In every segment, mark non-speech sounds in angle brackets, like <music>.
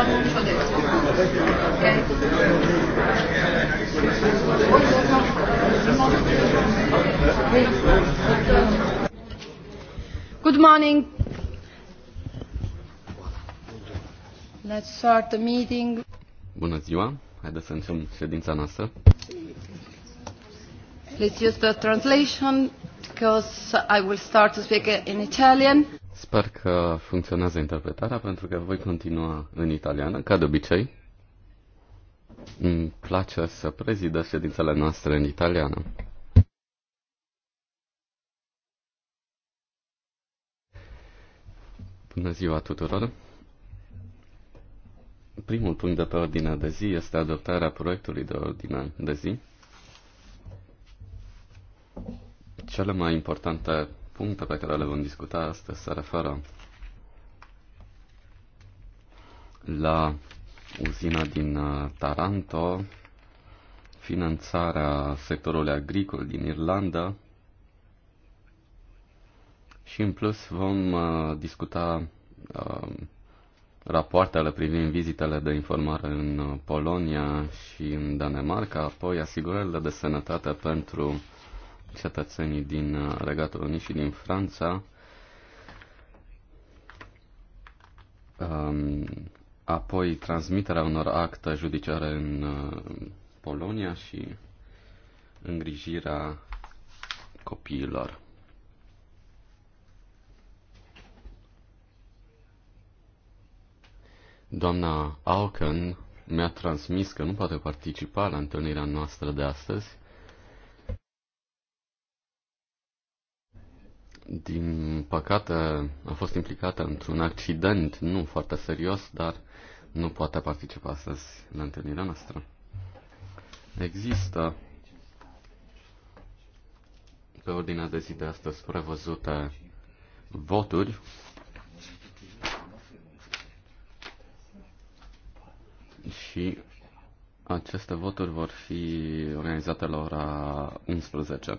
Good morning. Let's start the meeting. Bună ziua. Haideți să începem ședința noastră. Let's use the translation because I will start to speak in Italian. Sper că funcționează interpretarea pentru că voi continua în italiană, ca de obicei. Îmi place să prezidă ședințele noastre în italiană. Bună ziua tuturor! Primul punct de pe ordinea de zi este adoptarea proiectului de ordine de zi. Cele mai importante puncte pe care le vom discuta astăzi se referă la uzina din uh, Taranto, finanțarea sectorului agricol din Irlanda și în plus vom uh, discuta uh, rapoartele privind vizitele de informare în Polonia și în Danemarca, apoi asigurările de sănătate pentru cetățenii din uh, Regatul Unit și din Franța um, apoi transmiterea unor acte judiciare în uh, Polonia și îngrijirea copiilor. Doamna Auken mi-a transmis că nu poate participa la întâlnirea noastră de astăzi, din păcate, a fost implicată într-un accident, nu foarte serios, dar nu poate participa astăzi la întâlnirea noastră. Există pe ordinea de zi de astăzi prevăzute voturi. Și aceste voturi vor fi organizate la ora 11.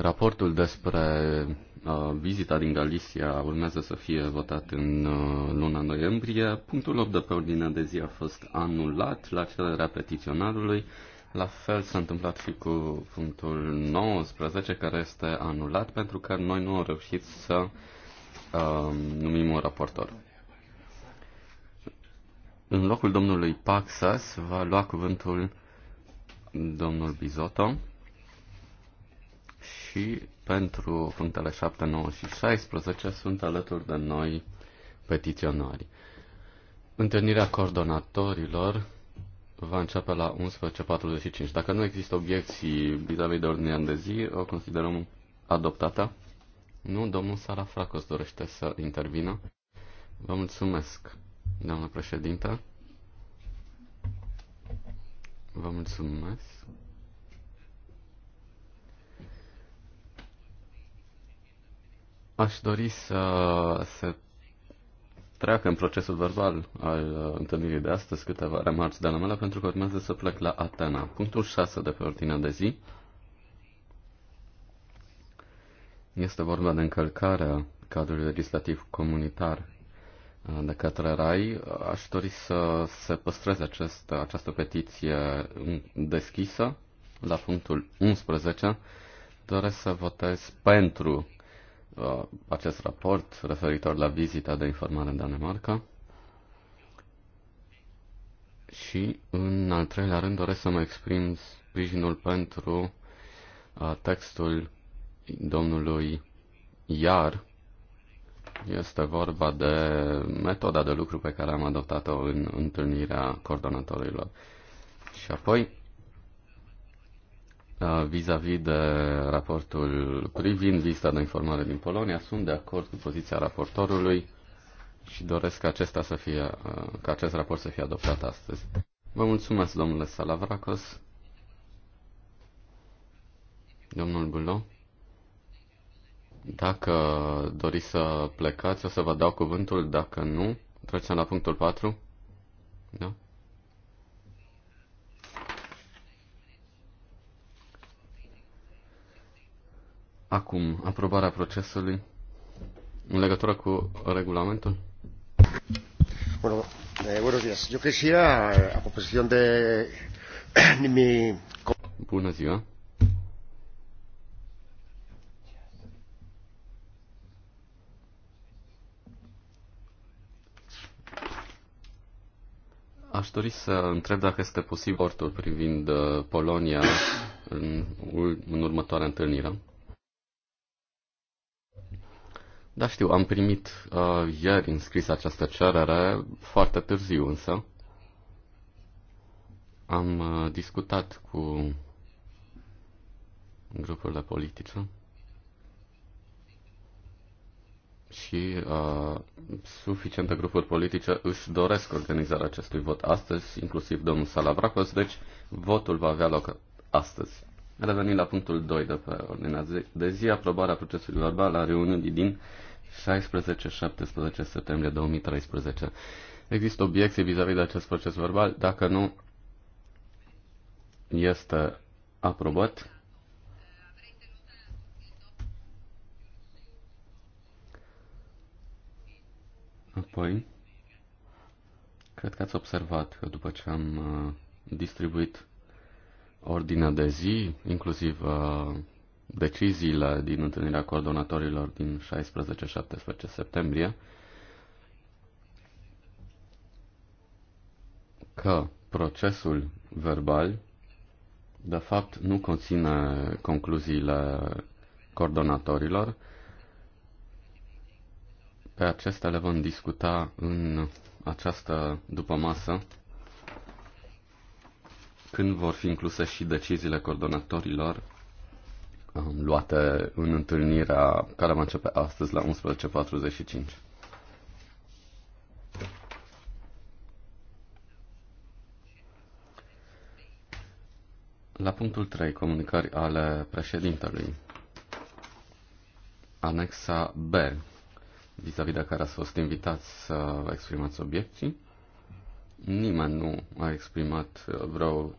Raportul despre uh, vizita din Galicia urmează să fie votat în uh, luna noiembrie. Punctul 8 de pe ordinea de zi a fost anulat la cererea petiționarului. La fel s-a întâmplat și cu punctul 19, care este anulat pentru că noi nu am reușit să uh, numim un raportor. În locul domnului Paxas va lua cuvântul domnul Bizotto și pentru punctele 7, 9 și 16 sunt alături de noi petiționari. Întâlnirea coordonatorilor va începe la 11.45. Dacă nu există obiecții vis-a-vis de ordinea de zi, o considerăm adoptată. Nu, domnul Sara Fracos dorește să intervină. Vă mulțumesc, doamnă președintă. Vă mulțumesc. Aș dori să, să treacă în procesul verbal al uh, întâlnirii de astăzi câteva remarci de la mele, pentru că urmează să plec la Atena. Punctul 6 de pe ordinea de zi este vorba de încălcarea cadrului legislativ comunitar uh, de către RAI. Aș dori să se păstreze acest, această petiție deschisă la punctul 11. Doresc să votez pentru uh, acest raport referitor la vizita de informare în Danemarca. Și, în al treilea rând, doresc să mă exprim sprijinul pentru uh, textul domnului Iar. Este vorba de metoda de lucru pe care am adoptat-o în întâlnirea coordonatorilor. Și apoi, Uh, vis-a-vis -vis de raportul privind lista de informare din Polonia, sunt de acord cu poziția raportorului și doresc ca, acesta să fie, uh, ca acest raport să fie adoptat astăzi. Vă mulțumesc, domnule Salavracos. Domnul Bulo, dacă doriți să plecați, o să vă dau cuvântul. Dacă nu, trecem la punctul 4. Da? Acum, aprobarea procesului în legătură cu regulamentul. Bueno, eh, buenos días. Yo quisiera, a proposición de <clears throat> mi... Bună ziua. Aș dori să întreb dacă este posibil portul privind uh, Polonia în, în următoarea întâlnire. Da, știu, am primit uh, ieri înscris această cerere, foarte târziu însă. Am uh, discutat cu grupurile politice și uh, suficiente grupuri politice își doresc organizarea acestui vot astăzi, inclusiv domnul Salavracos, deci votul va avea loc astăzi. Revenim la punctul 2 de pe ordinea de zi, aprobarea procesului verbal la reuniunii din 16-17 septembrie 2013. Există obiecții vis-a-vis de acest proces verbal? Dacă nu, este aprobat. Apoi, cred că ați observat că după ce am uh, distribuit ordinea de zi, inclusiv uh, deciziile din întâlnirea coordonatorilor din 16-17 septembrie, că procesul verbal, de fapt, nu conține concluziile coordonatorilor. Pe acestea le vom discuta în această dupămasă când vor fi incluse și deciziile coordonatorilor um, luate în întâlnirea care va începe astăzi la 11.45. La punctul 3, comunicări ale președintelui. Anexa B, vis-a-vis -vis de care ați fost invitați să exprimați obiecții. Nimeni nu a exprimat vreo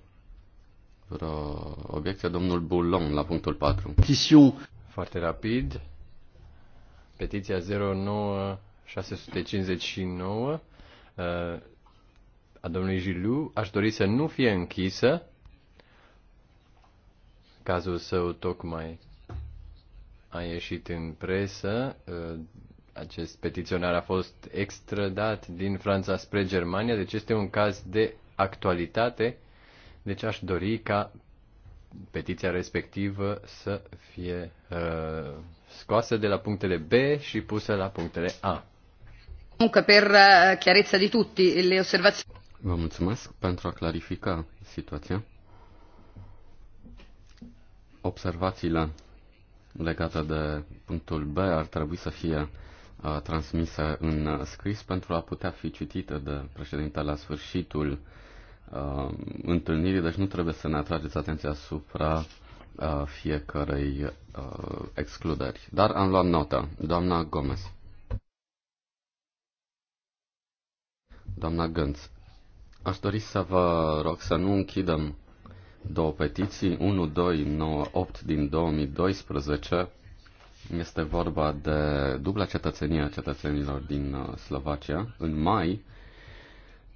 vreo obiecție, domnul Boulon, la punctul 4. Petition. Foarte rapid. Petiția 09659 uh, a domnului Jilu aș dori să nu fie închisă. Cazul său tocmai a ieșit în presă. Uh, acest petiționar a fost extradat din Franța spre Germania, deci este un caz de actualitate deci aș dori ca petiția respectivă să fie uh, scoasă de la punctele B și pusă la punctele A. Comunque per uh, chiarezza di tutti le osservazioni. Vă mulțumesc pentru a clarifica situația. Observațiile legate de punctul B ar trebui să fie uh, transmise în scris pentru a putea fi citită de președinte la sfârșitul uh, uh, întâlnirii, deci nu trebuie să ne atrageți atenția asupra uh, fiecărei uh, excluderi. Dar am luat notă. Doamna Gomez. Doamna Gânț. Aș dori să vă rog să nu închidem două petiții, 8 din 2012, este vorba de dubla cetățenie a cetățenilor din uh, Slovacia. În mai,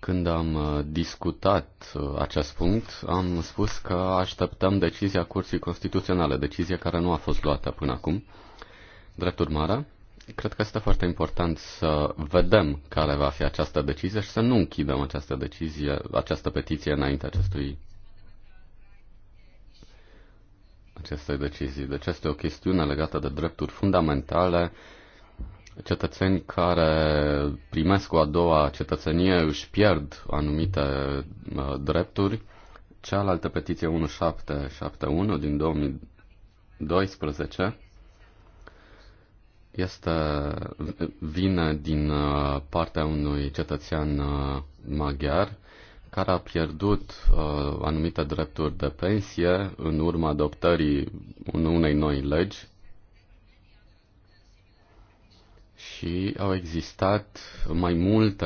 când am uh, discutat uh, acest punct, am spus că așteptăm decizia Curții Constituționale, decizie care nu a fost luată până acum. Drept urmare, cred că este foarte important să vedem care va fi această decizie și să nu închidem această decizie, această petiție înainte acestui acestei decizii. Deci este o chestiune legată de drepturi fundamentale cetățeni care primesc o a doua cetățenie își pierd anumite drepturi. Cealaltă petiție 1771 din 2012 este, vine din uh, partea unui cetățean uh, maghiar care a pierdut uh, anumite drepturi de pensie în urma adoptării unei noi legi și au existat mai multe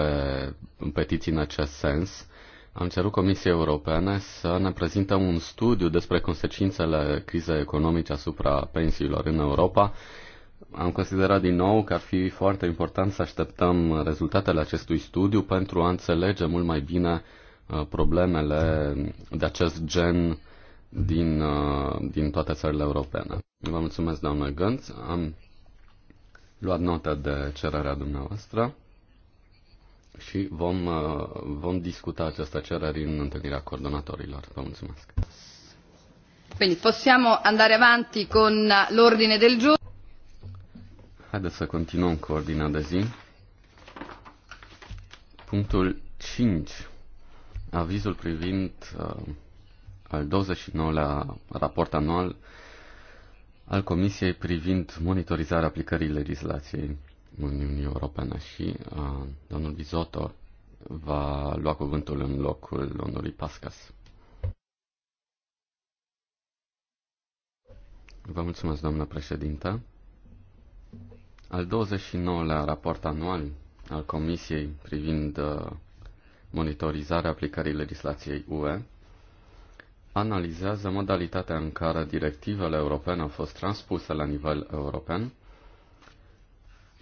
petiții în acest sens. Am cerut Comisiei Europene să ne prezinte un studiu despre consecințele crizei economice asupra pensiilor în Europa. Am considerat din nou că ar fi foarte important să așteptăm rezultatele acestui studiu pentru a înțelege mult mai bine uh, problemele de acest gen din, uh, din toate țările europene. Vă mulțumesc, doamnă Gânț. Am luat notă de cererea dumneavoastră și vom, uh, vom discuta această cerere în întâlnirea coordonatorilor. Vă mulțumesc. Quindi possiamo andare avanti con l'ordine del giorno. Haideți să continuăm cu ordinea de zi. Punctul 5. Avizul privind uh, al 29-lea raport anual al Comisiei privind monitorizarea aplicării legislației Uniunii Europene și a, domnul Bizotto va lua cuvântul în locul domnului Pascas. Vă mulțumesc, doamnă președintă. Al 29-lea raport anual al Comisiei privind monitorizarea aplicării legislației UE analizează modalitatea în care directivele europene au fost transpuse la nivel european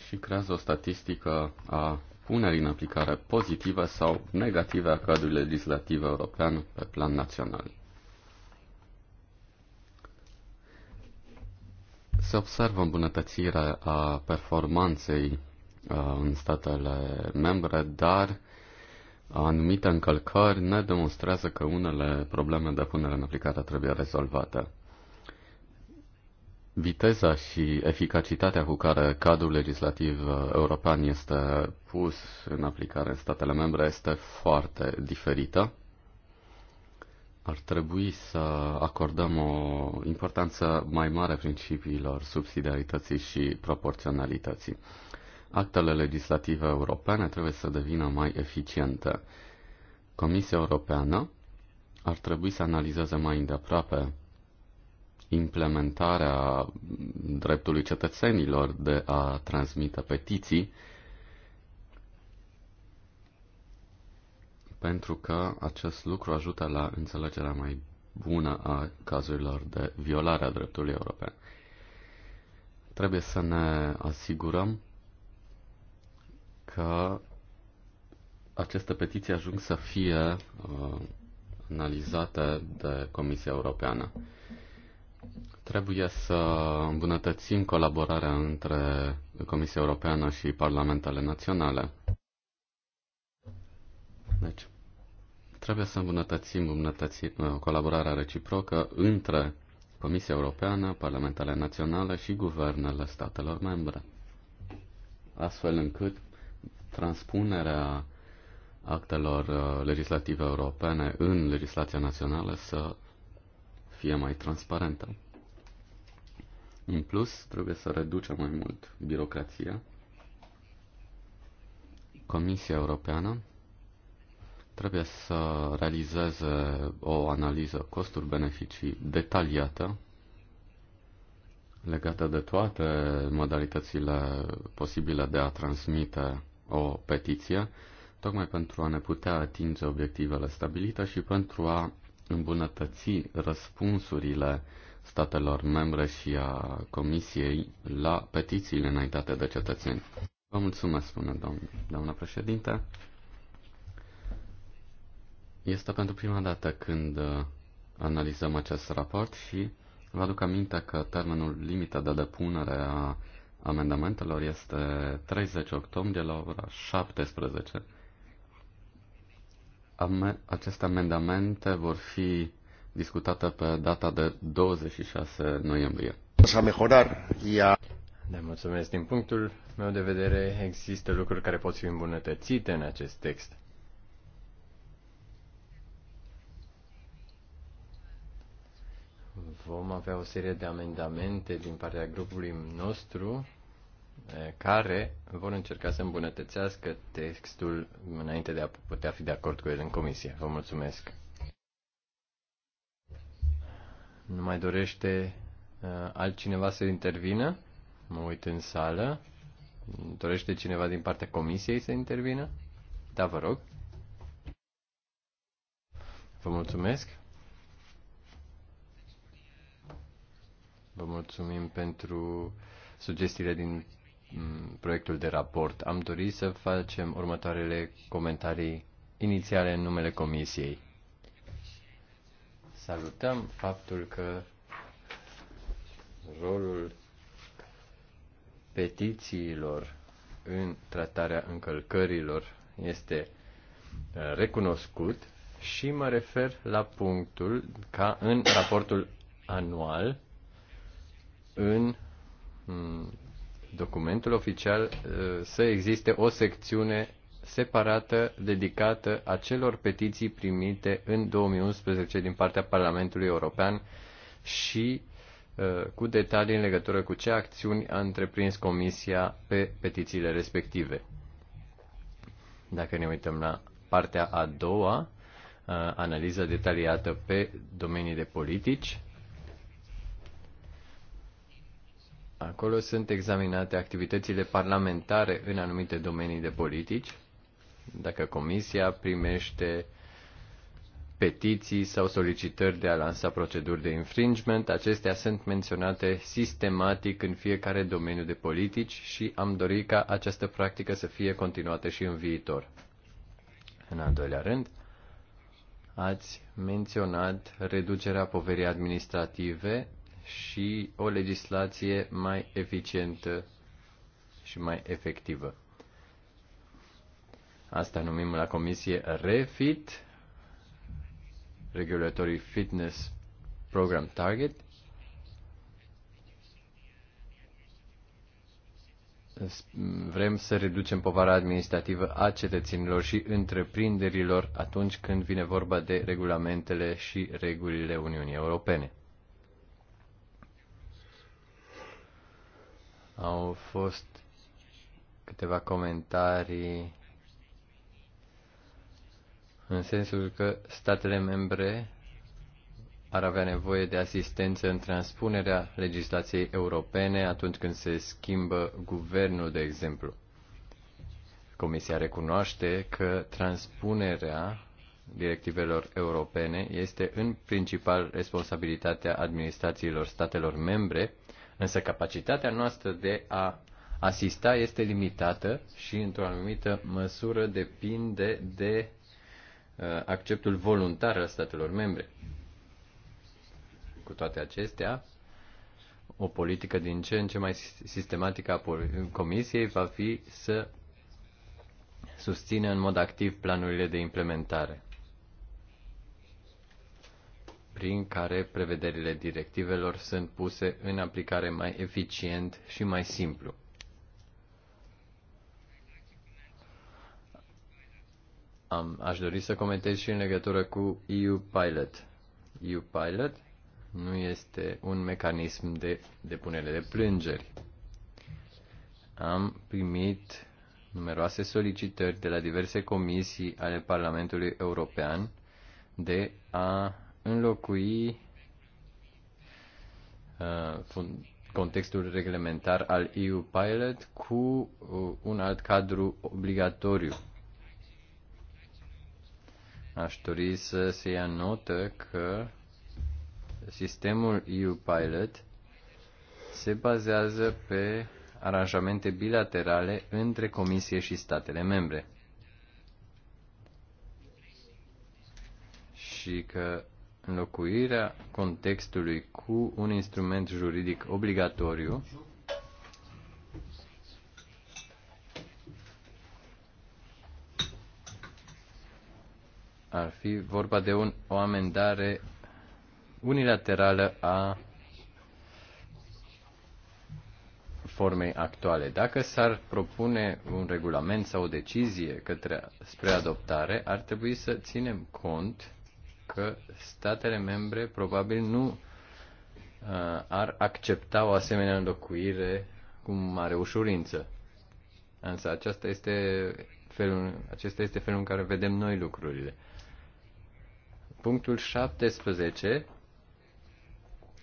și creează o statistică a punerii în aplicare pozitive sau negative a cadrului legislativ european pe plan național. Se observă îmbunătățirea a performanței uh, în statele membre, dar anumite încălcări ne demonstrează că unele probleme de punere în aplicare trebuie rezolvate. Viteza și eficacitatea cu care cadrul legislativ uh, european este pus în aplicare în statele membre este foarte diferită. Ar trebui să acordăm o importanță mai mare principiilor subsidiarității și proporționalității actele legislative europene trebuie să devină mai eficiente. Comisia Europeană ar trebui să analizeze mai îndeaproape implementarea dreptului cetățenilor de a transmite petiții, pentru că acest lucru ajută la înțelegerea mai bună a cazurilor de violare a dreptului european. Trebuie să ne asigurăm că aceste petiții ajung să fie uh, analizate de Comisia Europeană. Trebuie să îmbunătățim colaborarea între Comisia Europeană și Parlamentele Naționale. Deci, trebuie să îmbunătățim, îmbunătățim uh, colaborarea reciprocă între Comisia Europeană, Parlamentele Naționale și guvernele statelor membre, astfel încât transpunerea actelor uh, legislative europene în legislația națională să fie mai transparentă. În plus, trebuie să reducem mai mult birocrația. Comisia Europeană trebuie să realizeze o analiză costuri-beneficii detaliată legată de toate modalitățile posibile de a transmite o petiție, tocmai pentru a ne putea atinge obiectivele stabilite și pentru a îmbunătăți răspunsurile statelor membre și a Comisiei la petițiile înaintate de cetățeni. Vă mulțumesc, spune domn, doamna președinte. Este pentru prima dată când uh, analizăm acest raport și vă aduc aminte că termenul limită de depunere a amendamentelor este 30 octombrie la ora 17. Aceste amendamente vor fi discutate pe data de 26 noiembrie. Să mejorar ia. Ne mulțumesc. Din punctul meu de vedere, există lucruri care pot fi îmbunătățite în acest text. Vom avea o serie de amendamente din partea grupului nostru care vor încerca să îmbunătățească textul înainte de a putea fi de acord cu el în comisie. Vă mulțumesc. Nu mai dorește altcineva să intervină? Mă uit în sală. Dorește cineva din partea comisiei să intervină? Da, vă rog. Vă mulțumesc. Vă mulțumim pentru sugestiile din Mm, proiectul de raport. Am dorit să facem următoarele comentarii inițiale în numele Comisiei. Salutăm faptul că rolul petițiilor în tratarea încălcărilor este uh, recunoscut și mă refer la punctul ca în raportul anual în mm, documentul oficial uh, să existe o secțiune separată dedicată acelor petiții primite în 2011 din partea Parlamentului European și uh, cu detalii în legătură cu ce acțiuni a întreprins Comisia pe petițiile respective. Dacă ne uităm la partea a doua, uh, analiza detaliată pe domenii de politici, Acolo sunt examinate activitățile parlamentare în anumite domenii de politici, dacă comisia primește petiții sau solicitări de a lansa proceduri de infringement, acestea sunt menționate sistematic în fiecare domeniu de politici și am dorit ca această practică să fie continuată și în viitor. În al doilea rând, ați menționat reducerea poverii administrative și o legislație mai eficientă și mai efectivă. Asta numim la comisie REFIT, Regulatory Fitness Program Target, vrem să reducem povara administrativă a cetățenilor și întreprinderilor atunci când vine vorba de regulamentele și regulile Uniunii Europene. Au fost câteva comentarii în sensul că statele membre ar avea nevoie de asistență în transpunerea legislației europene atunci când se schimbă guvernul, de exemplu. Comisia recunoaște că transpunerea directivelor europene este în principal responsabilitatea administrațiilor statelor membre Însă capacitatea noastră de a asista este limitată și, într-o anumită măsură, depinde de uh, acceptul voluntar al statelor membre. Cu toate acestea, o politică din ce în ce mai sistematică a Comisiei va fi să susțină în mod activ planurile de implementare prin care prevederile directivelor sunt puse în aplicare mai eficient și mai simplu. Am, aș dori să comentez și în legătură cu EU Pilot. EU Pilot nu este un mecanism de depunere de plângeri. Am primit numeroase solicitări de la diverse comisii ale Parlamentului European de a înlocui uh, contextul reglementar al EU Pilot cu uh, un alt cadru obligatoriu. Aș dori să se ia notă că sistemul EU Pilot se bazează pe aranjamente bilaterale între Comisie și statele membre. Și că înlocuirea contextului cu un instrument juridic obligatoriu ar fi vorba de un, o amendare unilaterală a formei actuale. Dacă s-ar propune un regulament sau o decizie către, spre adoptare, ar trebui să ținem cont că statele membre probabil nu uh, ar accepta o asemenea înlocuire cu mare ușurință. Însă aceasta este felul, acesta este felul în care vedem noi lucrurile. Punctul 17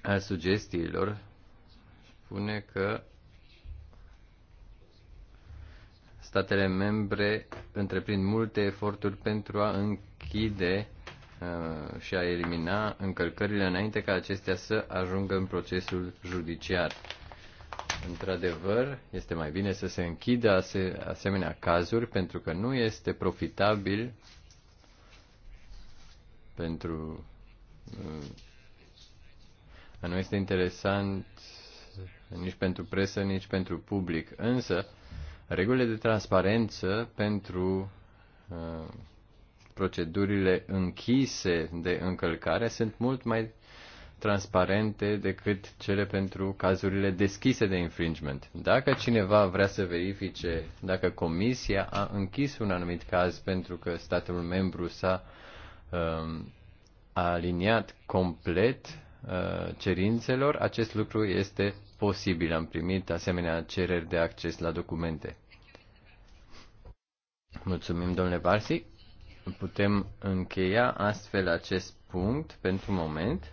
al sugestiilor spune că statele membre întreprind multe eforturi pentru a închide Uh, și a elimina încălcările înainte ca acestea să ajungă în procesul judiciar. Într-adevăr, este mai bine să se închidă ase- asemenea cazuri pentru că nu este profitabil pentru. Uh, nu este interesant nici pentru presă, nici pentru public. Însă, regulile de transparență pentru uh, procedurile închise de încălcare sunt mult mai transparente decât cele pentru cazurile deschise de infringement. Dacă cineva vrea să verifice dacă comisia a închis un anumit caz pentru că statul membru s-a um, aliniat complet uh, cerințelor, acest lucru este posibil. Am primit asemenea cereri de acces la documente. Mulțumim, domnule Barsi putem încheia astfel acest punct pentru moment.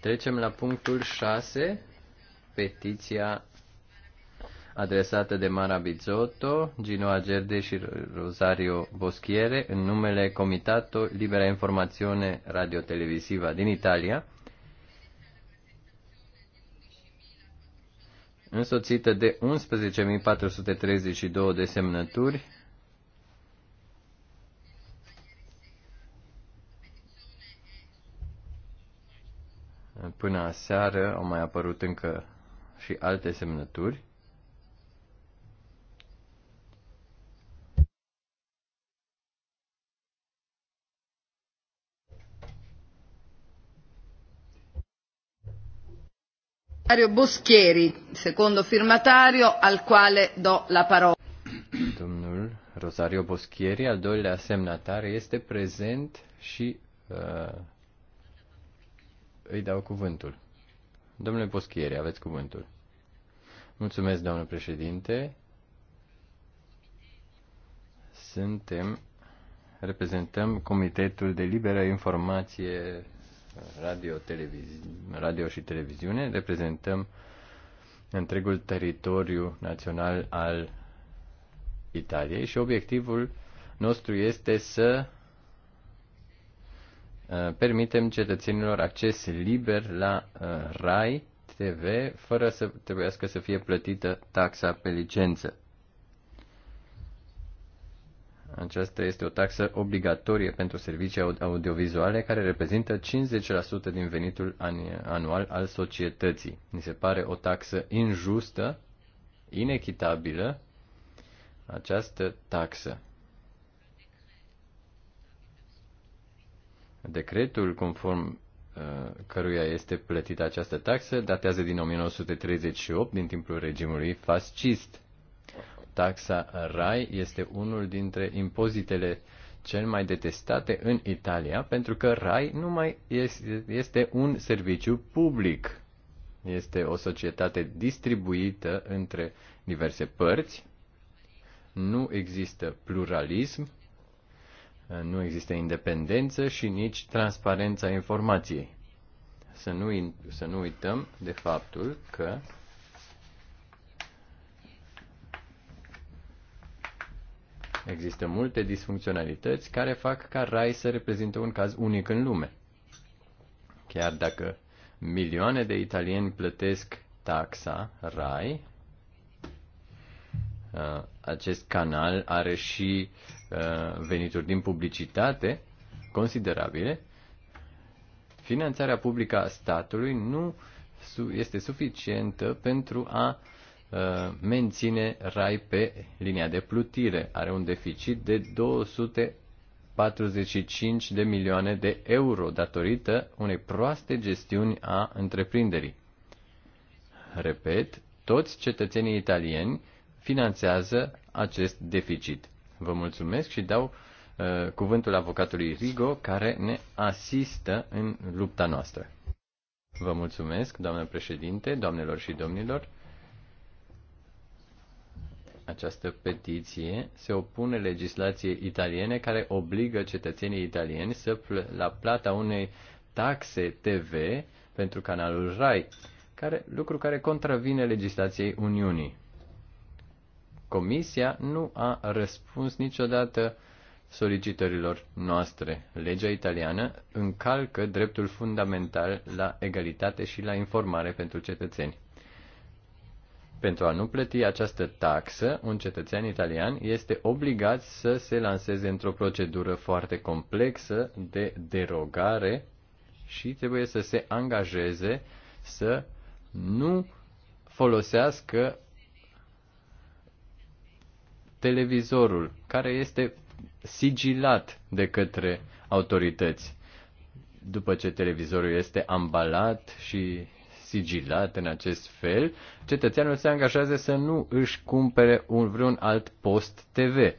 Trecem la punctul 6, petiția adresată de Mara Bizzotto, Gino Agerde și Rosario Boschiere în numele Comitato Libera Informazione Radio Televisiva din Italia însoțită de 11.432 de semnături Până aseară au mai apărut încă și alte semnături. Boschieri, secondo firmatario, al quale do la parola. Domnul Rosario Boschieri, al doilea semnatar, este prezent și uh, îi dau cuvântul. Domnule Boschieri, aveți cuvântul. Mulțumesc, domnule președinte. Suntem, reprezentăm Comitetul de Liberă Informație radio, televizi- radio și televiziune, reprezentăm întregul teritoriu național al Italiei și obiectivul nostru este să uh, permitem cetățenilor acces liber la uh, RAI TV fără să trebuiască să fie plătită taxa pe licență. Aceasta este o taxă obligatorie pentru servicii audiovizuale care reprezintă 50% din venitul anual al societății. Mi se pare o taxă injustă, inechitabilă, această taxă. Decretul conform uh, căruia este plătită această taxă datează din 1938, din timpul regimului fascist. Taxa RAI este unul dintre impozitele cel mai detestate în Italia, pentru că RAI nu mai este un serviciu public. Este o societate distribuită între diverse părți, nu există pluralism, nu există independență și nici transparența informației. Să nu, să nu uităm de faptul că Există multe disfuncționalități care fac ca RAI să reprezinte un caz unic în lume. Chiar dacă milioane de italieni plătesc taxa RAI, uh, acest canal are și uh, venituri din publicitate considerabile, finanțarea publică a statului nu este suficientă pentru a Uh, menține Rai pe linia de plutire. Are un deficit de 245 de milioane de euro datorită unei proaste gestiuni a întreprinderii. Repet, toți cetățenii italieni finanțează acest deficit. Vă mulțumesc și dau uh, cuvântul avocatului Rigo care ne asistă în lupta noastră. Vă mulțumesc, doamnă președinte, doamnelor și domnilor. Această petiție se opune legislației italiene care obligă cetățenii italieni să pl- la plata unei taxe TV pentru canalul RAI, care, lucru care contravine legislației Uniunii. Comisia nu a răspuns niciodată solicitărilor noastre. Legea italiană încalcă dreptul fundamental la egalitate și la informare pentru cetățeni. Pentru a nu plăti această taxă, un cetățean italian este obligat să se lanseze într-o procedură foarte complexă de derogare și trebuie să se angajeze să nu folosească televizorul care este sigilat de către autorități. După ce televizorul este ambalat și sigilat în acest fel, cetățeanul se angajează să nu își cumpere un, vreun alt post TV.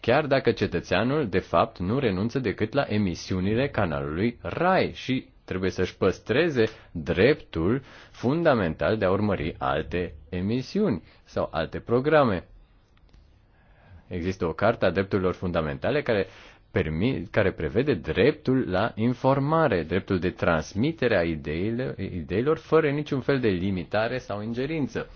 Chiar dacă cetățeanul, de fapt, nu renunță decât la emisiunile canalului RAI și trebuie să-și păstreze dreptul fundamental de a urmări alte emisiuni sau alte programe. Există o carte a drepturilor fundamentale care care prevede dreptul la informare, dreptul de transmitere a ideilor, ideilor fără niciun fel de limitare sau ingerință.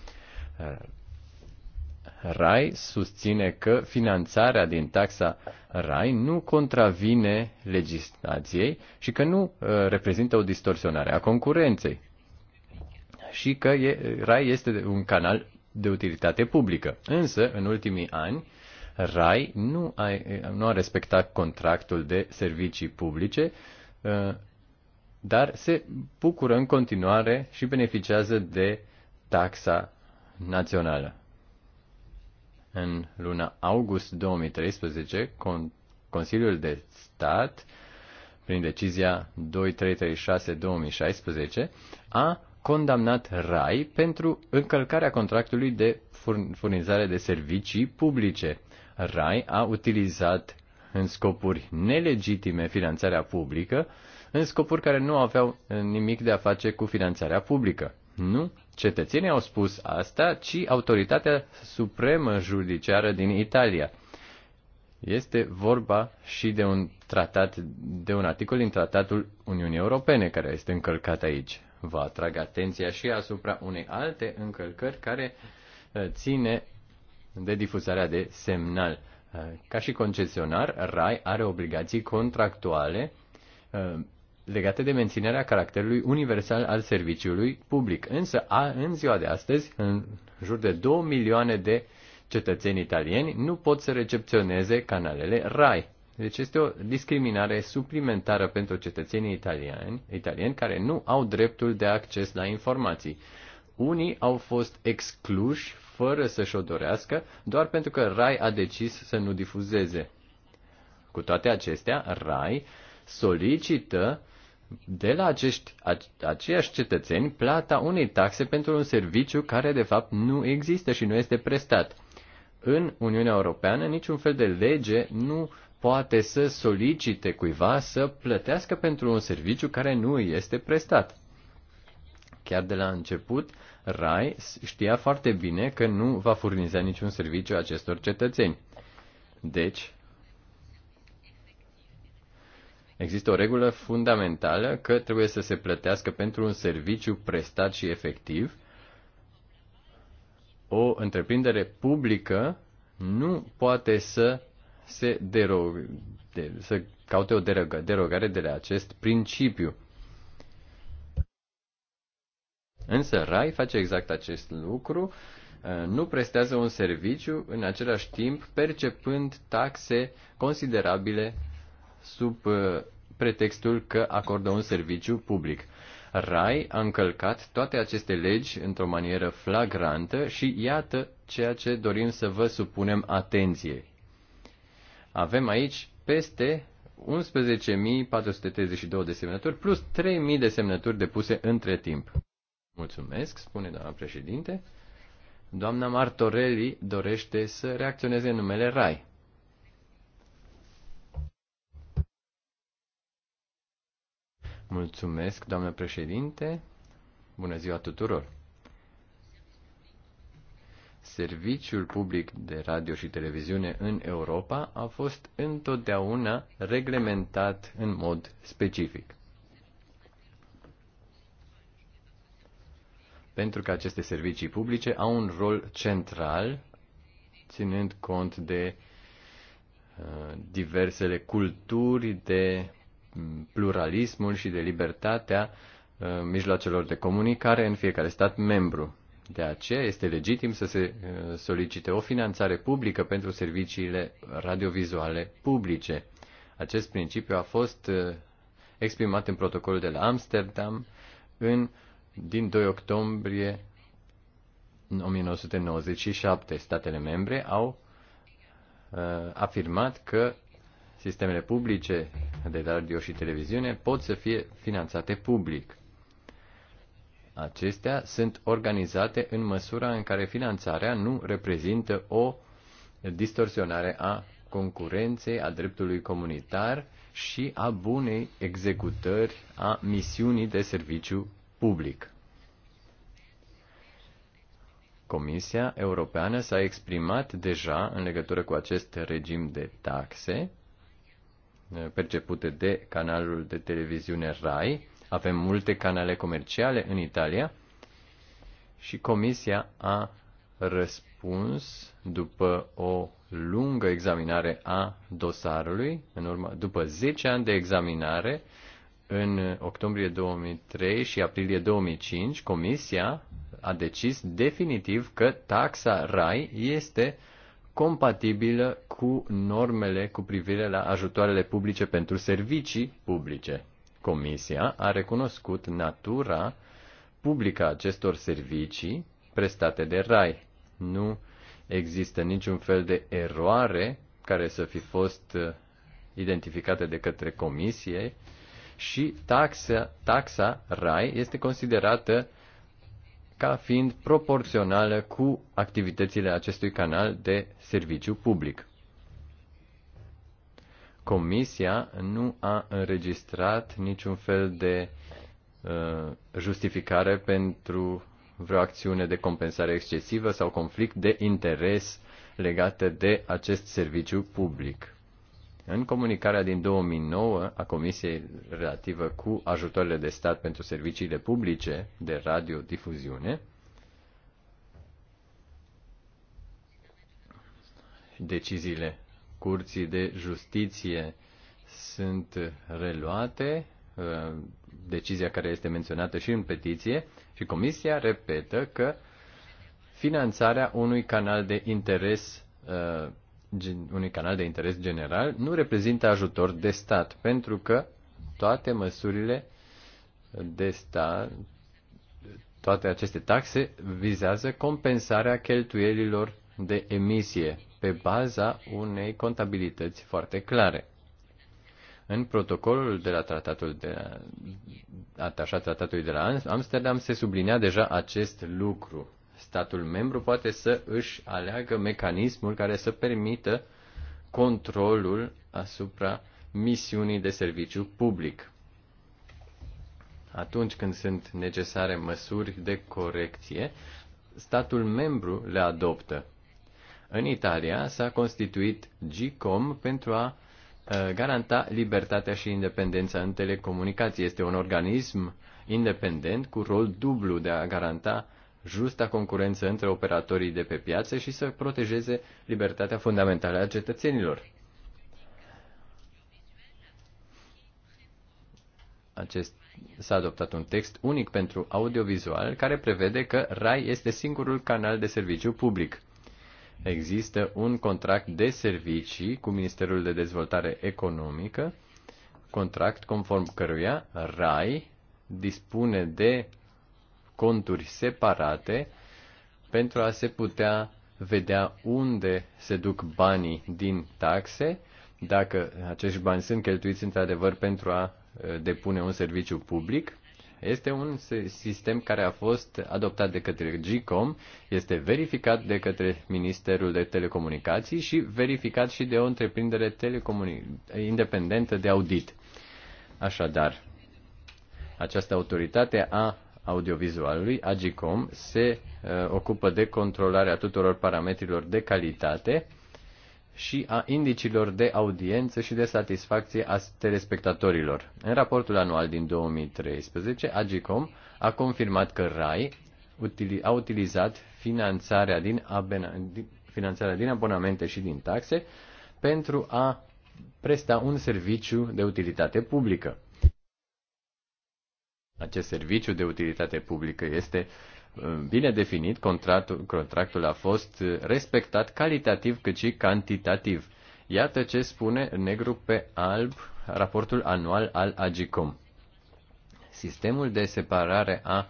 RAI susține că finanțarea din taxa RAI nu contravine legislației și că nu uh, reprezintă o distorsionare a concurenței și că RAI este un canal de utilitate publică. Însă, în ultimii ani, RAI nu a, nu a respectat contractul de servicii publice, uh, dar se bucură în continuare și beneficiază de taxa națională. În luna august 2013, Consiliul de Stat, prin decizia 2336-2016, a condamnat RAI pentru încălcarea contractului de furnizare de servicii publice RAI a utilizat în scopuri nelegitime finanțarea publică, în scopuri care nu aveau eh, nimic de a face cu finanțarea publică. Nu cetățenii au spus asta, ci autoritatea supremă judiciară din Italia. Este vorba și de un tratat, de un articol din tratatul Uniunii Europene care este încălcat aici. Vă atrag atenția și asupra unei alte încălcări care eh, ține de difuzarea de semnal. Uh, ca și concesionar, RAI are obligații contractuale uh, legate de menținerea caracterului universal al serviciului public. Însă, a, în ziua de astăzi, în jur de 2 milioane de cetățeni italieni nu pot să recepționeze canalele RAI. Deci este o discriminare suplimentară pentru cetățenii italieni, italieni care nu au dreptul de acces la informații. Unii au fost excluși fără să-și o dorească, doar pentru că Rai a decis să nu difuzeze. Cu toate acestea, Rai solicită de la acești, aceiași cetățeni plata unei taxe pentru un serviciu care de fapt nu există și nu este prestat. În Uniunea Europeană niciun fel de lege nu poate să solicite cuiva să plătească pentru un serviciu care nu este prestat. Chiar de la început, Rai știa foarte bine că nu va furniza niciun serviciu acestor cetățeni. Deci, Există o regulă fundamentală că trebuie să se plătească pentru un serviciu prestat și efectiv. O întreprindere publică nu poate să se derog, de, să caute o derogare de la acest principiu. Însă RAI face exact acest lucru, ă, nu prestează un serviciu în același timp percepând taxe considerabile sub ă, pretextul că acordă un serviciu public. Rai a încălcat toate aceste legi într-o manieră flagrantă și iată ceea ce dorim să vă supunem atenției. Avem aici peste 11.432 de semnături plus 3.000 de semnături depuse între timp. Mulțumesc, spune doamna președinte. Doamna Martorelli dorește să reacționeze în numele RAI. Mulțumesc, doamnă președinte. Bună ziua tuturor. Serviciul public de radio și televiziune în Europa a fost întotdeauna reglementat în mod specific. pentru că aceste servicii publice au un rol central, ținând cont de uh, diversele culturi, de mm, pluralismul și de libertatea uh, mijloacelor de comunicare în fiecare stat membru. De aceea este legitim să se uh, solicite o finanțare publică pentru serviciile radiovizuale publice. Acest principiu a fost exprimat în protocolul de la Amsterdam în din 2 octombrie 1997, statele membre au uh, afirmat că sistemele publice de radio și televiziune pot să fie finanțate public. Acestea sunt organizate în măsura în care finanțarea nu reprezintă o distorsionare a concurenței, a dreptului comunitar și a bunei executări a misiunii de serviciu public. Comisia Europeană s-a exprimat deja în legătură cu acest regim de taxe eh, percepute de canalul de televiziune RAI. Avem multe canale comerciale în Italia și Comisia a răspuns după o lungă examinare a dosarului, în urmă, după 10 ani de examinare, în octombrie 2003 și aprilie 2005, Comisia a decis definitiv că taxa RAI este compatibilă cu normele cu privire la ajutoarele publice pentru servicii publice. Comisia a recunoscut natura publică a acestor servicii prestate de RAI. Nu există niciun fel de eroare care să fi fost uh, identificate de către comisie și taxa, taxa RAI este considerată ca fiind proporțională cu activitățile acestui canal de serviciu public. Comisia nu a înregistrat niciun fel de uh, justificare pentru vreo acțiune de compensare excesivă sau conflict de interes legate de acest serviciu public. În comunicarea din 2009 a Comisiei relativă cu ajutoarele de stat pentru serviciile publice de radiodifuziune, deciziile Curții de Justiție sunt reluate, uh, decizia care este menționată și în petiție, și Comisia repetă că finanțarea unui canal de interes uh, unui canal de interes general nu reprezintă ajutor de stat, pentru că toate măsurile de stat, toate aceste taxe vizează compensarea cheltuielilor de emisie pe baza unei contabilități foarte clare. În protocolul de la tratatul de atașat tratatului de la Amsterdam se sublinea deja acest lucru statul membru poate să își aleagă mecanismul care să permită controlul asupra misiunii de serviciu public. Atunci când sunt necesare măsuri de corecție, statul membru le adoptă. În Italia s-a constituit GCOM pentru a ă, garanta libertatea și independența în telecomunicații. Este un organism independent cu rol dublu de a garanta uh, justa concurență între operatorii de pe piață și să protejeze libertatea fundamentală a cetățenilor. Acest, s-a adoptat un text unic pentru audiovizual care prevede că RAI este singurul canal de serviciu public. Există un contract de servicii cu Ministerul de Dezvoltare Economică, contract conform căruia RAI dispune de conturi separate pentru a se putea vedea unde se duc banii din taxe, dacă acești bani sunt cheltuiți într-adevăr pentru a depune un serviciu public. Este un sistem care a fost adoptat de către GCOM, este verificat de către Ministerul de Telecomunicații și verificat și de o întreprindere independentă de audit. Așadar, această autoritate a audiovizualului, Agicom, se uh, ocupă de controlarea tuturor parametrilor de calitate și a indicilor de audiență și de satisfacție a telespectatorilor. În raportul anual din 2013, Agicom a confirmat că RAI a utilizat finanțarea din, finanțarea din abonamente și din taxe pentru a presta un serviciu de utilitate publică. Acest serviciu de utilitate publică este uh, bine definit, contractul, contractul a fost uh, respectat calitativ cât și cantitativ. Iată ce spune negru pe alb raportul anual al AGICOM. Sistemul de separare a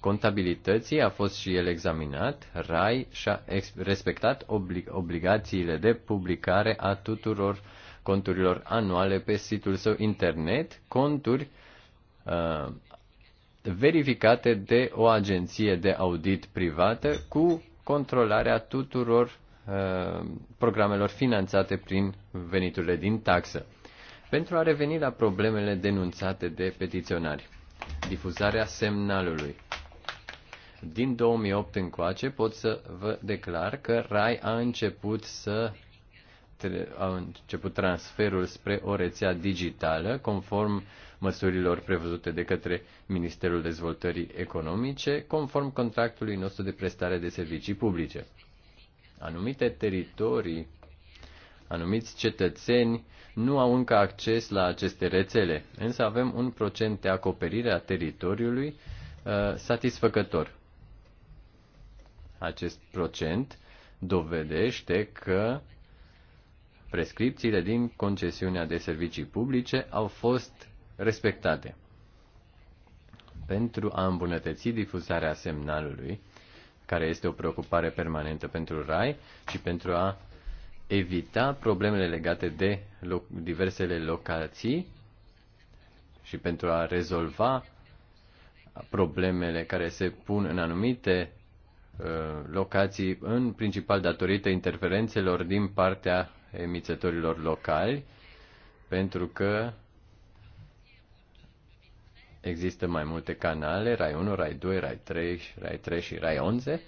contabilității a fost și el examinat. RAI și-a respectat obli- obligațiile de publicare a tuturor conturilor anuale pe situl său internet, conturi uh, verificate de o agenție de audit privată cu controlarea tuturor uh, programelor finanțate prin veniturile din taxă. Pentru a reveni la problemele denunțate de petiționari, difuzarea semnalului. Din 2008 încoace pot să vă declar că RAI a început să au început transferul spre o rețea digitală, conform măsurilor prevăzute de către Ministerul Dezvoltării Economice, conform contractului nostru de prestare de servicii publice. Anumite teritorii, anumiți cetățeni nu au încă acces la aceste rețele, însă avem un procent de acoperire a teritoriului uh, satisfăcător. Acest procent dovedește că prescripțiile din concesiunea de servicii publice au fost respectate. Pentru a îmbunătăți difuzarea semnalului, care este o preocupare permanentă pentru RAI, și pentru a evita problemele legate de lo- diversele locații și pentru a rezolva problemele care se pun în anumite uh, locații, în principal datorită interferențelor din partea emițătorilor locali, pentru că există mai multe canale, Rai 1, Rai 2, Rai 3, Rai 3 și Rai 11.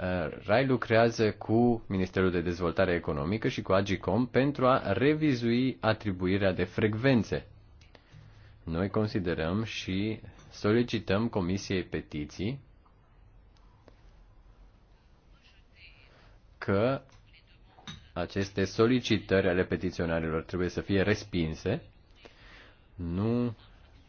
Uh, Rai lucrează cu Ministerul de Dezvoltare Economică și cu Agicom pentru a revizui atribuirea de frecvențe. Noi considerăm și solicităm Comisiei Petiții că aceste solicitări ale petiționarilor trebuie să fie respinse. Nu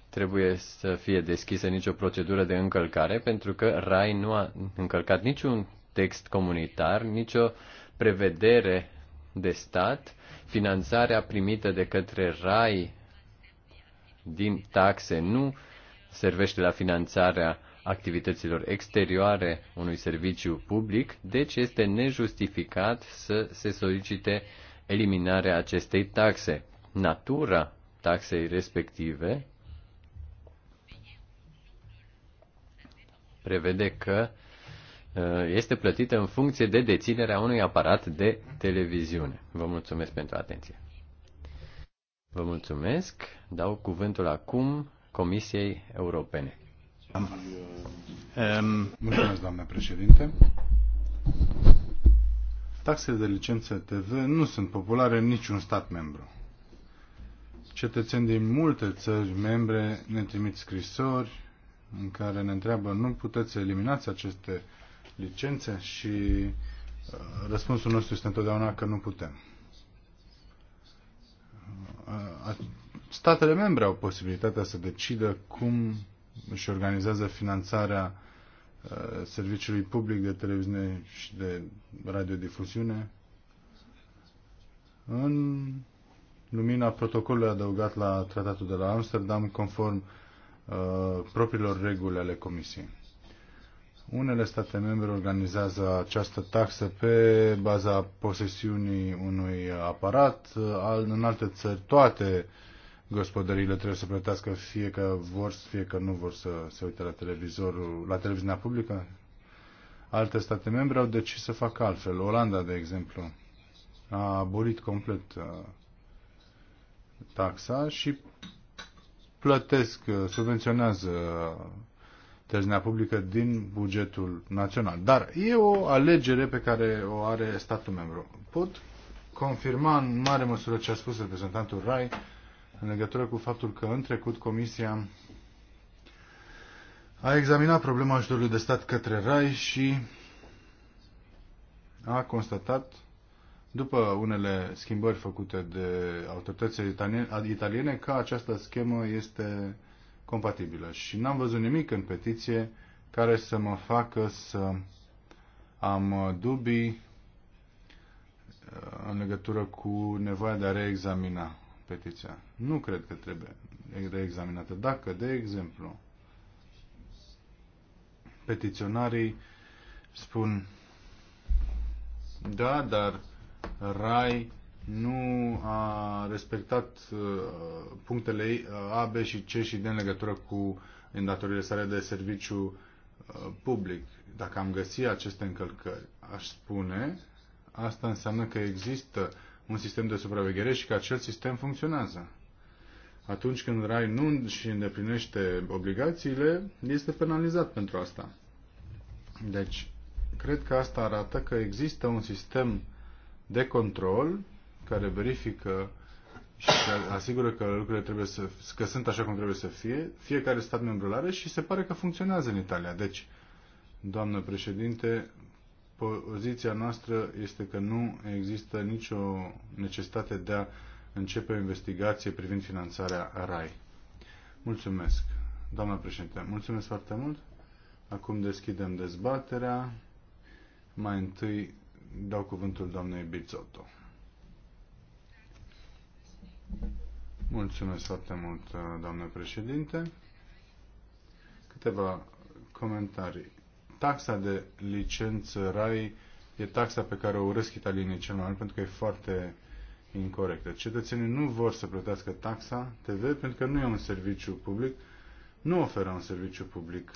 trebuie să fie deschisă nicio procedură de încălcare, pentru că RAI nu a încălcat niciun text comunitar, nicio prevedere de stat, finanțarea primită de către RAI din taxe nu servește la finanțarea activităților exterioare unui serviciu public, deci este nejustificat să se solicite eliminarea acestei taxe. Natura taxei respective prevede că uh, este plătită în funcție de deținerea unui aparat de televiziune. Vă mulțumesc pentru atenție. Vă mulțumesc. Dau cuvântul acum Comisiei Europene. Mulțumesc, doamnă președinte. Taxele de licență TV nu sunt populare în niciun stat membru. Cetățeni din multe țări membre ne trimit scrisori în care ne întreabă nu puteți să eliminați aceste licențe și uh, răspunsul nostru este întotdeauna că nu putem. Uh, statele membre au posibilitatea să decidă cum și organizează finanțarea uh, serviciului public de televiziune și de radiodifuziune în lumina protocolului adăugat la tratatul de la Amsterdam conform uh, propriilor reguli ale Comisiei. Unele state membre organizează această taxă pe baza posesiunii unui aparat, uh, în alte țări toate uh, gospodăriile trebuie să plătească fie că vor, fie că nu vor să se uite la televizorul, la televiziunea publică? Alte state membre au decis să facă altfel. Olanda, de exemplu, a abolit complet uh, taxa și plătesc, uh, subvenționează televiziunea publică din bugetul național. Dar e o alegere pe care o are statul membru. Pot confirma în mare măsură ce a spus reprezentantul RAI, în legătură cu faptul că în trecut Comisia a examinat problema ajutorului de stat către RAI și a constatat, după unele schimbări făcute de autoritățile italiene, că această schemă este compatibilă. Și n-am văzut nimic în petiție care să mă facă să am dubii uh, în legătură cu nevoia de a reexamina petiția. Nu cred că trebuie reexaminată. Dacă, de exemplu, petiționarii spun da, dar Rai nu a respectat uh, punctele A, B și C și D în legătură cu îndatorile sale de serviciu uh, public. Dacă am găsit aceste încălcări, aș spune, asta înseamnă că există un sistem de supraveghere și că acel sistem funcționează. Atunci când RAI nu și îndeplinește obligațiile, este penalizat pentru asta. Deci, cred că asta arată că există un sistem de control care verifică și asigură că lucrurile trebuie să, că sunt așa cum trebuie să fie, fiecare stat membru are și se pare că funcționează în Italia. Deci, doamnă președinte, poziția noastră este că nu există nicio necesitate de a începe o investigație privind finanțarea RAI. Mulțumesc, doamna președinte. Mulțumesc foarte mult. Acum deschidem dezbaterea. Mai întâi dau cuvântul doamnei Bizotto. Mulțumesc foarte mult, doamnă președinte. Câteva comentarii taxa de licență RAI e taxa pe care o urăsc italienii cel mai mult pentru că e foarte incorrectă. Cetățenii nu vor să plătească taxa TV pentru că nu e un serviciu public, nu oferă un serviciu public.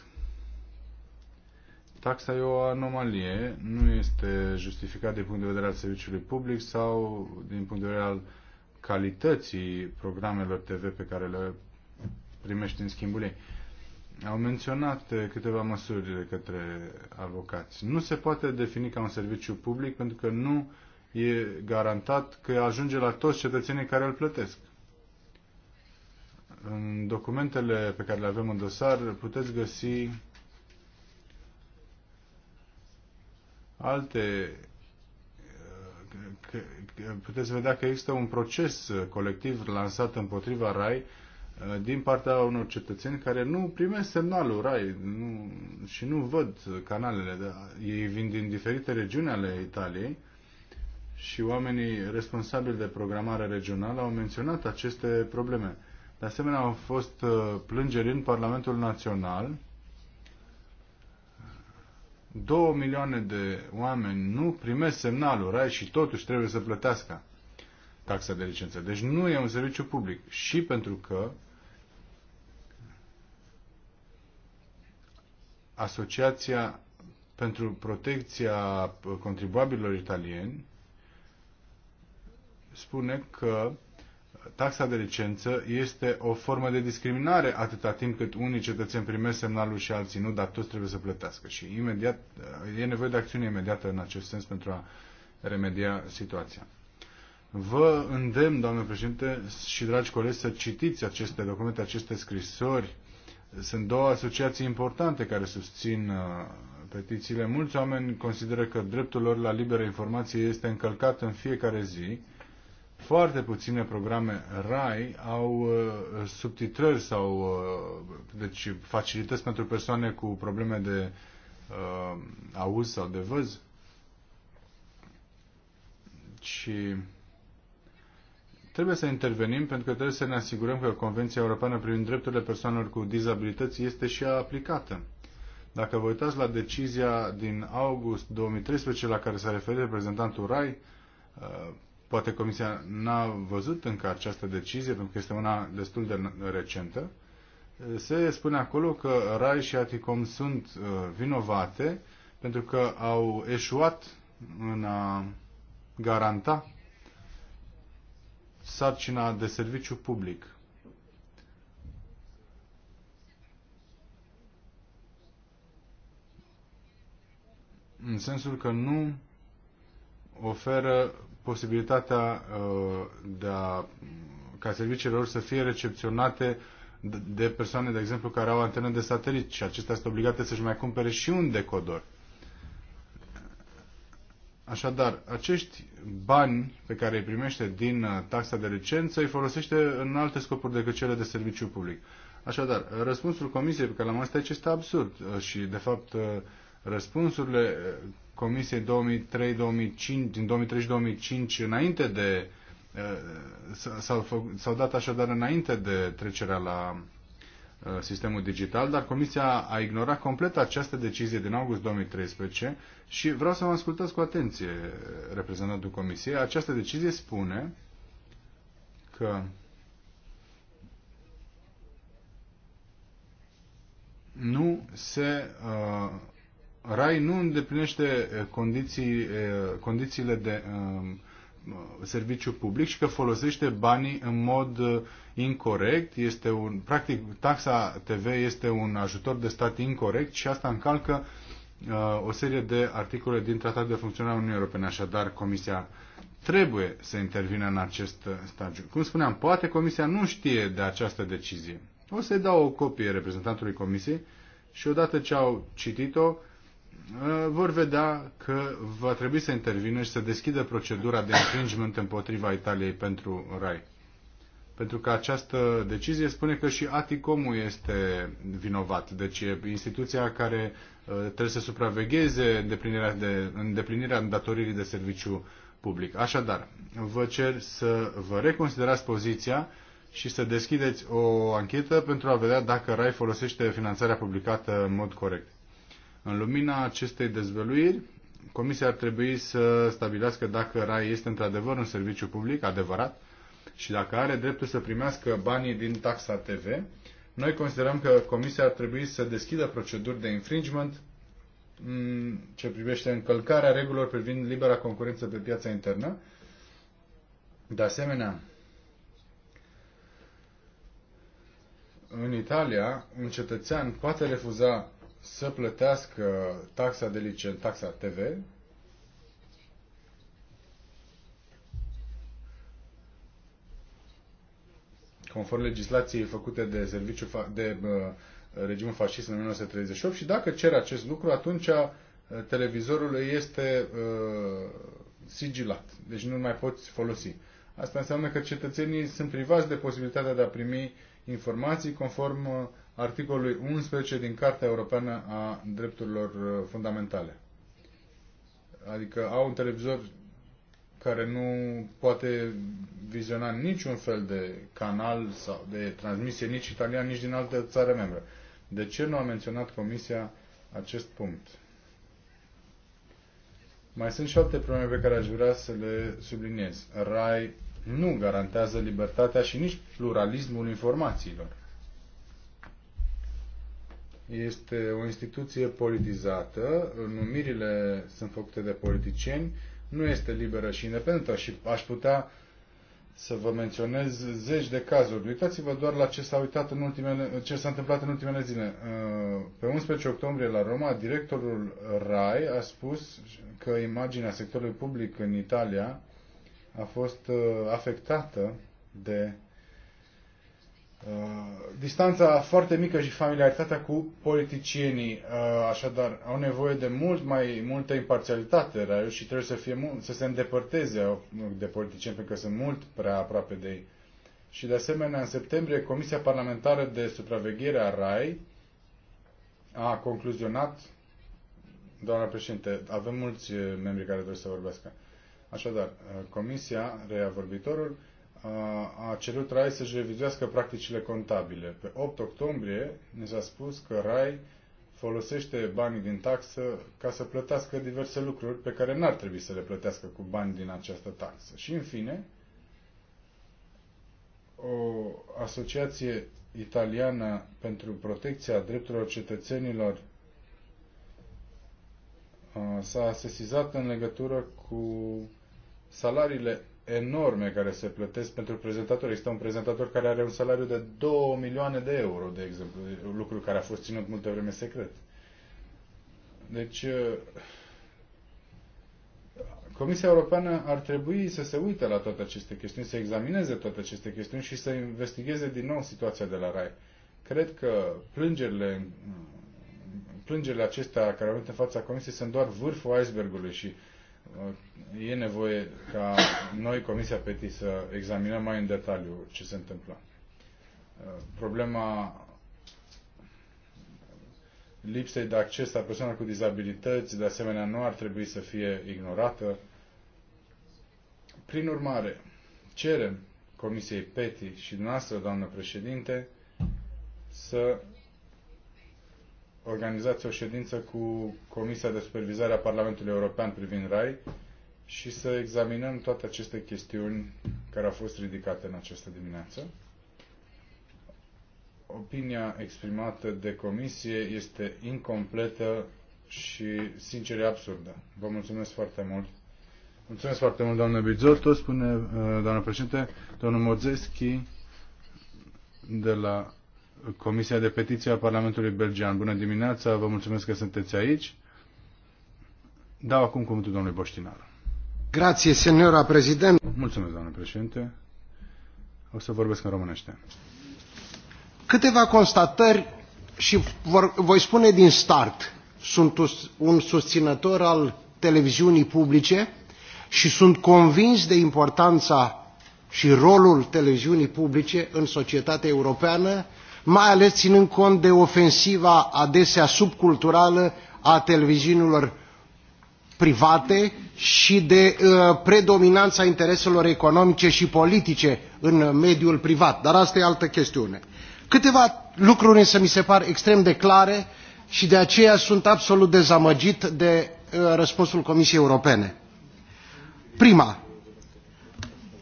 Taxa e o anomalie, nu este justificat din punct de vedere al serviciului public sau din punct de vedere al calității programelor TV pe care le primești în schimbul ei au menționat eh, câteva măsuri către avocați. Nu se poate defini ca un serviciu public pentru că nu e garantat că ajunge la toți cetățenii care îl plătesc. În documentele pe care le avem în dosar puteți găsi alte eh, puteți vedea că există un proces colectiv lansat împotriva RAI Uh, din partea unor cetățeni care nu primesc semnalul RAI nu, și nu văd canalele. Ei vin din diferite regiuni ale Italiei și oamenii responsabili de programare regională au menționat aceste probleme. De asemenea, au fost uh, plângeri în Parlamentul Național. Două milioane de oameni nu primesc semnalul RAI și totuși trebuie să plătească taxa de licență. Deci nu e un serviciu public și pentru că Asociația pentru Protecția Contribuabililor Italieni spune că taxa de licență este o formă de discriminare atâta timp cât unii cetățeni primesc semnalul și alții nu, dar toți trebuie să plătească. Și imediat, e nevoie de acțiune imediată în acest sens pentru a remedia situația. Vă îndemn, doamnă președinte și dragi colegi, să citiți aceste documente, aceste scrisori sunt două asociații importante care susțin uh, petițiile. Mulți oameni consideră că dreptul lor la liberă informație este încălcat în fiecare zi. Foarte puține programe RAI au uh, subtitrări sau uh, deci facilități pentru persoane cu probleme de uh, auz sau de văz. Și Trebuie să intervenim pentru că trebuie să ne asigurăm că Convenția Europeană privind drepturile persoanelor cu dizabilități este și ea aplicată. Dacă vă uitați la decizia din august 2013 la care s-a referit reprezentantul RAI, uh, poate Comisia n-a văzut încă această decizie, pentru că este una destul de recentă, se spune acolo că RAI și Aticom sunt uh, vinovate pentru că au eșuat în a garanta sarcina de serviciu public. În sensul că nu oferă posibilitatea uh, de a, ca serviciile lor să fie recepționate de persoane, de exemplu, care au antenă de satelit și acestea sunt obligate să-și mai cumpere și un decodor. Așadar, acești bani pe care îi primește din uh, taxa de licență îi folosește în alte scopuri decât cele de serviciu public. Așadar, uh, răspunsul comisiei pe care l-am asta aici este absurd uh, și, de fapt, răspunsurile comisiei 2003 2005, din 2003-2005 înainte de s-au dat așadar înainte de trecerea la Uh, sistemul digital, dar Comisia a ignorat complet această decizie din august 2013 și vreau să mă ascultați cu atenție uh, reprezentantul Comisiei. Această decizie spune că nu se uh, RAI nu îndeplinește uh, condiții, uh, condițiile de uh, Uh, serviciu public și că folosește banii în mod uh, incorrect. Este un, practic, taxa TV este un ajutor de stat incorrect și asta încalcă uh, o serie de articole din Tratatul de Funcționare a Uniunii Europene. Așadar, Comisia trebuie să intervină în acest uh, stagiu. Cum spuneam, poate Comisia nu știe de această decizie. O să-i dau o copie reprezentantului Comisiei și odată ce au citit-o, Eh, vor vedea că va trebui să intervină și să deschidă procedura de infringement împotriva Italiei pentru RAI. Pentru că această decizie spune că și Aticomul este vinovat. Deci e instituția care eh, trebuie să supravegheze îndeplinirea, de, îndeplinirea îndatoririi de serviciu public. Așadar, vă cer să vă reconsiderați poziția și să deschideți o anchetă pentru a vedea dacă RAI folosește finanțarea publicată în mod corect. În lumina acestei dezvăluiri, Comisia ar trebui să stabilească dacă RAI este într-adevăr un serviciu public adevărat și dacă are dreptul să primească banii din taxa TV. Noi considerăm că Comisia ar trebui să deschidă proceduri de infringement ce privește încălcarea regulilor privind libera concurență pe piața internă. De asemenea, în Italia, un cetățean poate refuza să plătească taxa de licență, taxa TV, conform legislației făcute de, serviciu de uh, regimul fascist în 1938 și dacă cer acest lucru, atunci uh, televizorul este uh, sigilat, deci nu mai poți folosi. Asta înseamnă că cetățenii sunt privați de posibilitatea de a primi informații conform uh, articolului 11 din Cartea Europeană a Drepturilor uh, Fundamentale. Adică au un televizor care nu poate viziona niciun fel de canal sau de transmisie, nici italian, nici din altă țară membră. De ce nu a menționat Comisia acest punct? Mai sunt și alte probleme pe care aș vrea să le subliniez. RAI nu garantează libertatea și nici pluralismul informațiilor este o instituție politizată, numirile sunt făcute de politicieni, nu este liberă și independentă și aș putea să vă menționez zeci de cazuri. Uitați-vă doar la ce s-a, uitat în ultimele, ce s-a întâmplat în ultimele zile. Pe 11 octombrie la Roma, directorul RAI a spus că imaginea sectorului public în Italia a fost uh, afectată de Uh, distanța foarte mică și familiaritatea cu politicienii, uh, așadar, au nevoie de mult mai multă imparțialitate Raiu, și trebuie să, fie mult, să se îndepărteze de politicieni, pentru că sunt mult prea aproape de ei. Și de asemenea, în septembrie, Comisia Parlamentară de Supraveghere a RAI a concluzionat, doamna președinte, avem mulți membri care trebuie să vorbească, așadar, uh, Comisia, reia vorbitorul, a cerut RAI să-și revizuiască practicile contabile. Pe 8 octombrie ne s-a spus că RAI folosește banii din taxă ca să plătească diverse lucruri pe care n-ar trebui să le plătească cu bani din această taxă. Și în fine, o asociație italiană pentru protecția drepturilor cetățenilor s-a sesizat în legătură cu salariile enorme care se plătesc pentru prezentatori. Există un prezentator care are un salariu de 2 milioane de euro, de exemplu, lucru care a fost ținut multă vreme secret. Deci, uh, Comisia Europeană ar trebui să se uite la toate aceste chestiuni, să examineze toate aceste chestiuni și să investigheze din nou situația de la RAI. Cred că plângerile, uh, plângerile acestea care au venit în fața Comisiei sunt doar vârful icebergului și uh, e nevoie ca noi, Comisia PETI, să examinăm mai în detaliu ce se întâmplă. Uh, problema lipsei de acces a persoanelor cu dizabilități, de asemenea, nu ar trebui să fie ignorată. Prin urmare, cerem Comisiei PETI și dumneavoastră, doamnă președinte, să organizați o ședință cu Comisia de Supervizare a Parlamentului European privind RAI și să examinăm toate aceste chestiuni care au fost ridicate în această dimineață. Opinia exprimată de comisie este incompletă și, sincer, absurdă. Vă mulțumesc foarte mult. Mulțumesc foarte mult, doamnă Bizotto, spune uh, doamna președinte, domnul Mozeschi de la Comisia de Petiție a Parlamentului Belgian. Bună dimineața, vă mulțumesc că sunteți aici. Dau acum cuvântul domnului Boștinar. Grație, senora prezident. Mulțumesc, domnule președinte. O să vorbesc în românește. Câteva constatări și vor, voi spune din start. Sunt un susținător al televiziunii publice și sunt convins de importanța și rolul televiziunii publice în societatea europeană mai ales ținând cont de ofensiva adesea subculturală a televiziunilor private și de uh, predominanța intereselor economice și politice în mediul privat. Dar asta e altă chestiune. Câteva lucruri însă mi se par extrem de clare și de aceea sunt absolut dezamăgit de uh, răspunsul Comisiei Europene. Prima,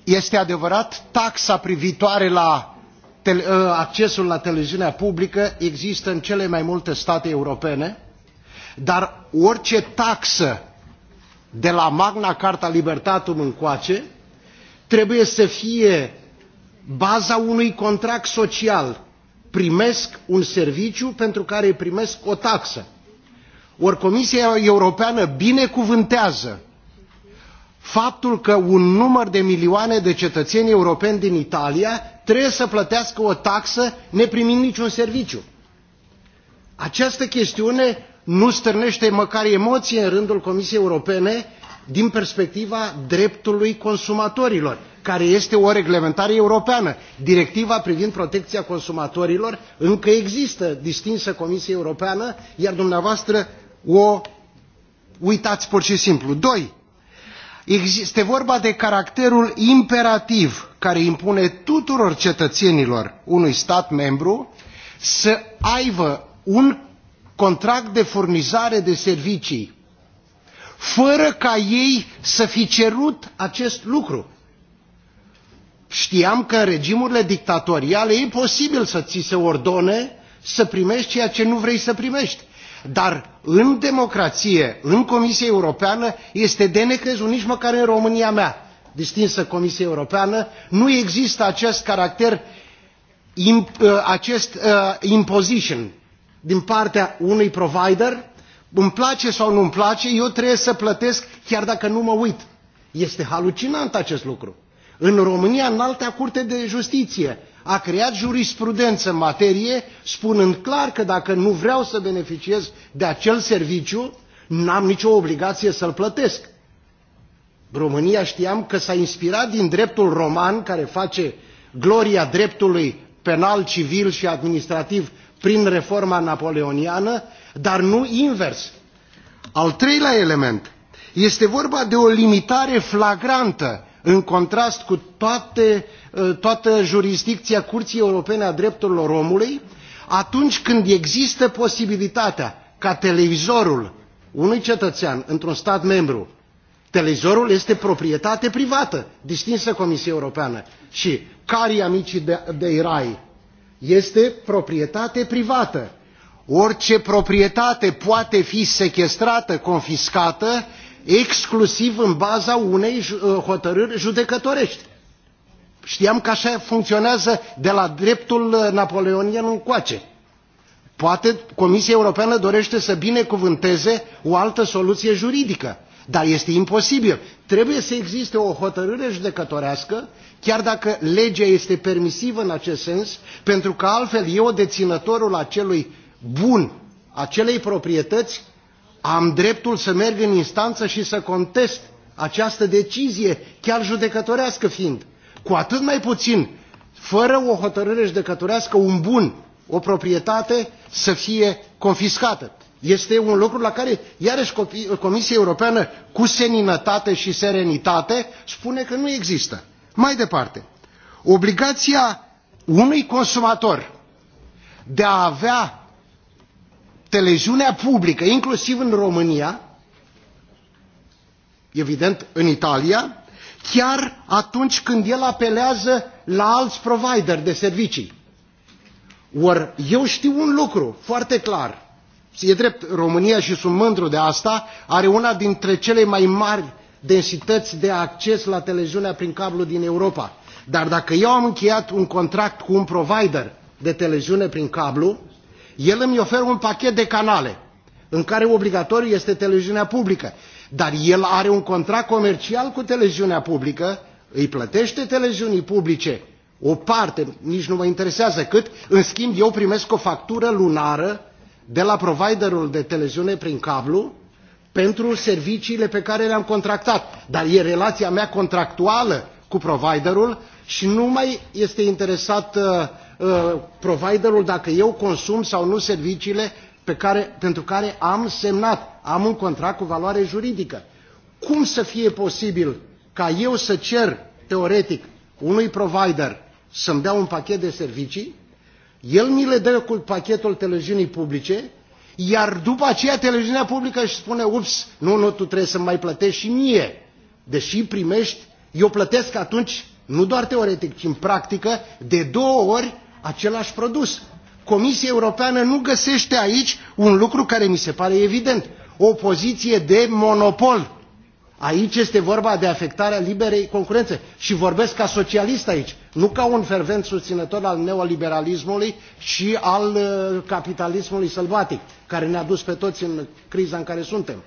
este adevărat, taxa privitoare la Ă, accesul la televiziunea publică există în cele mai multe state europene, dar orice taxă de la Magna Carta Libertatum încoace trebuie să fie baza unui contract social. Primesc un serviciu pentru care primesc o taxă. Ori Comisia Europeană binecuvântează faptul că un număr de milioane de cetățeni europeni din Italia trebuie să plătească o taxă neprimind niciun serviciu. Această chestiune nu stârnește măcar emoție în rândul Comisiei Europene din perspectiva dreptului consumatorilor, care este o reglementare europeană. Directiva privind protecția consumatorilor încă există distinsă Comisiei Europeană, iar dumneavoastră o uitați pur și simplu. Doi, este vorba de caracterul imperativ care impune tuturor cetățenilor unui stat membru să aibă un contract de furnizare de servicii, fără ca ei să fi cerut acest lucru. Știam că în regimurile dictatoriale e posibil să ți se ordone să primești ceea ce nu vrei să primești. Dar în democrație, în Comisia Europeană, este de necrezut nici măcar în România mea distinsă Comisie Europeană, nu există acest caracter, uh, acest uh, imposition din partea unui provider. Îmi place sau nu îmi place, eu trebuie să plătesc chiar dacă nu mă uit. Este halucinant acest lucru. În România, în alta curte de justiție, a creat jurisprudență în materie, spunând clar că dacă nu vreau să beneficiez de acel serviciu, n-am nicio obligație să-l plătesc. România știam că s-a inspirat din dreptul roman care face gloria dreptului penal, civil și administrativ prin reforma napoleoniană, dar nu invers. Al treilea element este vorba de o limitare flagrantă în contrast cu toate, ă, toată jurisdicția Curții Europene a Drepturilor Omului, atunci când există posibilitatea ca televizorul unui cetățean într-un stat membru Televizorul este proprietate privată, distinsă Comisie Europeană. Și carii amicii de, de RAI este proprietate privată. Orice proprietate poate fi sechestrată, confiscată, exclusiv în baza unei uh, hotărâri judecătorești. Știam că așa funcționează de la dreptul uh, napoleonian încoace. Poate Comisia Europeană dorește să binecuvânteze o altă soluție juridică dar este imposibil. Trebuie să existe o hotărâre judecătorească, chiar dacă legea este permisivă în acest sens, pentru că altfel eu, deținătorul acelui bun, acelei proprietăți, am dreptul să merg în instanță și să contest această decizie, chiar judecătorească fiind. Cu atât mai puțin, fără o hotărâre judecătorească, un bun, o proprietate să fie confiscată este un lucru la care iarăși Comisia Europeană cu seninătate și serenitate spune că nu există. Mai departe, obligația unui consumator de a avea televiziunea publică, inclusiv în România, evident în Italia, chiar atunci când el apelează la alți provider de servicii. Ori eu știu un lucru foarte clar – E drept, România, și sunt mândru de asta, are una dintre cele mai mari densități de acces la televiziunea prin cablu din Europa. Dar dacă eu am încheiat un contract cu un provider de televiziune prin cablu, el îmi oferă un pachet de canale, în care obligatoriu este televiziunea publică. Dar el are un contract comercial cu televiziunea publică, îi plătește televiziunii publice o parte, nici nu mă interesează cât, în schimb eu primesc o factură lunară de la providerul de televiziune prin cablu pentru serviciile pe care le-am contractat. Dar e relația mea contractuală cu providerul și nu mai este interesat uh, uh, providerul dacă eu consum sau nu serviciile pe care, pentru care am semnat. Am un contract cu valoare juridică. Cum să fie posibil ca eu să cer teoretic unui provider să-mi dea un pachet de servicii el mi le dă cu pachetul televiziunii publice, iar după aceea televiziunea publică își spune, ups, nu, nu, tu trebuie să mai plătești și mie. Deși primești, eu plătesc atunci, nu doar teoretic, ci în practică, de două ori același produs. Comisia Europeană nu găsește aici un lucru care mi se pare evident, o poziție de monopol. Aici este vorba de afectarea liberei concurențe și vorbesc ca socialist aici nu ca un fervent susținător al neoliberalismului și al uh, capitalismului sălbatic, care ne-a dus pe toți în criza în care suntem.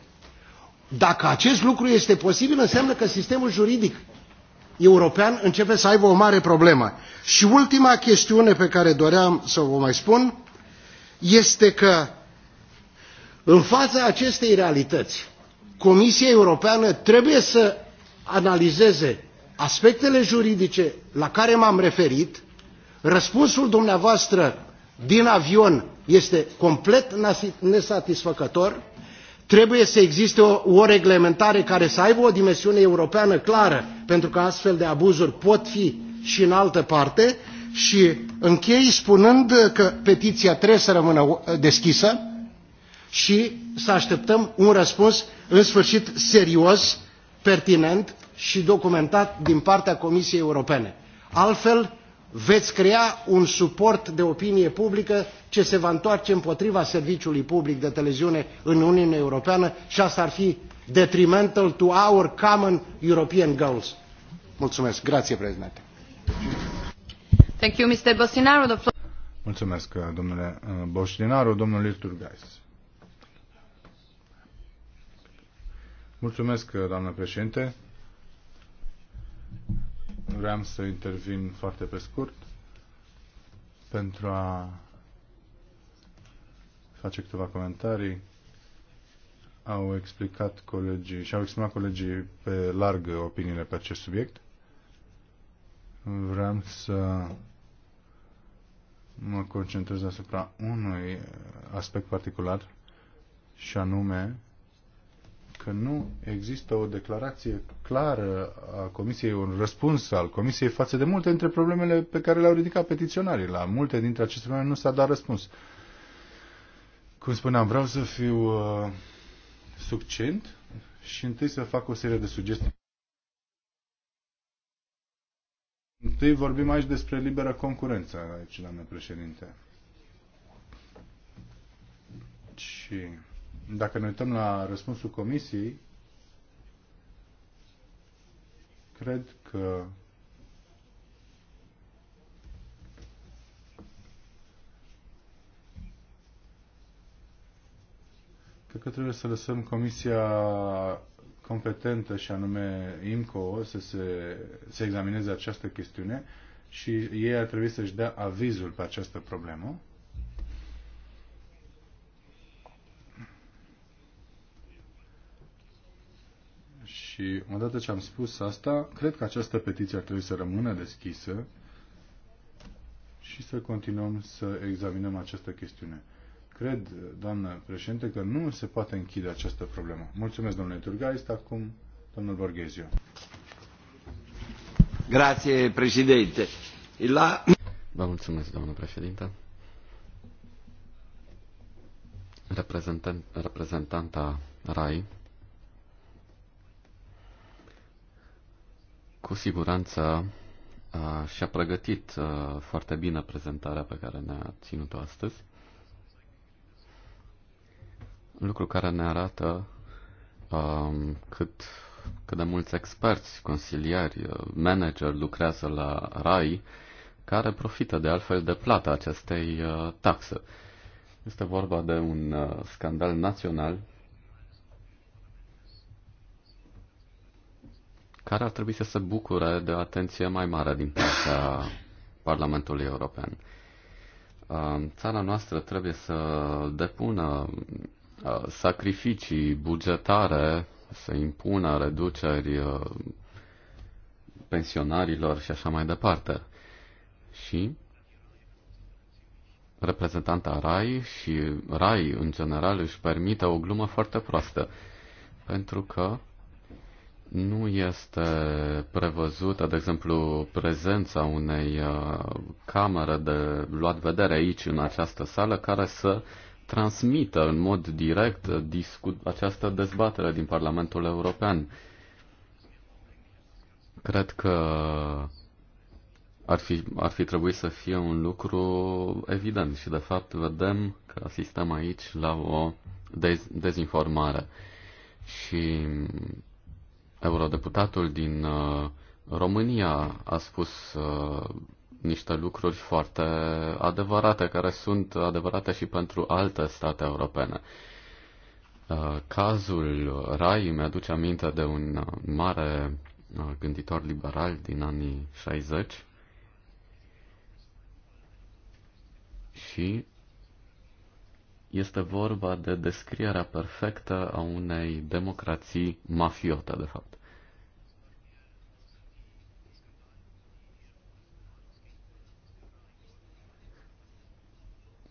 Dacă acest lucru este posibil, înseamnă că sistemul juridic european începe să aibă o mare problemă. Și ultima chestiune pe care doream să vă mai spun este că în fața acestei realități, Comisia Europeană trebuie să analizeze aspectele juridice la care m-am referit, răspunsul dumneavoastră din avion este complet nesatisfăcător, trebuie să existe o, o reglementare care să aibă o dimensiune europeană clară, pentru că astfel de abuzuri pot fi și în altă parte, și închei spunând că petiția trebuie să rămână uh, deschisă și să așteptăm un răspuns în sfârșit serios, pertinent și documentat din partea Comisiei Europene. Altfel, veți crea un suport de opinie publică ce se va întoarce împotriva serviciului public de televiziune în Uniunea Europeană și asta ar fi detrimental to our common European goals. Mulțumesc. Grație, președinte. Thank you, Mr. Bostinaru. The floor... Mulțumesc, domnule uh, Boșdinaru, domnul Turgais. Mulțumesc, uh, doamnă președinte. Vreau să intervin foarte pe scurt pentru a face câteva comentarii. Au explicat colegii și au exprimat colegii pe larg opiniile pe acest subiect. Vreau să mă concentrez asupra unui aspect particular și anume că nu există o declarație clară a Comisiei, un răspuns al Comisiei față de multe dintre problemele pe care le-au ridicat petiționarii. La multe dintre aceste probleme nu s-a dat răspuns. Cum spuneam, vreau să fiu uh, succint și întâi să fac o serie de sugestii. Întâi vorbim aici despre liberă concurență, aici, doamne președinte. Și dacă ne uităm la răspunsul comisiei, cred că Cred că trebuie să lăsăm comisia competentă și anume IMCO să se să examineze această chestiune și ei ar trebui să-și dea avizul pe această problemă. Și odată ce am spus asta, cred că această petiție ar trebui să rămână deschisă și să continuăm să examinăm această chestiune. Cred, doamnă președinte, că nu se poate închide această problemă. Mulțumesc, domnule Turgaist. Acum, domnul Borghezio. Grazie, președinte. La... Vă mulțumesc, domnule președinte. Reprezentant, reprezentanta RAI cu siguranță uh, și-a pregătit uh, foarte bine prezentarea pe care ne-a ținut-o astăzi. Lucru care ne arată um, cât, cât de mulți experți, consiliari, uh, manageri lucrează la RAI, care profită de altfel de plata acestei taxe. Este vorba de un scandal național care ar trebui să se bucure de atenție mai mare din partea Parlamentului European. Uh, țara noastră trebuie să depună uh, sacrificii bugetare, să impună reduceri uh, pensionarilor și așa mai departe. Și reprezentanta RAI și RAI în general își permite o glumă foarte proastă, pentru că nu este prevăzută, de exemplu, prezența unei uh, camere de luat vedere aici, în această sală, care să transmită în mod direct discu- această dezbatere din Parlamentul European. Cred că ar fi, ar fi trebuit să fie un lucru evident și, de fapt, vedem că asistăm aici la o dez- dezinformare. Și eurodeputatul din uh, România a spus uh, niște lucruri foarte adevărate, care sunt adevărate și pentru alte state europene. Uh, cazul Rai mi-aduce aminte de un mare gânditor liberal din anii 60 și este vorba de descrierea perfectă a unei democrații mafiote, de fapt.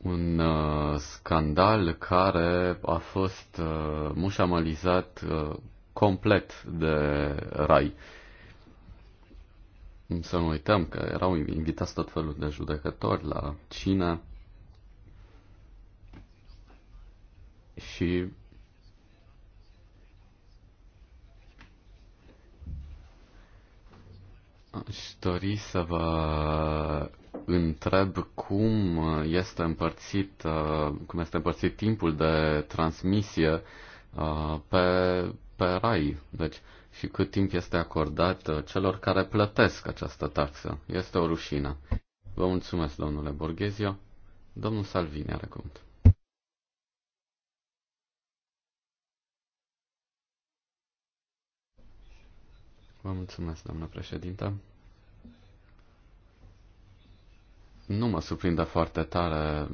un uh, scandal care a fost uh, mușamalizat uh, complet de Rai. Să nu uităm că erau invitați tot felul de judecători la cină și Aș dori să vă întreb cum este împărțit, uh, cum este împărțit timpul de transmisie uh, pe, pe rai. Deci, și cât timp este acordat uh, celor care plătesc această taxă. Este o rușină. Vă mulțumesc, domnule Borghezio. Domnul Salvini are cuvânt. Vă mulțumesc, doamnă președintă. Nu mă surprinde foarte tare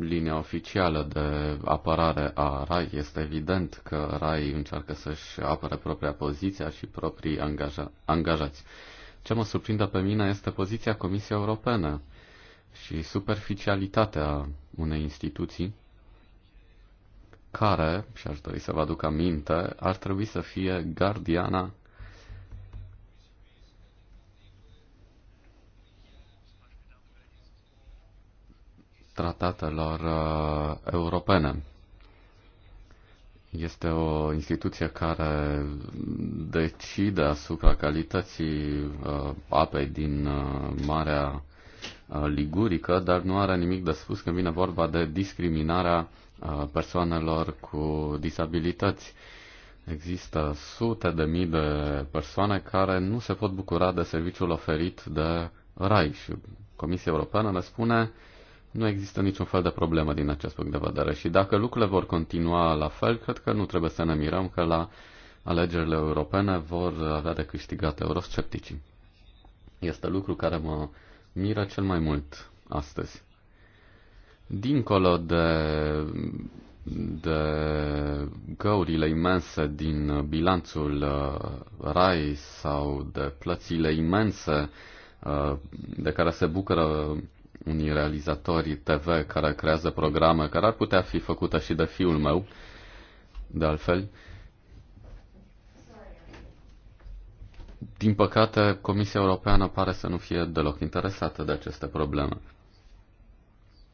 linia oficială de apărare a RAI. Este evident că RAI încearcă să-și apere propria poziție și proprii angaja- angajați. Ce mă surprinde pe mine este poziția Comisiei Europene și superficialitatea unei instituții care, și aș dori să vă aduc aminte, ar trebui să fie gardiana tratatelor uh, europene. Este o instituție care decide asupra calității uh, apei din uh, Marea uh, Ligurică, dar nu are nimic de spus când vine vorba de discriminarea uh, persoanelor cu disabilități. Există sute de mii de persoane care nu se pot bucura de serviciul oferit de RAI și Comisia Europeană ne spune uh, nu există niciun fel de problemă din acest punct de vedere și dacă lucrurile vor continua la fel, cred că nu trebuie să ne mirăm că la alegerile europene vor avea de câștigat euroscepticii. Este lucru care mă miră cel mai mult astăzi. Dincolo de, de găurile imense din bilanțul uh, RAI sau de plățile imense uh, de care se bucură unii realizatori TV care creează programe care ar putea fi făcută și de fiul meu, de altfel. Din păcate, Comisia Europeană pare să nu fie deloc interesată de aceste probleme.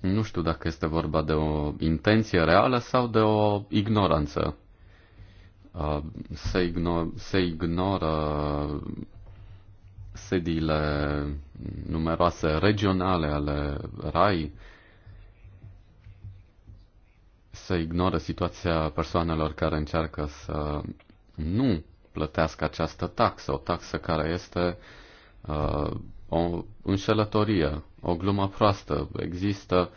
Nu știu dacă este vorba de o intenție reală sau de o ignoranță. Uh, se, igno- se ignoră sediile numeroase regionale ale RAI, se ignoră situația persoanelor care încearcă să nu plătească această taxă, o taxă care este uh, o înșelătorie, o glumă proastă. Există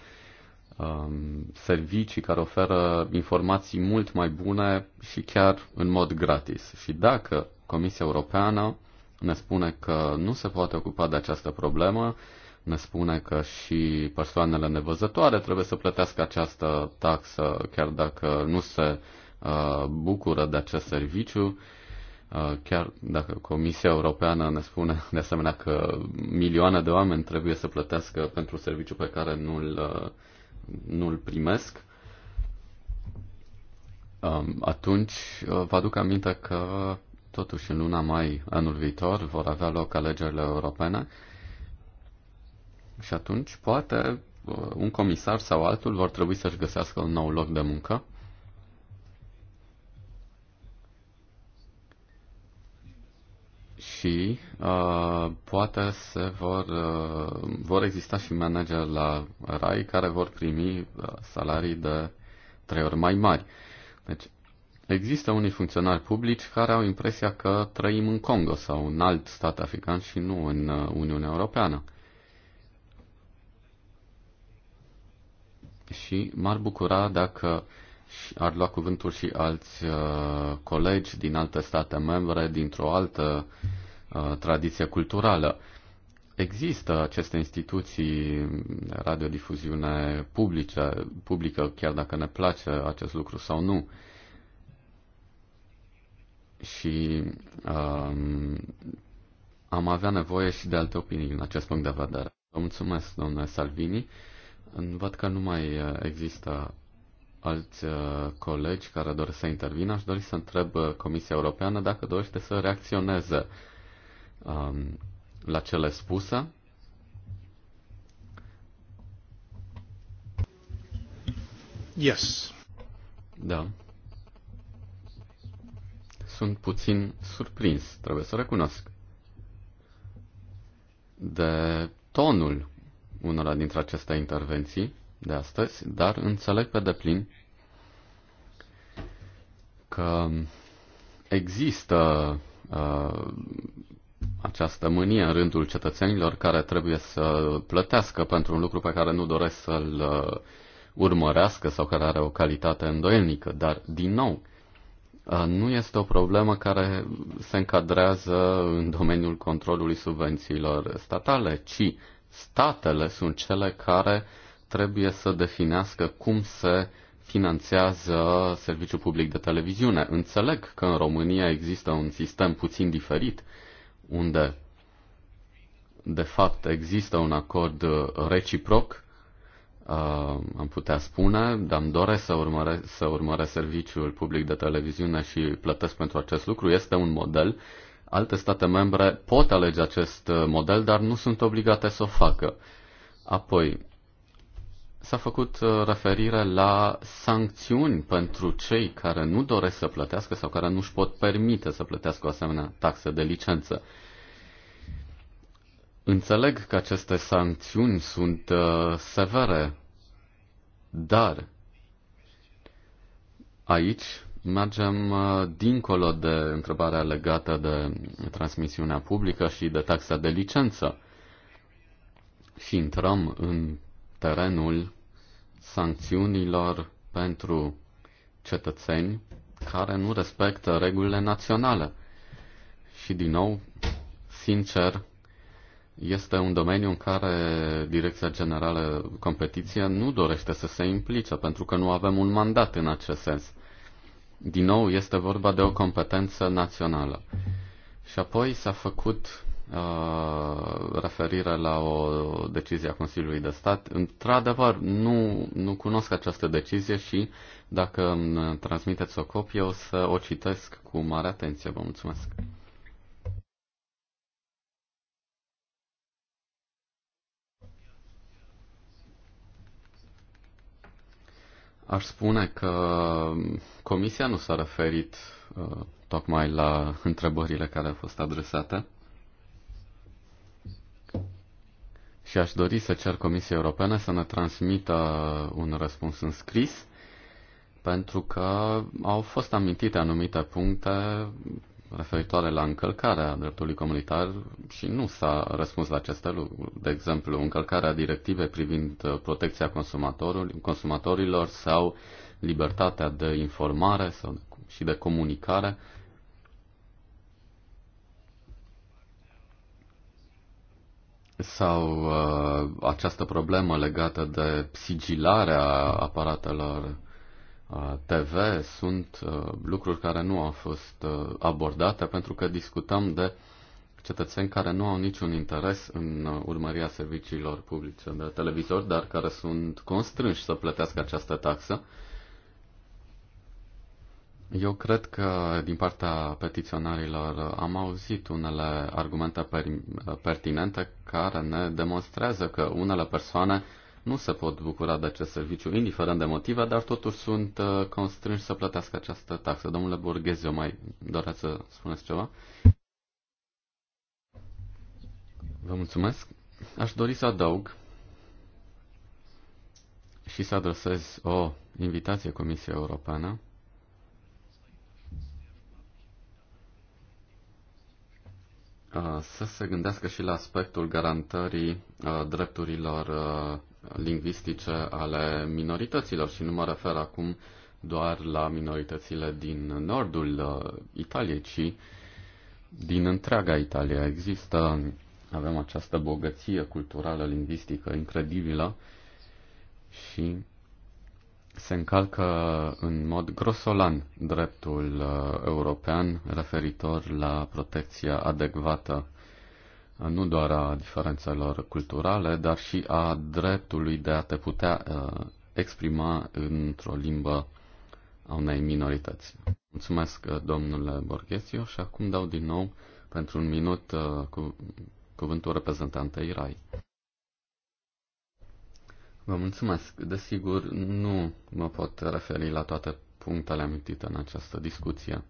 um, servicii care oferă informații mult mai bune și chiar în mod gratis. Și dacă Comisia Europeană ne spune că nu se poate ocupa de această problemă, ne spune că și persoanele nevăzătoare trebuie să plătească această taxă chiar dacă nu se uh, bucură de acest serviciu. Uh, chiar dacă Comisia Europeană ne spune de asemenea că milioane de oameni trebuie să plătească pentru serviciu pe care nu-l, uh, nu-l primesc, um, atunci uh, vă aduc aminte că Totuși, în luna mai anul viitor vor avea loc alegerile europene și atunci poate uh, un comisar sau altul vor trebui să-și găsească un nou loc de muncă. Și uh, poate se vor, uh, vor exista și manageri la RAI care vor primi uh, salarii de trei ori mai mari. Deci Există unii funcționari publici care au impresia că trăim în Congo sau în alt stat african și nu în uh, Uniunea Europeană. Și m-ar bucura dacă ar lua cuvântul și alți uh, colegi din alte state membre, dintr-o altă uh, tradiție culturală. Există aceste instituții radiodifuziune publice, publică, chiar dacă ne place acest lucru sau nu. Uh, și um, am avea nevoie și de alte opinii în acest punct de vedere. Vă mulțumesc, domnule Salvini. Văd că nu mai uh, există alți uh, colegi care doresc să intervină. Aș dori să întreb uh, Comisia Europeană dacă dorește să reacționeze um, la cele spuse. Yes. Da sunt puțin surprins, trebuie să recunosc, de tonul unora dintre aceste intervenții de astăzi, dar înțeleg pe deplin că există uh, această mânie în rândul cetățenilor care trebuie să plătească pentru un lucru pe care nu doresc să-l uh, urmărească sau care are o calitate îndoielnică. Dar, din nou, nu este o problemă care se încadrează în domeniul controlului subvențiilor statale, ci statele sunt cele care trebuie să definească cum se finanțează serviciul public de televiziune. Înțeleg că în România există un sistem puțin diferit, unde de fapt există un acord reciproc Uh, am putea spune, dar îmi doresc să urmăresc, să urmăresc serviciul public de televiziune și plătesc pentru acest lucru. Este un model. Alte state membre pot alege acest uh, model, dar nu sunt obligate să o facă. Apoi, s-a făcut uh, referire la sancțiuni pentru cei care nu doresc să plătească sau care nu își pot permite să plătească o asemenea taxă de licență. Înțeleg că aceste sancțiuni sunt uh, severe, dar aici mergem uh, dincolo de întrebarea legată de transmisiunea publică și de taxa de licență și intrăm în terenul sancțiunilor pentru cetățeni care nu respectă regulile naționale. Și din nou, sincer, este un domeniu în care Direcția Generală Competiție nu dorește să se implice, pentru că nu avem un mandat în acest sens. Din nou, este vorba de o competență națională. Și apoi s-a făcut uh, referire la o decizie a Consiliului de Stat. Într-adevăr, nu, nu cunosc această decizie și dacă îmi transmiteți o copie, o să o citesc cu mare atenție. Vă mulțumesc! Aș spune că Comisia nu s-a referit uh, tocmai la întrebările care au fost adresate. Și aș dori să cer Comisiei Europene să ne transmită un răspuns în scris, pentru că au fost amintite anumite puncte referitoare la încălcarea dreptului comunitar și nu s-a răspuns la aceste lucruri. De exemplu, încălcarea directivei privind uh, protecția consumatorilor sau libertatea de informare sau și de comunicare. sau uh, această problemă legată de sigilarea aparatelor Uh, TV sunt uh, lucruri care nu au fost uh, abordate pentru că discutăm de cetățeni care nu au niciun interes în urmărirea serviciilor publice de televizor, dar care sunt constrânși să plătească această taxă. Eu cred că din partea petiționarilor am auzit unele argumente pertinente care ne demonstrează că unele persoane nu se pot bucura de acest serviciu, indiferent de motive, dar totuși sunt uh, constrânși să plătească această taxă. Domnule Borghezio, mai doreați să spuneți ceva? Vă mulțumesc. Aș dori să adaug și să adresez o invitație Comisiei Europeană uh, să se gândească și la aspectul garantării uh, drepturilor lingvistice ale minorităților și nu mă refer acum doar la minoritățile din nordul uh, Italiei, ci din întreaga Italia. Există, avem această bogăție culturală, lingvistică incredibilă și se încalcă în mod grosolan dreptul uh, european referitor la protecția adecvată nu doar a diferențelor culturale, dar și a dreptului de a te putea uh, exprima într-o limbă a unei minorități. Mulțumesc, uh, domnule Borghesio, și acum dau din nou pentru un minut uh, cu, cuvântul reprezentantei RAI. Vă mulțumesc. Desigur, nu mă pot referi la toate punctele amintite în această discuție.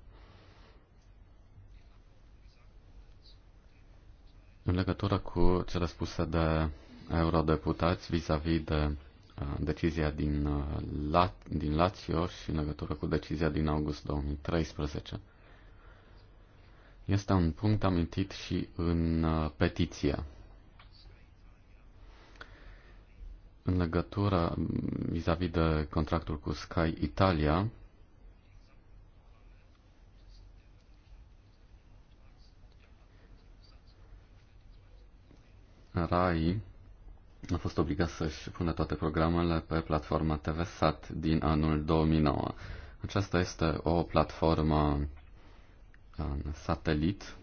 În legătură cu cele spuse de eurodeputați vis-a-vis de uh, decizia din, uh, Lat- din Lazio și în legătură cu decizia din august 2013. Este un punct amintit și în uh, petiție. În legătură vis-a-vis -vis de contractul cu Sky Italia, RAI a fost obligat să-și pună toate programele pe platforma TVSAT din anul 2009. Aceasta este o platformă um, satelit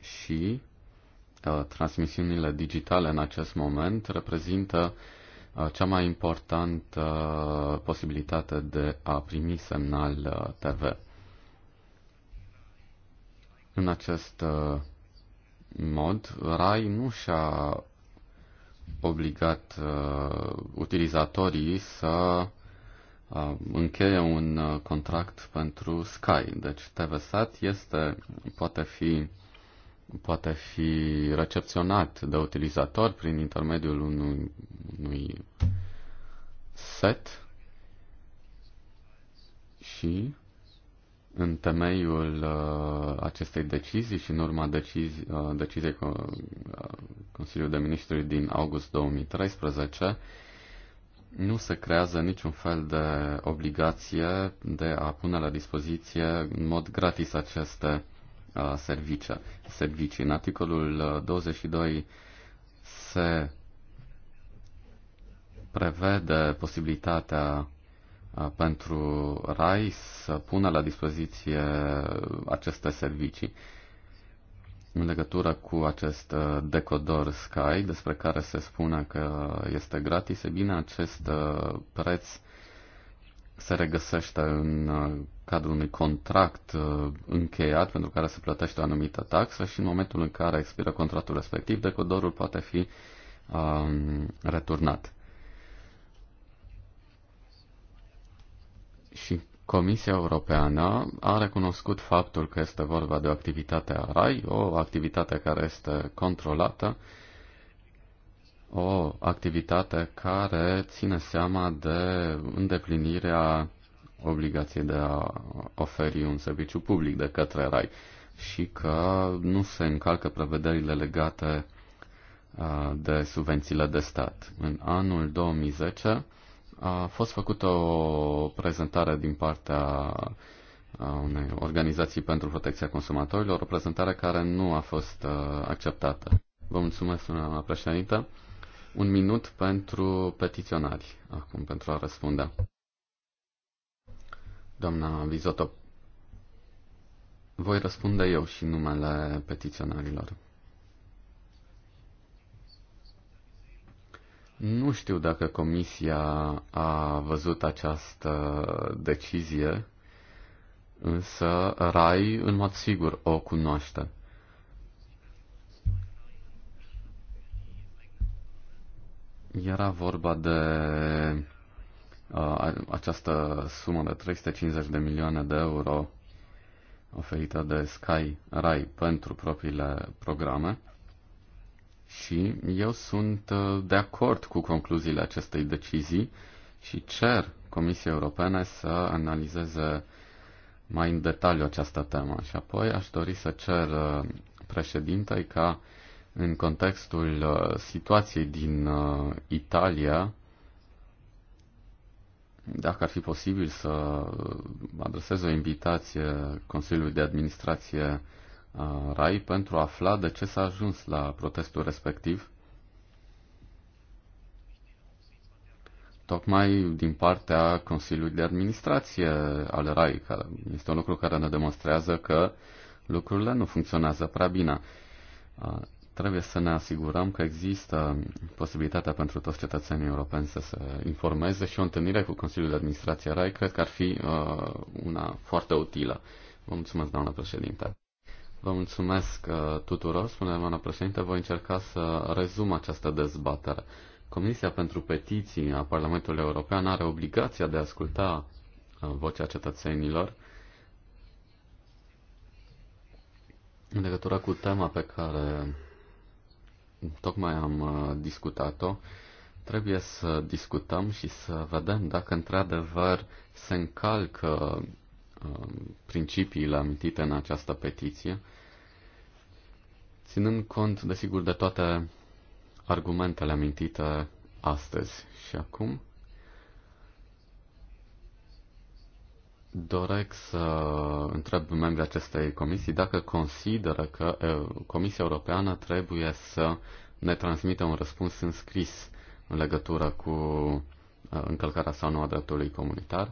și uh, transmisiunile digitale în acest moment reprezintă uh, cea mai importantă posibilitate de a primi semnal uh, TV. În acest mod, RAI nu și-a obligat uh, utilizatorii să uh, încheie un uh, contract pentru Sky. Deci TVSAT este, poate fi poate fi recepționat de utilizator prin intermediul unui, unui set și în temeiul uh, acestei decizii și în urma decizi, uh, deciziei uh, Consiliului de Ministri din august 2013, nu se creează niciun fel de obligație de a pune la dispoziție în mod gratis aceste uh, servicii. servicii. În articolul 22 uh, se prevede posibilitatea Uh, pentru RAI să pună la dispoziție aceste servicii în legătură cu acest uh, decodor Sky, despre care se spune că este gratis, e bine, acest uh, preț se regăsește în cadrul unui contract încheiat pentru care se plătește o anumită taxă și în momentul în care expiră contractul respectiv, decodorul poate fi um, returnat. și Comisia Europeană a recunoscut faptul că este vorba de o activitate a RAI, o activitate care este controlată, o activitate care ține seama de îndeplinirea obligației de a oferi un serviciu public de către RAI și că nu se încalcă prevederile legate de subvențiile de stat. În anul 2010, a fost făcută o prezentare din partea unei organizații pentru protecția consumatorilor, o prezentare care nu a fost acceptată. Vă mulțumesc, doamna președintă. Un minut pentru petiționari, acum pentru a răspunde. Doamna Vizotop, voi răspunde eu și numele petiționarilor. Nu știu dacă Comisia a văzut această decizie, însă Rai în mod sigur o cunoaște. Era vorba de uh, această sumă de 350 de milioane de euro oferită de Sky Rai pentru propriile programe. Și eu sunt uh, de acord cu concluziile acestei decizii și cer Comisiei Europene să analizeze mai în detaliu această temă. Și apoi aș dori să cer uh, președintei ca în contextul uh, situației din Italia, dacă ar fi posibil să adresez o invitație Consiliului de Administrație Uh, RAI pentru a afla de ce s-a ajuns la protestul respectiv. Tocmai din partea Consiliului de Administrație al RAI, care este un lucru care ne demonstrează că lucrurile nu funcționează prea bine uh, trebuie să ne asigurăm că există posibilitatea pentru toți cetățenii europeni să se informeze și o întâlnire cu Consiliul de Administrație RAI cred că ar fi uh, una foarte utilă. Vă mulțumesc, doamna președinte. Vă mulțumesc uh, tuturor, spune doamna președinte, voi încerca să rezum această dezbatere. Comisia pentru Petiții a Parlamentului European are obligația de a asculta uh, vocea cetățenilor în legătură cu tema pe care tocmai am uh, discutat-o. Trebuie să discutăm și să vedem dacă într-adevăr se încalcă Um, principiile amintite în această petiție, ținând cont, desigur, de toate argumentele amintite astăzi și acum. Doresc să întreb membrii acestei comisii dacă consideră că Comisia Europeană trebuie să ne transmită un răspuns înscris în legătură cu uh, încălcarea sau nu a dreptului comunitar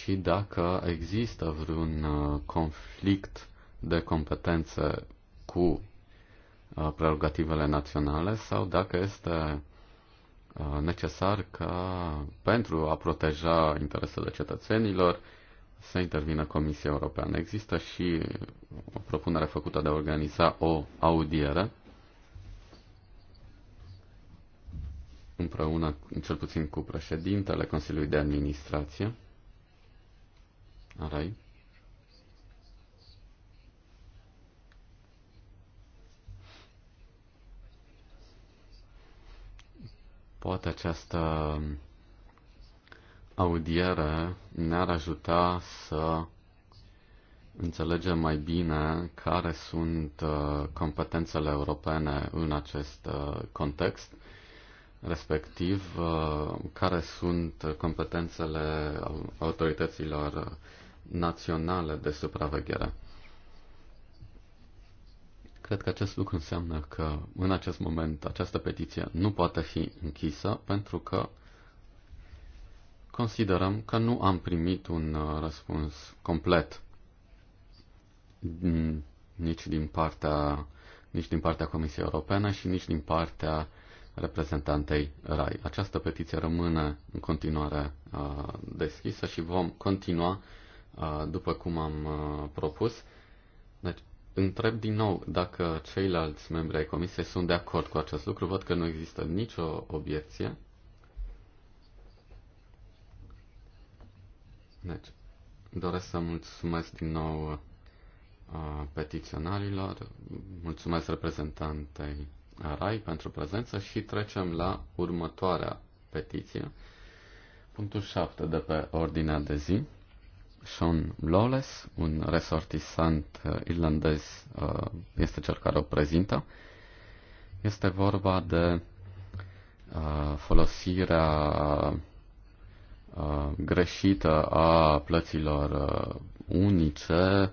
și dacă există vreun uh, conflict de competențe cu uh, prerogativele naționale sau dacă este uh, necesar ca pentru a proteja interesele cetățenilor să intervină Comisia Europeană. Există și o propunere făcută de a organiza o audiere împreună, cel puțin cu președintele Consiliului de Administrație, Arai. Poate această audiere ne-ar ajuta să înțelegem mai bine care sunt uh, competențele europene în acest uh, context, respectiv uh, care sunt competențele autorităților naționale de supraveghere. Cred că acest lucru înseamnă că în acest moment această petiție nu poate fi închisă pentru că considerăm că nu am primit un uh, răspuns complet nici din partea nici din partea Comisiei Europene și nici din partea reprezentantei RAI. Această petiție rămâne în continuare uh, deschisă și vom continua după cum am propus. Deci, întreb din nou dacă ceilalți membri ai comisiei sunt de acord cu acest lucru. Văd că nu există nicio obiecție. Deci, doresc să mulțumesc din nou petiționarilor, mulțumesc reprezentantei RAI pentru prezență și trecem la următoarea petiție, punctul 7 de pe ordinea de zi. Sean Lawless, un resortisant uh, irlandez, uh, este cel care o prezintă. Este vorba de uh, folosirea greșită a plăților unice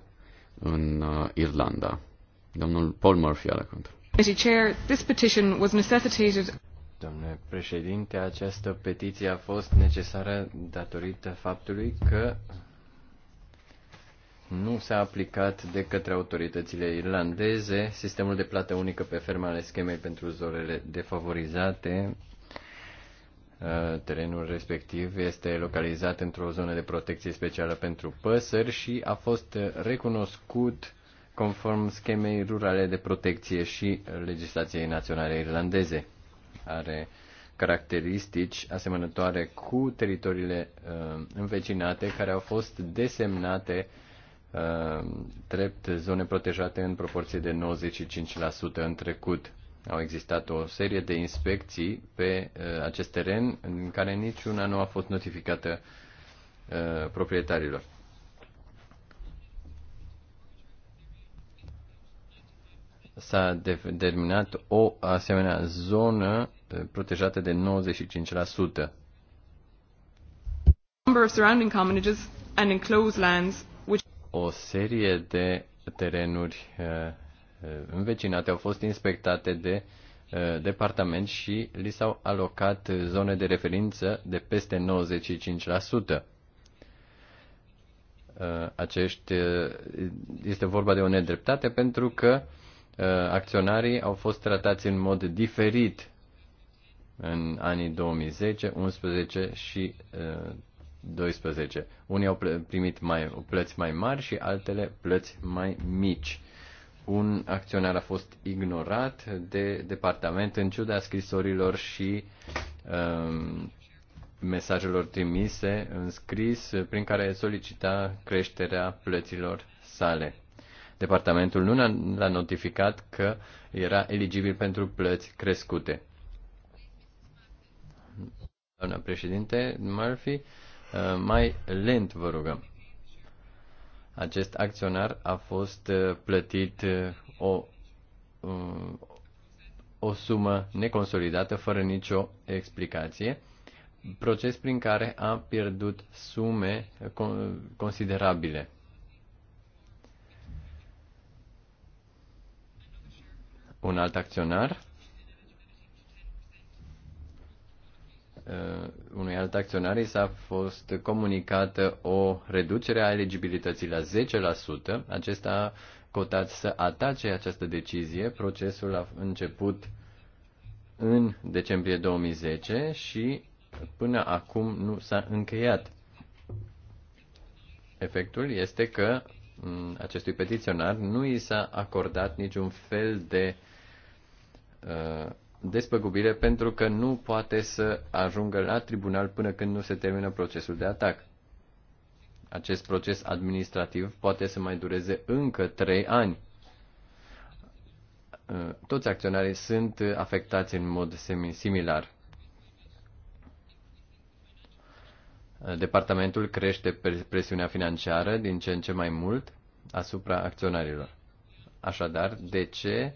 în Irlanda. Domnul Paul Murphy are cuvântul. Domnule președinte, această petiție a fost necesară datorită faptului că nu s-a aplicat de către autoritățile irlandeze sistemul de plată unică pe ferme ale schemei pentru zonele defavorizate. Uh, terenul respectiv este localizat într-o zonă de protecție specială pentru păsări și a fost recunoscut conform schemei rurale de protecție și legislației naționale irlandeze. Are caracteristici asemănătoare cu teritoriile uh, învecinate care au fost desemnate uh, Ehm, drept zone protejate în proporție de 95% în trecut. Au existat o serie de inspecții pe eh, acest teren în care niciuna nu a fost notificată eh, proprietarilor. S-a determinat o asemenea zonă eh, protejată de 95%. Number of surrounding commonages and enclosed lands o serie de terenuri uh, uh, învecinate au fost inspectate de uh, departament și li s-au alocat zone de referință de peste 95%. Acești, este vorba de o nedreptate pentru că acționarii au fost tratați în mod diferit în anii 2010, 2011 și 12. Unii au primit mai, plăți mai mari și altele plăți mai mici. Un acționar a fost ignorat de departament în ciuda scrisorilor și um, mesajelor trimise în scris prin care solicita creșterea plăților sale. Departamentul nu l-a notificat că era eligibil pentru plăți crescute. Doamna președinte Murphy, Uh, mai lent, vă rugăm. Acest acționar a fost uh, plătit uh, o, o sumă neconsolidată, fără nicio explicație, proces prin care a pierdut sume considerabile. Un alt acționar Uh, unui alt acționar i s-a fost comunicată o reducere a eligibilității la 10%. Acesta a cotat să atace această decizie. Procesul a început în decembrie 2010 și până acum nu s-a încheiat. Efectul este că mm, acestui petiționar nu i s-a acordat niciun fel de uh, despăgubire pentru că nu poate să ajungă la tribunal până când nu se termină procesul de atac. Acest proces administrativ poate să mai dureze încă trei ani. Uh, toți acționarii sunt afectați în mod similar. Uh, departamentul crește presiunea financiară din ce în ce mai mult asupra acționarilor. Așadar, de ce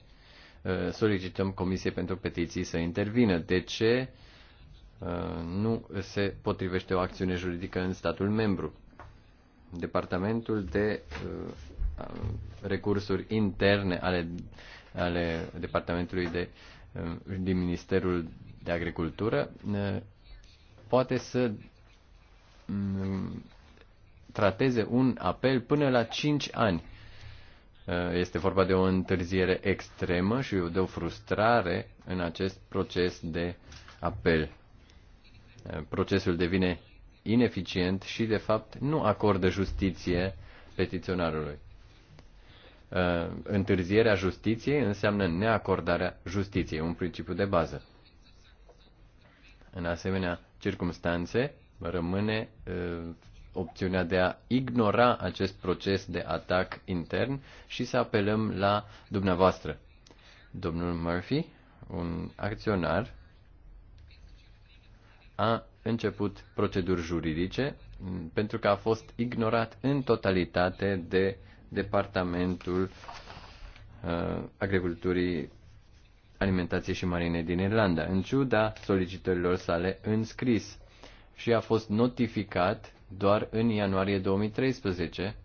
Uh, solicităm Comisiei pentru Petiții să intervină. De ce uh, nu se potrivește o acțiune juridică în statul membru? Departamentul de uh, recursuri interne ale, ale Departamentului de, din Ministerul de Agricultură poate să mm, trateze un apel până la 5 ani. Eh, este vorba de o întârziere extremă și de o frustrare în acest proces de apel. Eh, procesul devine ineficient și, de fapt, nu acordă justiție petiționarului. Eh, întârzierea justiției înseamnă neacordarea justiției, un principiu de bază. În asemenea circumstanțe, rămâne opțiunea de a ignora acest proces de atac intern și să apelăm la dumneavoastră. Domnul Murphy, un acționar, a început proceduri juridice pentru că a fost ignorat în totalitate de Departamentul uh, Agriculturii, Alimentației și Marine din Irlanda, în ciuda solicitărilor sale în scris și a fost notificat doar în ianuarie 2013,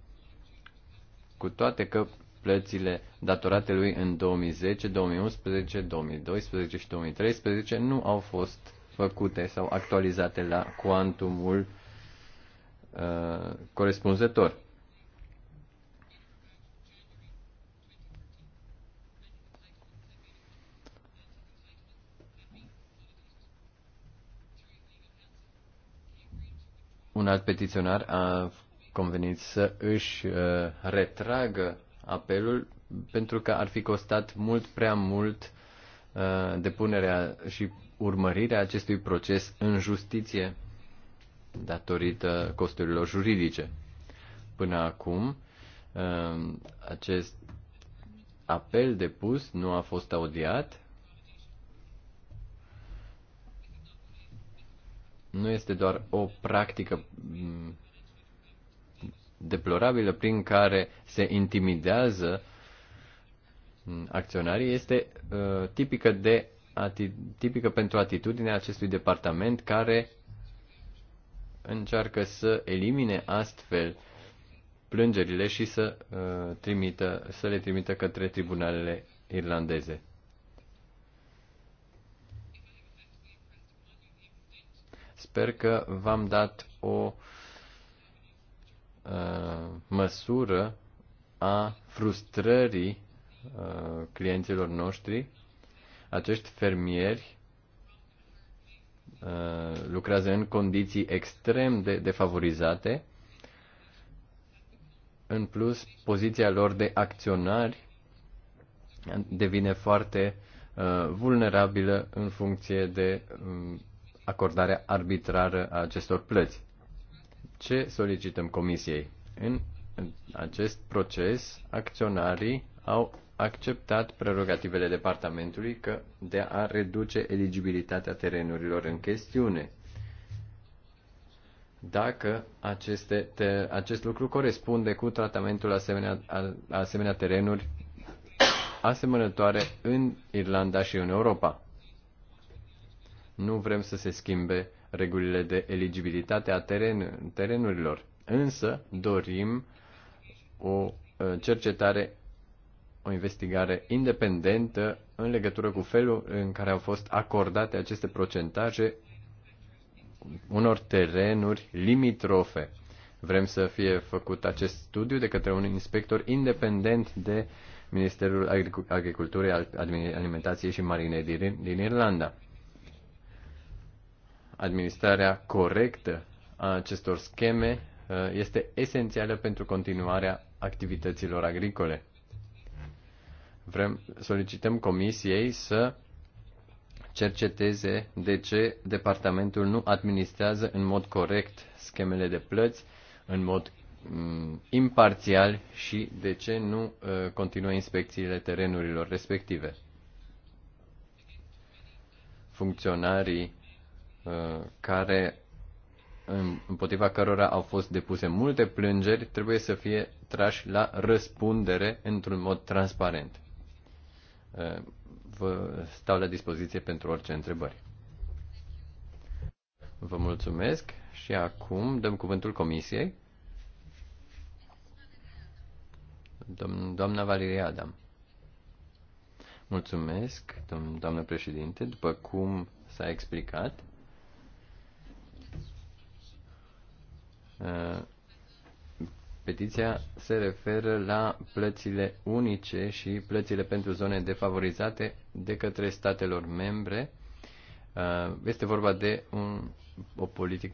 cu toate că plățile datorate lui în 2010, 2011, 2012 și 2013 nu au fost făcute sau actualizate la cuantumul uh, corespunzător. Un alt petiționar a convenit să își uh, retragă apelul pentru că ar fi costat mult prea mult uh, depunerea și urmărirea acestui proces în justiție datorită costurilor juridice. Până acum, uh, acest apel depus nu a fost audiat nu este doar o practică mm, deplorabilă prin care se intimidează mm, acționarii, este uh, tipică, de, ati, tipică pentru atitudinea acestui departament care încearcă să elimine astfel plângerile și să, uh, trimită, să le trimită către tribunalele irlandeze. Sper că v-am dat o uh, măsură a frustrării uh, clienților noștri. Acești fermieri uh, lucrează în condiții extrem de defavorizate. În plus, poziția lor de acționari devine foarte uh, vulnerabilă în funcție de um, acordarea arbitrară a acestor plăți. Ce solicităm Comisiei? În acest proces, acționarii au acceptat prerogativele departamentului că de a reduce eligibilitatea terenurilor în chestiune. Dacă aceste, te, acest lucru corespunde cu tratamentul asemenea, a, asemenea terenuri asemănătoare în Irlanda și în Europa. Nu vrem să se schimbe regulile de eligibilitate a teren, terenurilor, însă dorim o uh, cercetare, o investigare independentă în legătură cu felul în care au fost acordate aceste procentaje unor terenuri limitrofe. Vrem să fie făcut acest studiu de către un inspector independent de Ministerul Agriculturii, Alimentației și Marinei din Irlanda administrarea corectă a acestor scheme uh, este esențială pentru continuarea activităților agricole. Vrem, solicităm comisiei să cerceteze de ce departamentul nu administrează în mod corect schemele de plăți, în mod mm, imparțial și de ce nu uh, continuă inspecțiile terenurilor respective. Funcționarii Uh, care împotriva cărora au fost depuse multe plângeri, trebuie să fie trași la răspundere într-un mod transparent. Uh, vă stau la dispoziție pentru orice întrebări. Vă mulțumesc și acum dăm cuvântul comisiei. Doamna Valeria Adam. Mulțumesc, doamnă președinte. După cum s-a explicat, Uh, petiția se referă la plățile unice și plățile pentru zone defavorizate de către statelor membre. Uh, este vorba de un, o politic,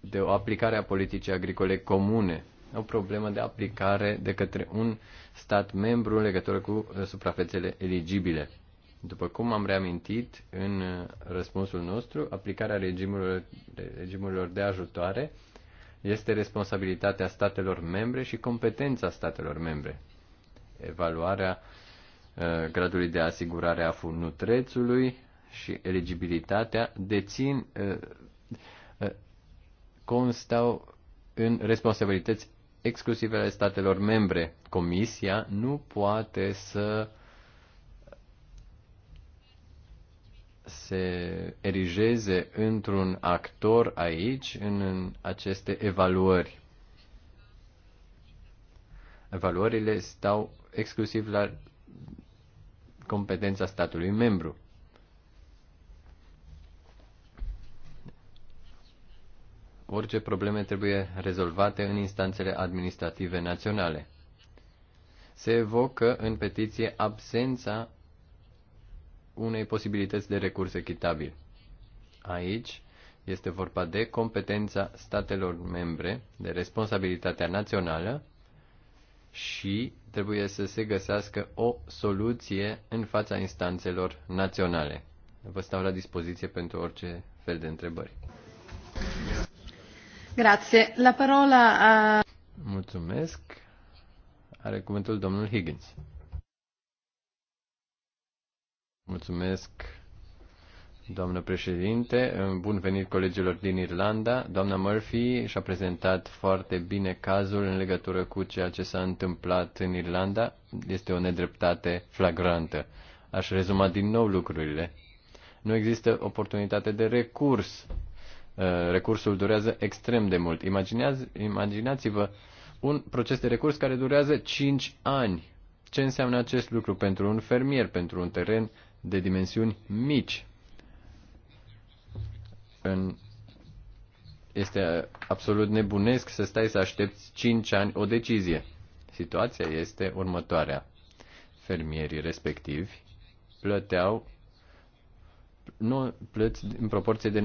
de o aplicare a politicii agricole comune, o problemă de aplicare de către un stat membru în legătură cu uh, suprafețele eligibile. După cum am reamintit în răspunsul nostru, aplicarea regimurilor, regimurilor de ajutoare este responsabilitatea statelor membre și competența statelor membre. Evaluarea uh, gradului de asigurare a furnutrețului și eligibilitatea dețin uh, uh, constau în responsabilități exclusive ale statelor membre. Comisia nu poate să se erigeze într-un actor aici, în, aceste evaluări. Evaluările stau exclusiv la competența statului membru. Orice probleme trebuie rezolvate în instanțele administrative naționale. Se evocă în petiție absența unei posibilități de recurs echitabil. Aici este vorba de competența statelor membre, de responsabilitatea națională și trebuie să se găsească o soluție în fața instanțelor naționale. Vă stau la dispoziție pentru orice fel de întrebări. Grazie. La parola a... Mulțumesc. Are cuvântul domnul Higgins. Mulțumesc, doamnă președinte. Bun venit colegilor din Irlanda. Doamna Murphy și-a prezentat foarte bine cazul în legătură cu ceea ce s-a întâmplat în Irlanda. Este o nedreptate flagrantă. Aș rezuma din nou lucrurile. Nu există oportunitate de recurs. Uh, recursul durează extrem de mult. Imaginați-vă un proces de recurs care durează 5 ani. Ce înseamnă acest lucru pentru un fermier, pentru un teren de dimensiuni mici. În este absolut nebunesc să stai să aștepți 5 ani o decizie. Situația este următoarea. Fermierii respectivi plăteau nu, plăți în proporție de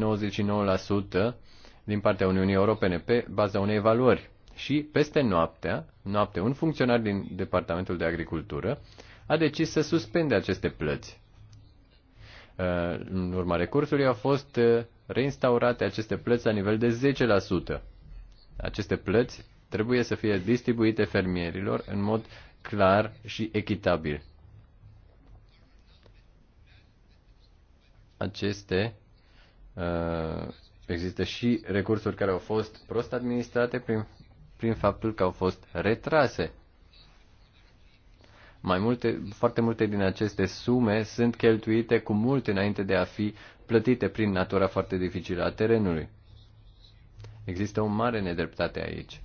99% din partea Uniunii Europene pe baza unei evaluări. Și peste noaptea, noapte, un funcționar din Departamentul de Agricultură a decis să suspende aceste plăți. Uh, în urma recursului au fost uh, reinstaurate aceste plăți la nivel de 10%. Aceste plăți trebuie să fie distribuite fermierilor în mod clar și echitabil. Aceste uh, există și recursuri care au fost prost administrate prin, prin faptul că au fost retrase mai multe, foarte multe din aceste sume sunt cheltuite cu mult înainte de a fi plătite prin natura foarte dificilă a terenului. Există o mare nedreptate aici.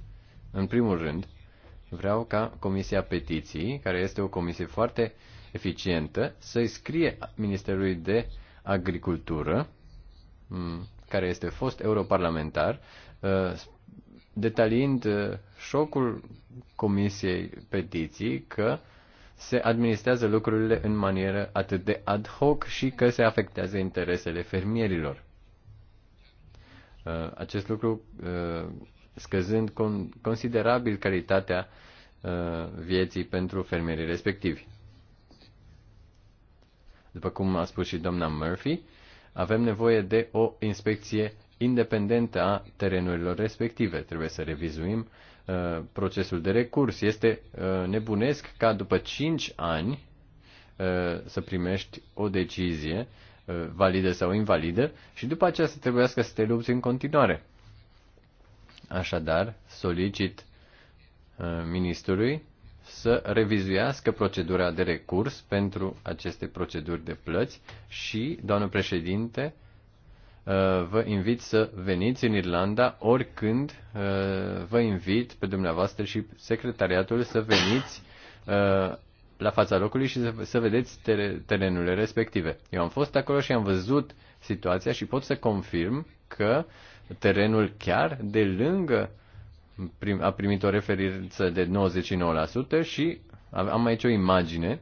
În primul rând, vreau ca Comisia Petiții, care este o comisie foarte eficientă, să-i scrie Ministerului de Agricultură, mm, care este fost europarlamentar, uh, detaliind uh, șocul Comisiei Petiții că se administrează lucrurile în manieră atât de ad hoc și că se afectează interesele fermierilor. Uh, acest lucru uh, scăzând considerabil calitatea uh, vieții pentru fermierii respectivi. După cum a spus și doamna Murphy, avem nevoie de o inspecție independentă a terenurilor respective. Trebuie să revizuim uh, Uh, procesul de recurs. Este uh, nebunesc ca după 5 ani uh, să primești o decizie validă sau invalidă și după aceea să trebuiască să te lupți în continuare. Așadar, solicit ministrului să revizuiască procedura de recurs pentru aceste proceduri de plăți și, doamnă președinte, Uh, vă invit să veniți în Irlanda oricând uh, vă invit pe dumneavoastră și secretariatul să veniți uh, la fața locului și să, vedeți terenurile respective. Eu am fost acolo și am văzut situația și pot să confirm că terenul chiar de lângă a primit o referință de 99% și am aici o imagine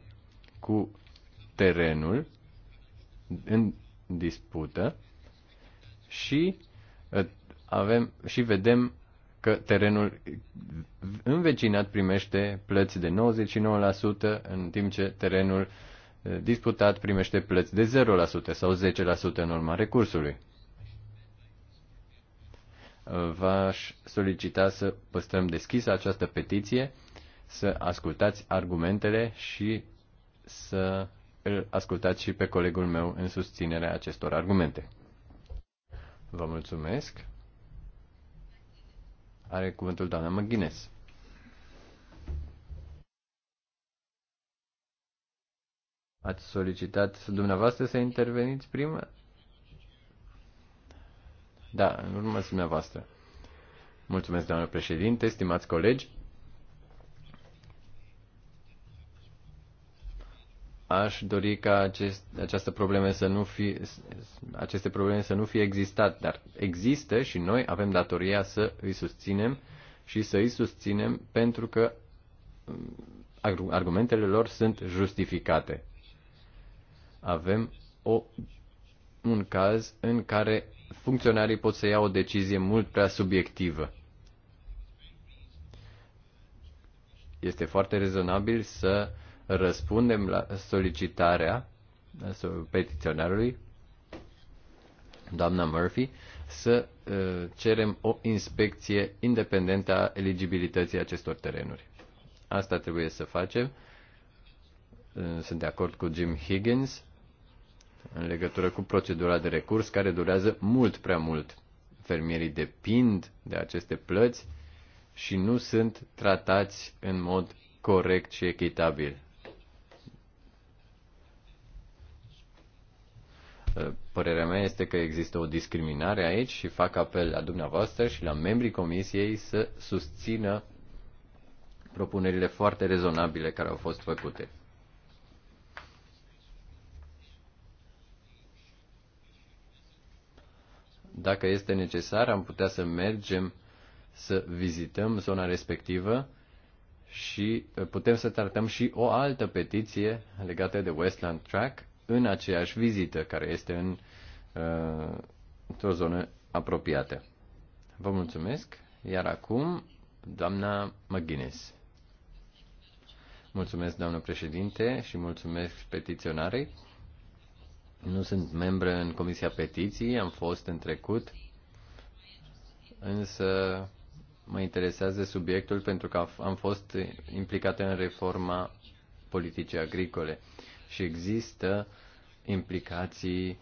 cu terenul în dispută și uh, avem și vedem că terenul învecinat primește plăți de 99%, în timp ce terenul uh, disputat primește plăți de 0% sau 10% în urma recursului. Uh, v-aș solicita să păstrăm deschisă această petiție, să ascultați argumentele și să îl ascultați și pe colegul meu în susținerea acestor argumente. Vă mulțumesc. Are cuvântul doamna McGuinness. Ați solicitat dumneavoastră să interveniți prima? Da, în urmă dumneavoastră. Mulțumesc, doamnă președinte, stimați colegi. aș dori ca acest, această probleme să nu fi, aceste probleme să nu fie existat, dar există și noi avem datoria să îi susținem și să îi susținem pentru că mm, argumentele lor sunt justificate. Avem o, un caz în care funcționarii pot să iau o decizie mult prea subiectivă. Este foarte rezonabil să uh, răspundem la solicitarea petiționarului, doamna Murphy, să uh, cerem o inspecție independentă a eligibilității acestor terenuri. Asta trebuie să facem. Uh, sunt de acord cu Jim Higgins în legătură cu procedura de recurs care durează mult prea mult. Fermierii depind de aceste plăți și nu sunt tratați în mod corect și echitabil. Ă, părerea mea este că există o discriminare aici și fac apel la dumneavoastră și la membrii comisiei să susțină propunerile foarte rezonabile care au fost făcute. Dacă este necesar, am putea să mergem să vizităm zona respectivă și ă, putem să tratăm și o altă petiție legată de Westland Track în aceeași vizită, care este în uh, o zonă apropiată. Vă mulțumesc, iar acum doamna McGuinness. Mulțumesc, doamnă președinte, și mulțumesc petiționarei. Nu sunt membră în Comisia Petiții, am fost în trecut, însă mă interesează subiectul pentru că am fost implicat în reforma politicii agricole și există implicații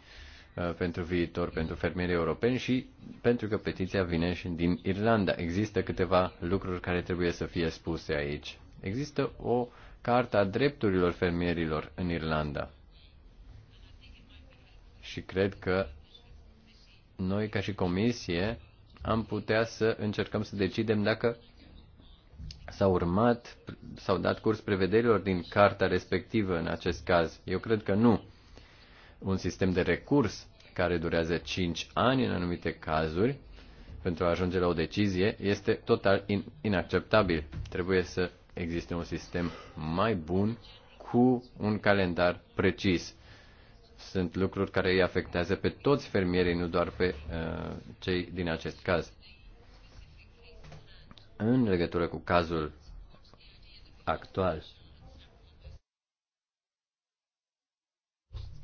uh, pentru viitor, pentru fermierii europeni și pentru că petiția vine și din Irlanda. Există câteva lucruri care trebuie să fie spuse aici. Există o carta a drepturilor fermierilor în Irlanda. Și cred că noi, ca și comisie, am putea să încercăm să decidem dacă s-au urmat, s-au dat curs prevederilor din carta respectivă în acest caz? Eu cred că nu. Un sistem de recurs care durează 5 ani în anumite cazuri pentru a ajunge la o decizie este total in- inacceptabil. Trebuie să existe un sistem mai bun cu un calendar precis. Sunt lucruri care îi afectează pe toți fermierii, nu doar pe uh, cei din acest caz în legătură cu cazul actual.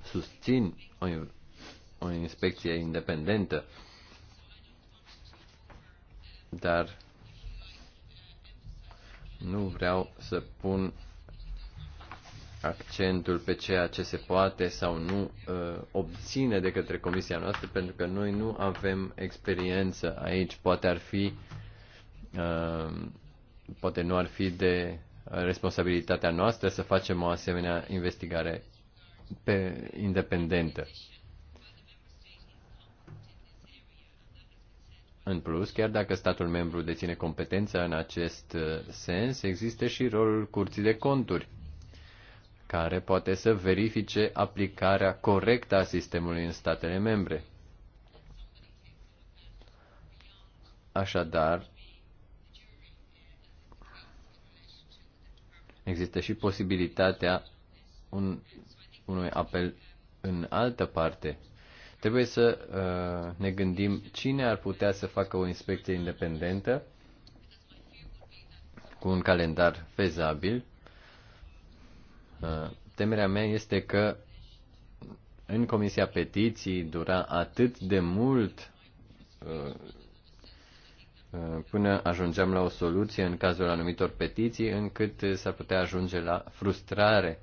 Susțin o, o inspecție independentă, dar nu vreau să pun accentul pe ceea ce se poate sau nu uh, obține de către comisia noastră, pentru că noi nu avem experiență aici. Poate ar fi uh, Uh, poate nu ar fi de responsabilitatea noastră să facem o asemenea investigare pe independentă. În plus, chiar dacă statul membru deține competența în acest uh, sens, există și rolul curții de conturi, care poate să verifice aplicarea corectă a sistemului în statele membre. Așadar, Există și posibilitatea un, unui apel în altă parte. Trebuie să uh, ne gândim cine ar putea să facă o inspecție independentă cu un calendar fezabil. Uh, temerea mea este că în Comisia Petiții dura atât de mult uh, Uh, până ajungeam la o soluție în cazul anumitor petiții, încât s-ar putea ajunge la frustrare.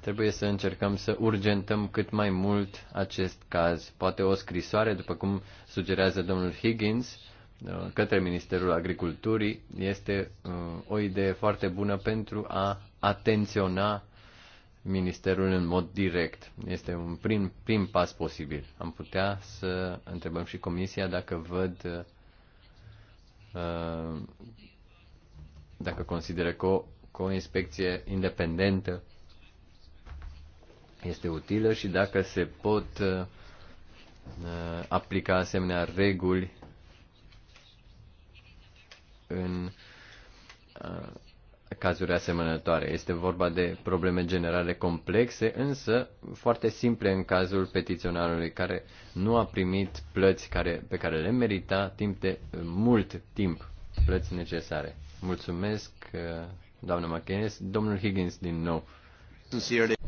Trebuie să încercăm să urgentăm cât mai mult acest caz. Poate o scrisoare, după cum sugerează domnul Higgins, uh, către Ministerul Agriculturii, este uh, o idee foarte bună pentru a atenționa ministerul în mod direct. Este un prim, prim pas posibil. Am putea să întrebăm și comisia dacă văd uh, dacă consideră că o, că o inspecție independentă este utilă și dacă se pot uh, uh, aplica asemenea reguli în cazuri asemănătoare. Este vorba de probleme generale complexe, însă foarte simple în cazul petiționarului care nu a primit plăți care, pe care le merita timp de mult timp, plăți necesare. Mulțumesc, doamnă McInnes, Domnul Higgins, din nou.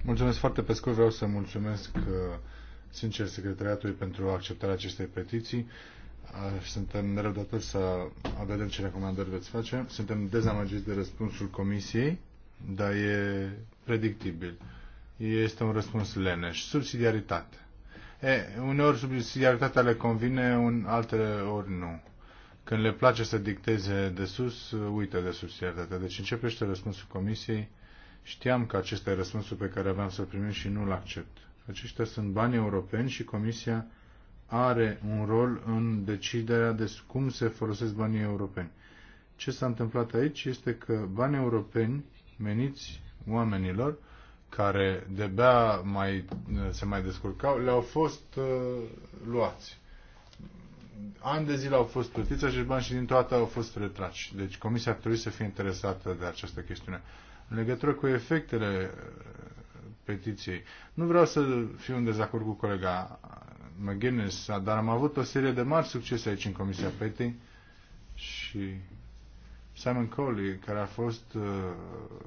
Mulțumesc foarte pe scurt. Vreau să mulțumesc sincer secretariatului pentru acceptarea acestei petiții suntem nerăbdători să vedem ce recomandări veți face. Suntem dezamăgiți de răspunsul Comisiei, dar e predictibil. Este un răspuns leneș. Subsidiaritate. E, uneori subsidiaritatea le convine, un, altele ori nu. Când le place să dicteze de sus, uită de subsidiaritate. Deci începește răspunsul Comisiei. Știam că acesta e răspunsul pe care aveam să-l primim și nu-l accept. Aceștia sunt bani europeni și Comisia are un rol în deciderea de cum se folosesc banii europeni. Ce s-a întâmplat aici este că banii europeni meniți oamenilor care de-abia mai, se mai descurcau, le-au fost uh, luați. Ani de zile au fost plătiți acești bani și din toate au fost retrași. Deci comisia ar trebui să fie interesată de această chestiune. În legătură cu efectele uh, petiției, nu vreau să fiu în dezacord cu colega McGuinness, dar am avut o serie de mari succese aici în Comisia PETI și Simon Coley, care a fost uh,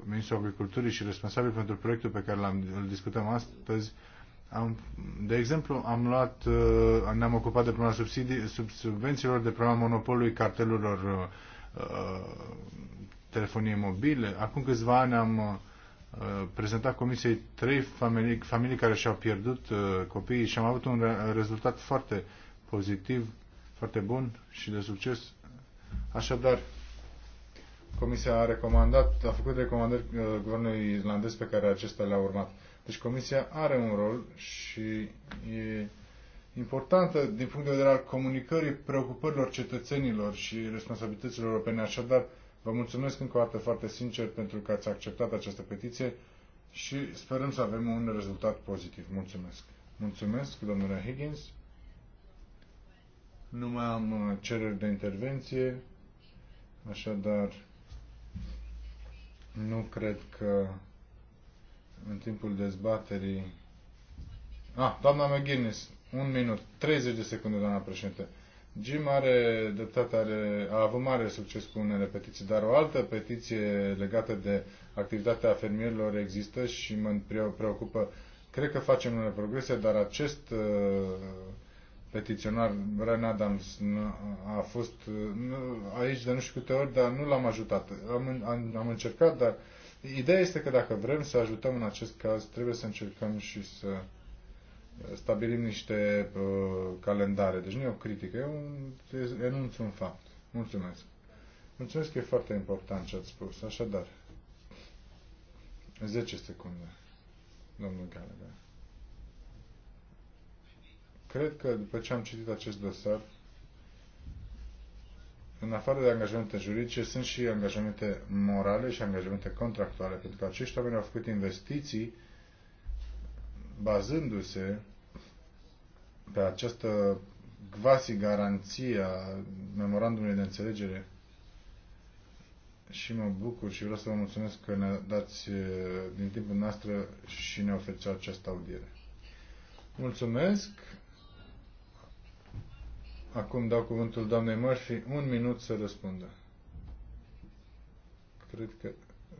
ministrul agriculturii și responsabil pentru proiectul pe care l-am, îl discutăm astăzi, am, de exemplu, am luat, uh, ne-am ocupat de problema subsidii, sub, subvențiilor, de problema monopolului cartelurilor uh, uh telefonie mobile. Acum câțiva ani am uh, Uh, prezentat comisiei trei familii, familii care și-au pierdut uh, copiii și am avut un rezultat foarte pozitiv, foarte bun și de succes. Așadar, Comisia a recomandat, a făcut recomandări uh, guvernului islandez pe care acesta le-a urmat. Deci Comisia are un rol și e importantă din punct de vedere al comunicării preocupărilor cetățenilor și responsabilităților europene. Așadar, uh, Vă mulțumesc încă o dată foarte sincer pentru că ați acceptat această petiție și sperăm să avem un rezultat pozitiv. Mulțumesc. Mulțumesc, domnule Higgins. Nu mai am uh, cereri de intervenție, așadar nu cred că în timpul dezbaterii... Ah, doamna McGuinness, un minut, 30 de secunde, doamna președinte. Jim are dreptate, are, a avut mare succes cu unele petiții, dar o altă petiție legată de activitatea fermierilor există și mă preocupă. Cred că facem unele progrese, dar acest uh, petiționar, Brian Adams, a fost uh, aici de nu știu câte ori, dar nu l-am ajutat. Am, am, am încercat, dar ideea este că dacă vrem să ajutăm în acest caz, trebuie să încercăm și să stabilim niște uh, calendare. Deci nu e o critică, e un, enunț un fapt. Mulțumesc. Mulțumesc că e foarte important ce ați spus. Așadar, 10 secunde, domnul Gallagher. Cred că după ce am citit acest dosar, în afară de angajamente juridice, sunt și angajamente morale și angajamente contractuale, pentru că acești oameni au făcut investiții bazându-se pe această quasi garanție a memorandumului de înțelegere și mă bucur și vreau să vă mulțumesc că ne dați eh, din timpul noastră și ne oferiți această audiere. Mulțumesc! Acum dau cuvântul doamnei Murphy un minut să răspundă. Cred că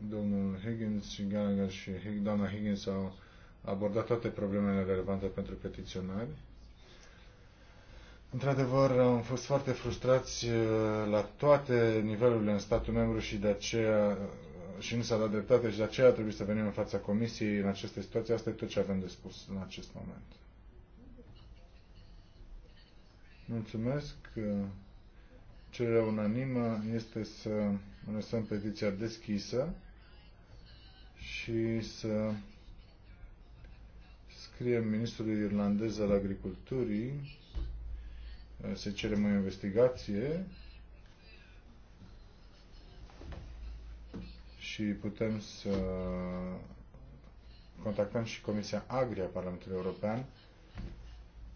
domnul Higgins și Gallagher și doamna Higgins au abordat toate problemele relevante pentru petiționari. Într-adevăr, am fost foarte frustrați uh, la toate nivelurile în statul membru și de aceea uh, și nu s-a dat dreptate și de aceea trebuie să venim în fața comisiei în aceste situații. Asta e tot ce avem de spus în acest moment. Mulțumesc. Uh, cererea unanimă este să lăsăm petiția deschisă și să scrie ministrul irlandez al agriculturii, uh, se cere mai investigație și putem să contactăm și Comisia Agri a Parlamentului European,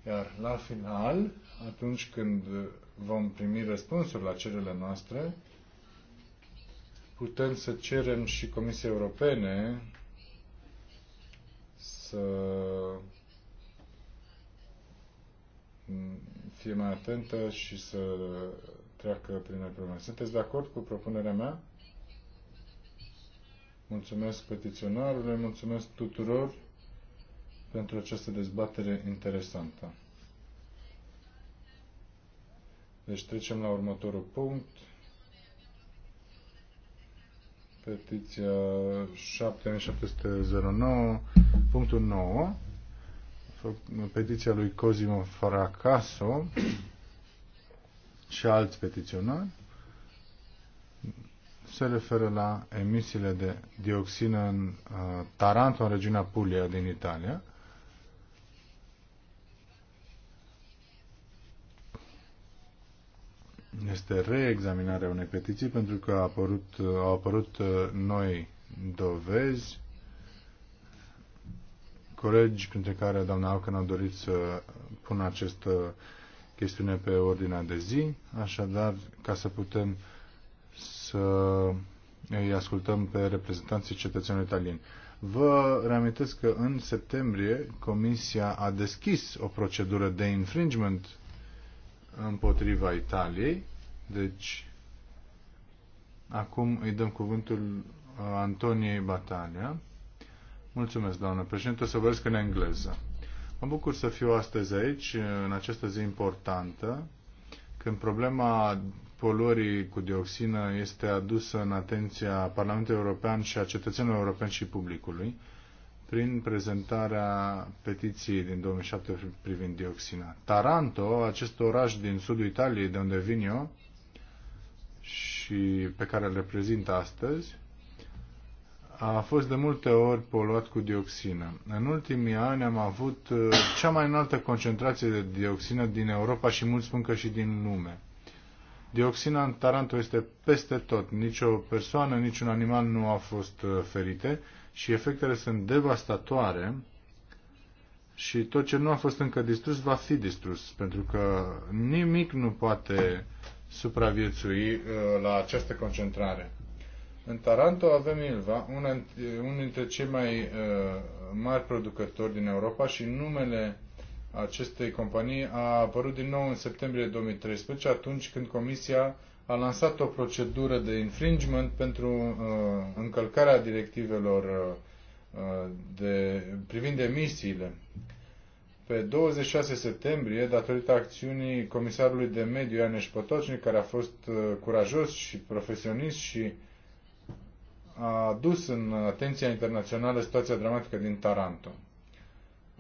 iar la final, atunci când vom primi răspunsuri la cererile noastre, putem să cerem și Comisiei Europene să fie mai atentă și să treacă prin probleme. Sunteți de acord cu propunerea mea? Mulțumesc petiționarului, mulțumesc tuturor pentru această dezbatere interesantă. Deci trecem la următorul punct petiția 7709.9, punctul petiția lui Cosimo Fracaso și alți petiționari, se referă la emisiile de dioxină în uh, Taranto, în regiunea Puglia din Italia. este reexaminarea unei petiții pentru că a apărut, au apărut uh, noi dovezi. Colegi, printre care doamna Alcan a dorit să pună această chestiune pe ordinea de zi, așadar, ca să putem să îi ascultăm pe reprezentanții cetățenilor italieni. Vă reamintesc că în septembrie Comisia a deschis o procedură de infringement împotriva Italiei deci, acum îi dăm cuvântul uh, Antoniei Batalia. Mulțumesc, doamnă președinte. O să vorbesc în engleză. Mă bucur să fiu astăzi aici, în această zi importantă, când problema poluării cu dioxină este adusă în atenția Parlamentului European și a cetățenilor europeni și publicului prin prezentarea petiției din 2007 privind dioxina. Taranto, acest oraș din sudul Italiei, de unde vin eu, și pe care îl reprezintă astăzi, a fost de multe ori poluat cu dioxină. În ultimii ani am avut uh, cea mai înaltă concentrație de dioxină din Europa și mulți spun că și din lume. Dioxina în Taranto este peste tot. Nici o persoană, niciun animal nu a fost uh, ferite și efectele sunt devastatoare și tot ce nu a fost încă distrus va fi distrus, pentru că nimic nu poate supraviețui uh, la această concentrare. În Taranto avem Ilva, uh, unul dintre cei mai uh, mari producători din Europa și numele acestei companii a apărut din nou în septembrie 2013, atunci când Comisia a lansat o procedură de infringement pentru uh, încălcarea directivelor uh, de, privind emisiile pe 26 septembrie, datorită acțiunii comisarului de mediu Ianeș Potocnic, care a fost uh, curajos și profesionist și a adus în atenția internațională situația dramatică din Taranto.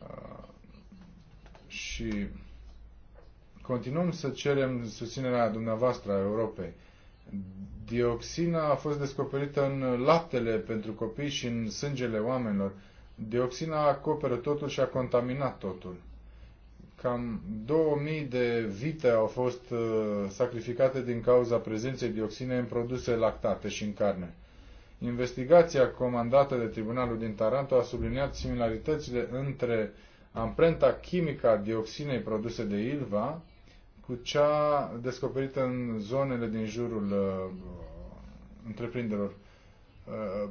Uh, și continuăm să cerem susținerea dumneavoastră a Europei. Dioxina a fost descoperită în laptele pentru copii și în sângele oamenilor Dioxina acoperă totul și a contaminat totul. Cam 2000 de vite au fost uh, sacrificate din cauza prezenței dioxinei în produse lactate și în carne. Investigația comandată de tribunalul din Taranto a subliniat similaritățile între amprenta chimică a dioxinei produse de Ilva cu cea descoperită în zonele din jurul uh, întreprinderilor. Uh,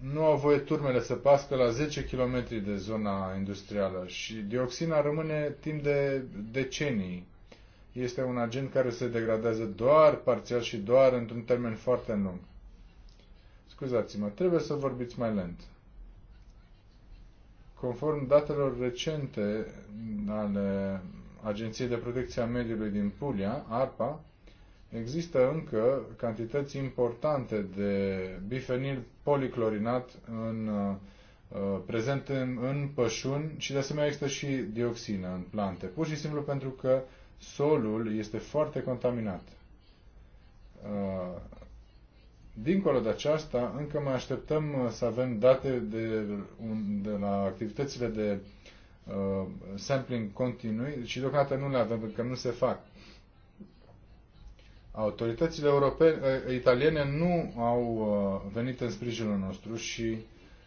nu au voie turmele să pască la 10 km de zona industrială și dioxina rămâne timp de decenii. Este un agent care se degradează doar parțial și doar într-un termen foarte lung. Scuzați-mă, trebuie să vorbiți mai lent. Conform datelor recente ale Agenției de Protecție a Mediului din Puglia, ARPA, există încă cantități importante de bifenil policlorinat în, uh, uh, prezent în, în pășuni și de asemenea există și dioxină în plante, pur și simplu pentru că solul este foarte contaminat. Uh, dincolo de aceasta, încă mai așteptăm să avem date de, de la activitățile de sampling continui și deocamdată nu le avem pentru că nu se fac autoritățile europene, eh, eh, italiene nu au eh, venit în sprijinul nostru și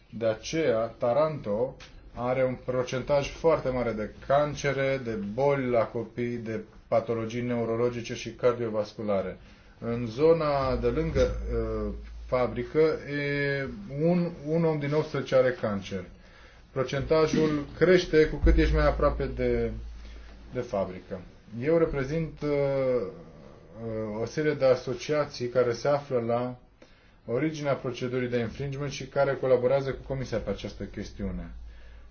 de aceea Taranto are un procentaj foarte mare de cancere, de boli la copii, de patologii neurologice și cardiovasculare. În zona de lângă uh, fabrică, e un, un om din 18 are cancer. Procentajul crește cu cât ești mai aproape de, de fabrică. Eu reprezint uh, Uh, o serie de asociații care se află la originea procedurii de infringement și care colaborează cu Comisia pe această chestiune.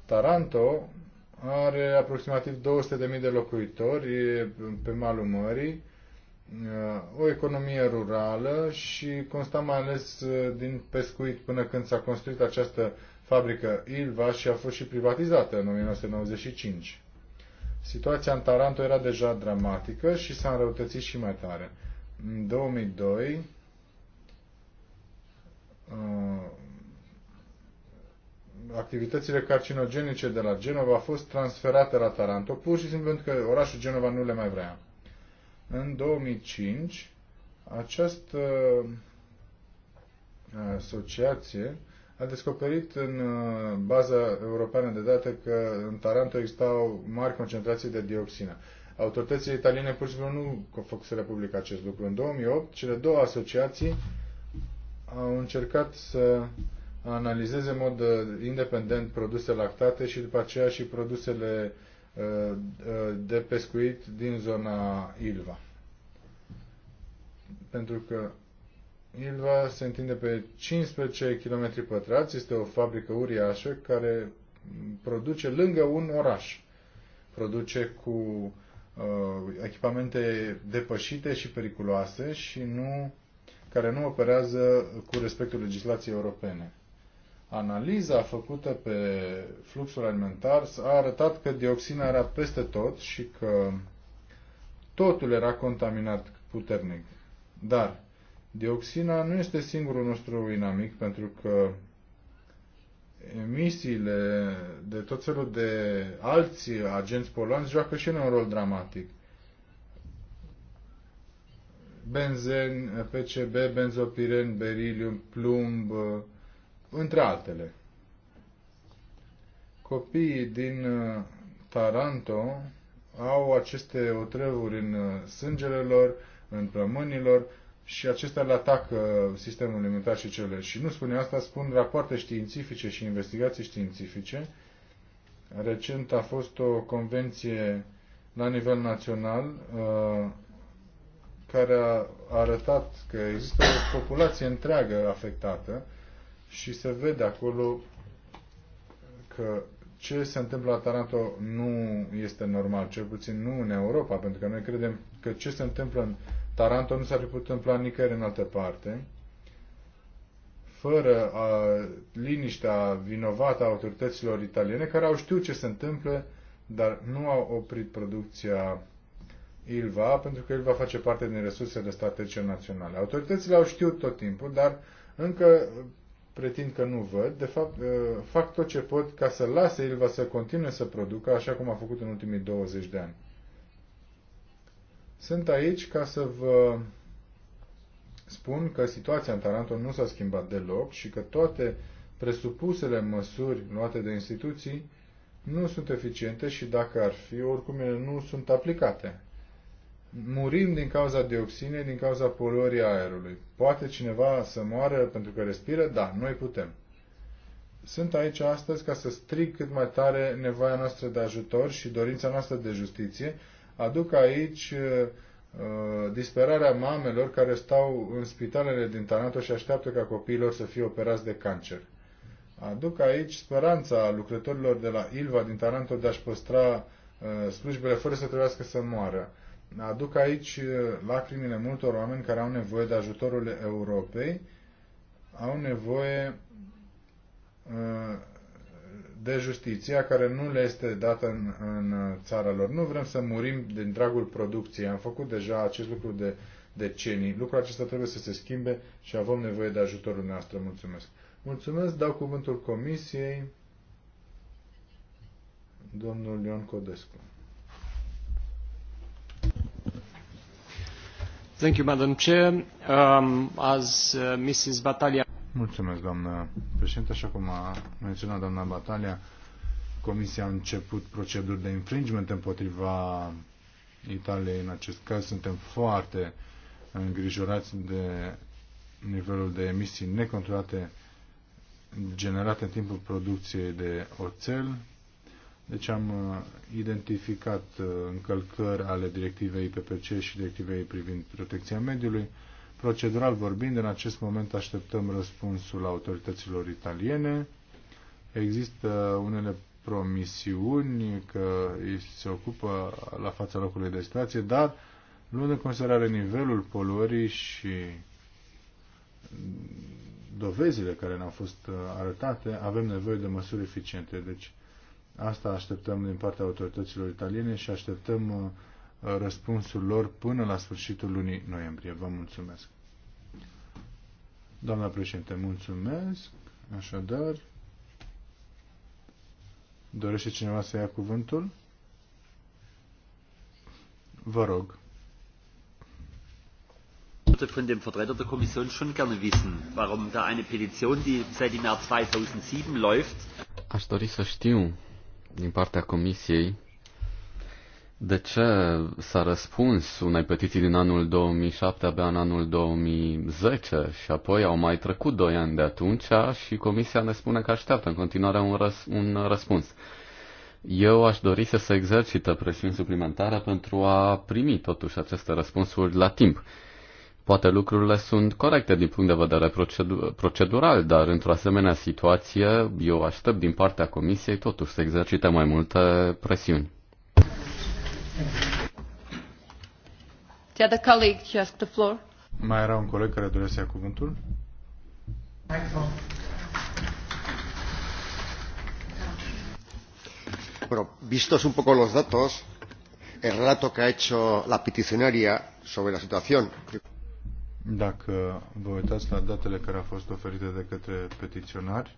Taranto are aproximativ 200.000 de locuitori pe malul mării, uh, o economie rurală și consta mai ales uh, din pescuit până când s-a construit această fabrică Ilva și a fost și privatizată în 1995. Situația în Taranto era deja dramatică și s-a înrăutățit și mai tare. În 2002, uh, activitățile carcinogenice de la Genova au fost transferate la Taranto, pur și simplu pentru că orașul Genova nu le mai vrea. În 2005, această uh, asociație a descoperit în uh, baza europeană de date că în Taranto existau mari concentrații de dioxină. Autoritățile italiene pur și simplu nu au să public acest lucru. În 2008, cele două asociații au încercat să analizeze în mod uh, independent produse lactate și după aceea și produsele uh, de pescuit din zona Ilva. Pentru că Ilva se întinde pe 15 km pătrați, este o fabrică uriașă care produce lângă un oraș. Produce cu uh, echipamente depășite și periculoase și nu, care nu operează cu respectul legislației europene. Analiza făcută pe fluxul alimentar a arătat că dioxina era peste tot și că totul era contaminat puternic. Dar Dioxina nu este singurul nostru inamic, pentru că emisiile de tot felul de alți agenți poluanți joacă și ele un rol dramatic. Benzen, PCB, benzopiren, berilium, plumb, între altele. Copiii din uh, Taranto au aceste otrăvuri în uh, sângele lor, în plămânilor, și acestea le atacă sistemul alimentar și cele. Și nu spune asta, spun rapoarte științifice și investigații științifice. Recent a fost o convenție la nivel național uh, care a arătat că există o populație întreagă afectată și se vede acolo că ce se întâmplă la Taranto nu este normal, cel puțin nu în Europa, pentru că noi credem că ce se întâmplă în Taranto nu s-a fi putut întâmpla nicăieri în altă parte, fără a, liniștea vinovată a autorităților italiene, care au știut ce se întâmplă, dar nu au oprit producția Ilva, pentru că Ilva face parte din resursele strategice naționale. Autoritățile au știut tot timpul, dar încă pretind că nu văd. De fapt, fac tot ce pot ca să lase Ilva să continue să producă, așa cum a făcut în ultimii 20 de ani. Sunt aici ca să vă spun că situația în Taranto nu s-a schimbat deloc și că toate presupusele măsuri luate de instituții nu sunt eficiente și dacă ar fi, oricum ele nu sunt aplicate. Murim din cauza dioxinei, din cauza poluării aerului. Poate cineva să moară pentru că respiră? Da, noi putem. Sunt aici astăzi ca să strig cât mai tare nevoia noastră de ajutor și dorința noastră de justiție aduc aici uh, uh, disperarea mamelor care stau în spitalele din Tanato și așteaptă ca copiilor să fie operați de cancer. Aduc aici speranța lucrătorilor de la Ilva din Taranto de a-și păstra uh, slujbele fără să trebuiască să moară. Aduc aici lacrimile multor oameni care au nevoie de ajutorul Europei, au nevoie de justiția care nu le este dată în, în țara lor. Nu vrem să murim din dragul producției. Am făcut deja acest lucru de decenii. Lucrul acesta trebuie să se schimbe și avem nevoie de ajutorul noastră. Mulțumesc. Mulțumesc. Dau cuvântul Comisiei. Domnul Ion Codescu. Thank you, Madam Chair. Um, as uh, Mrs. Batalia Mulțumesc, doamnă președinte. Așa cum a menționat doamna Batalia, Comisia a început proceduri de infringement împotriva Italiei în acest caz. Suntem foarte îngrijorați de nivelul de emisii necontrolate generate în timpul producției de oțel. Deci am uh, identificat uh, încălcări ale directivei PPC și directivei privind protecția mediului. Procedural vorbind, în acest moment așteptăm răspunsul autorităților italiene. Există unele promisiuni că se ocupă la fața locului de stație, dar luând în considerare nivelul poluării și dovezile care ne-au fost uh, arătate, avem nevoie de măsuri eficiente. Deci asta așteptăm din partea autorităților italiene și așteptăm uh, răspunsul lor până la sfârșitul lunii noiembrie. Vă mulțumesc. Doamna președinte, mulțumesc. Așadar, dorește cineva să ia cuvântul? Vă rog. von dem Vertreter der Kommission schon gerne wissen, warum da eine Petition, die seit dem Jahr 2007 läuft. Aș dori să știu din partea Comisiei de ce s-a răspuns unei petiții din anul 2007 abia în anul 2010 și apoi au mai trecut doi ani de atunci și Comisia ne spune că așteaptă în continuare un, răs- un răspuns? Eu aș dori să se exercită presiuni suplimentare pentru a primi totuși aceste răspunsuri la timp. Poate lucrurile sunt corecte din punct de vedere procedu- procedural, dar într-o asemenea situație eu aștept din partea Comisiei totuși să exercite mai multe presiuni. The other colleague just the floor. Mai era un coleg care dorea să ia cuvântul? Bueno, vistos un poco los datos, el relato que ha hecho la peticionaria sobre la situación. Dacă vă uitați la datele care au fost oferite de către peticionari,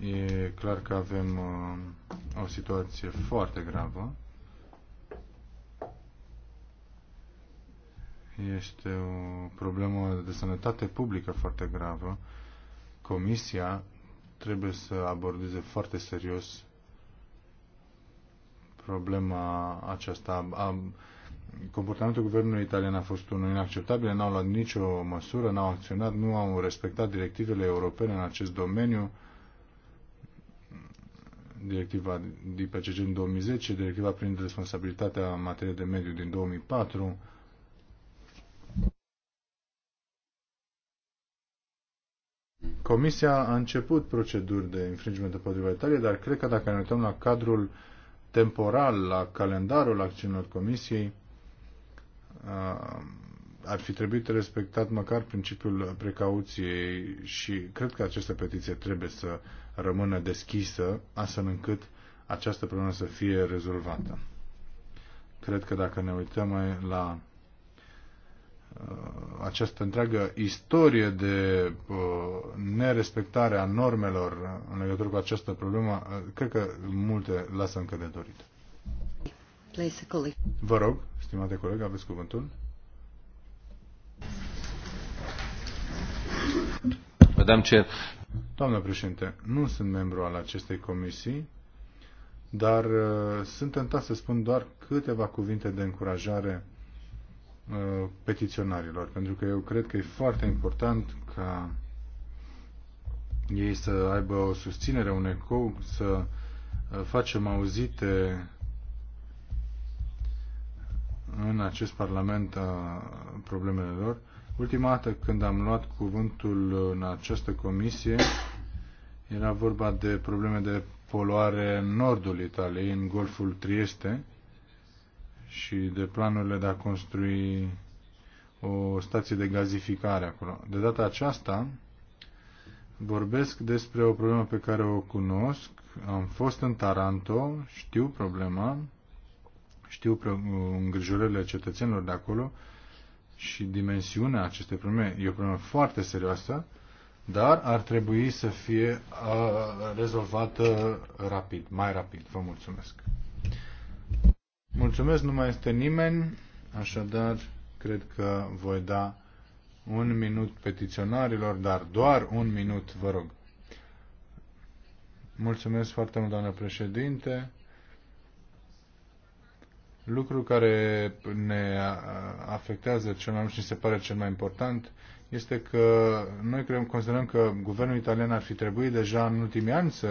e clar că avem uh, o situație foarte gravă Este o problemă de sănătate publică foarte gravă. Comisia trebuie să abordeze foarte serios problema aceasta. A, comportamentul guvernului italian a fost unul inacceptabil, n-au luat nicio măsură, n-au acționat, nu au respectat directivele europene în acest domeniu, directiva DPCG din 2010, directiva prin responsabilitatea în materie de mediu din 2004, Comisia a început proceduri de infringement împotriva Italiei, dar cred că dacă ne uităm la cadrul temporal, la calendarul acțiunilor Comisiei, ar fi trebuit respectat măcar principiul precauției și cred că această petiție trebuie să rămână deschisă, astfel încât această problemă să fie rezolvată. Cred că dacă ne uităm la Uh, această întreagă istorie de uh, nerespectare a normelor în legătură cu această problemă, uh, cred că multe lasă încă de dorit. Vă rog, stimate coleg, aveți cuvântul. Madame Doamnă președinte, nu sunt membru al acestei comisii, dar uh, sunt tentat să spun doar câteva cuvinte de încurajare Uh, petiționarilor, pentru că eu cred că e foarte important ca ei să aibă o susținere, un ecou, să uh, facem auzite în acest Parlament a problemele lor. Ultima dată când am luat cuvântul în această comisie era vorba de probleme de poluare în nordul Italiei, în Golful Trieste, și de planurile de a construi o stație de gazificare acolo. De data aceasta vorbesc despre o problemă pe care o cunosc. Am fost în Taranto, știu problema, știu îngrijorările cetățenilor de acolo și dimensiunea acestei probleme. E o problemă foarte serioasă, dar ar trebui să fie rezolvată rapid, mai rapid. Vă mulțumesc. Mulțumesc, nu mai este nimeni, așadar cred că voi da un minut petiționarilor, dar doar un minut, vă rog. Mulțumesc foarte mult, doamnă președinte. Lucru care ne afectează cel mai mult și se pare cel mai important este că noi creăm considerăm că guvernul italian ar fi trebuit deja în ultimii ani să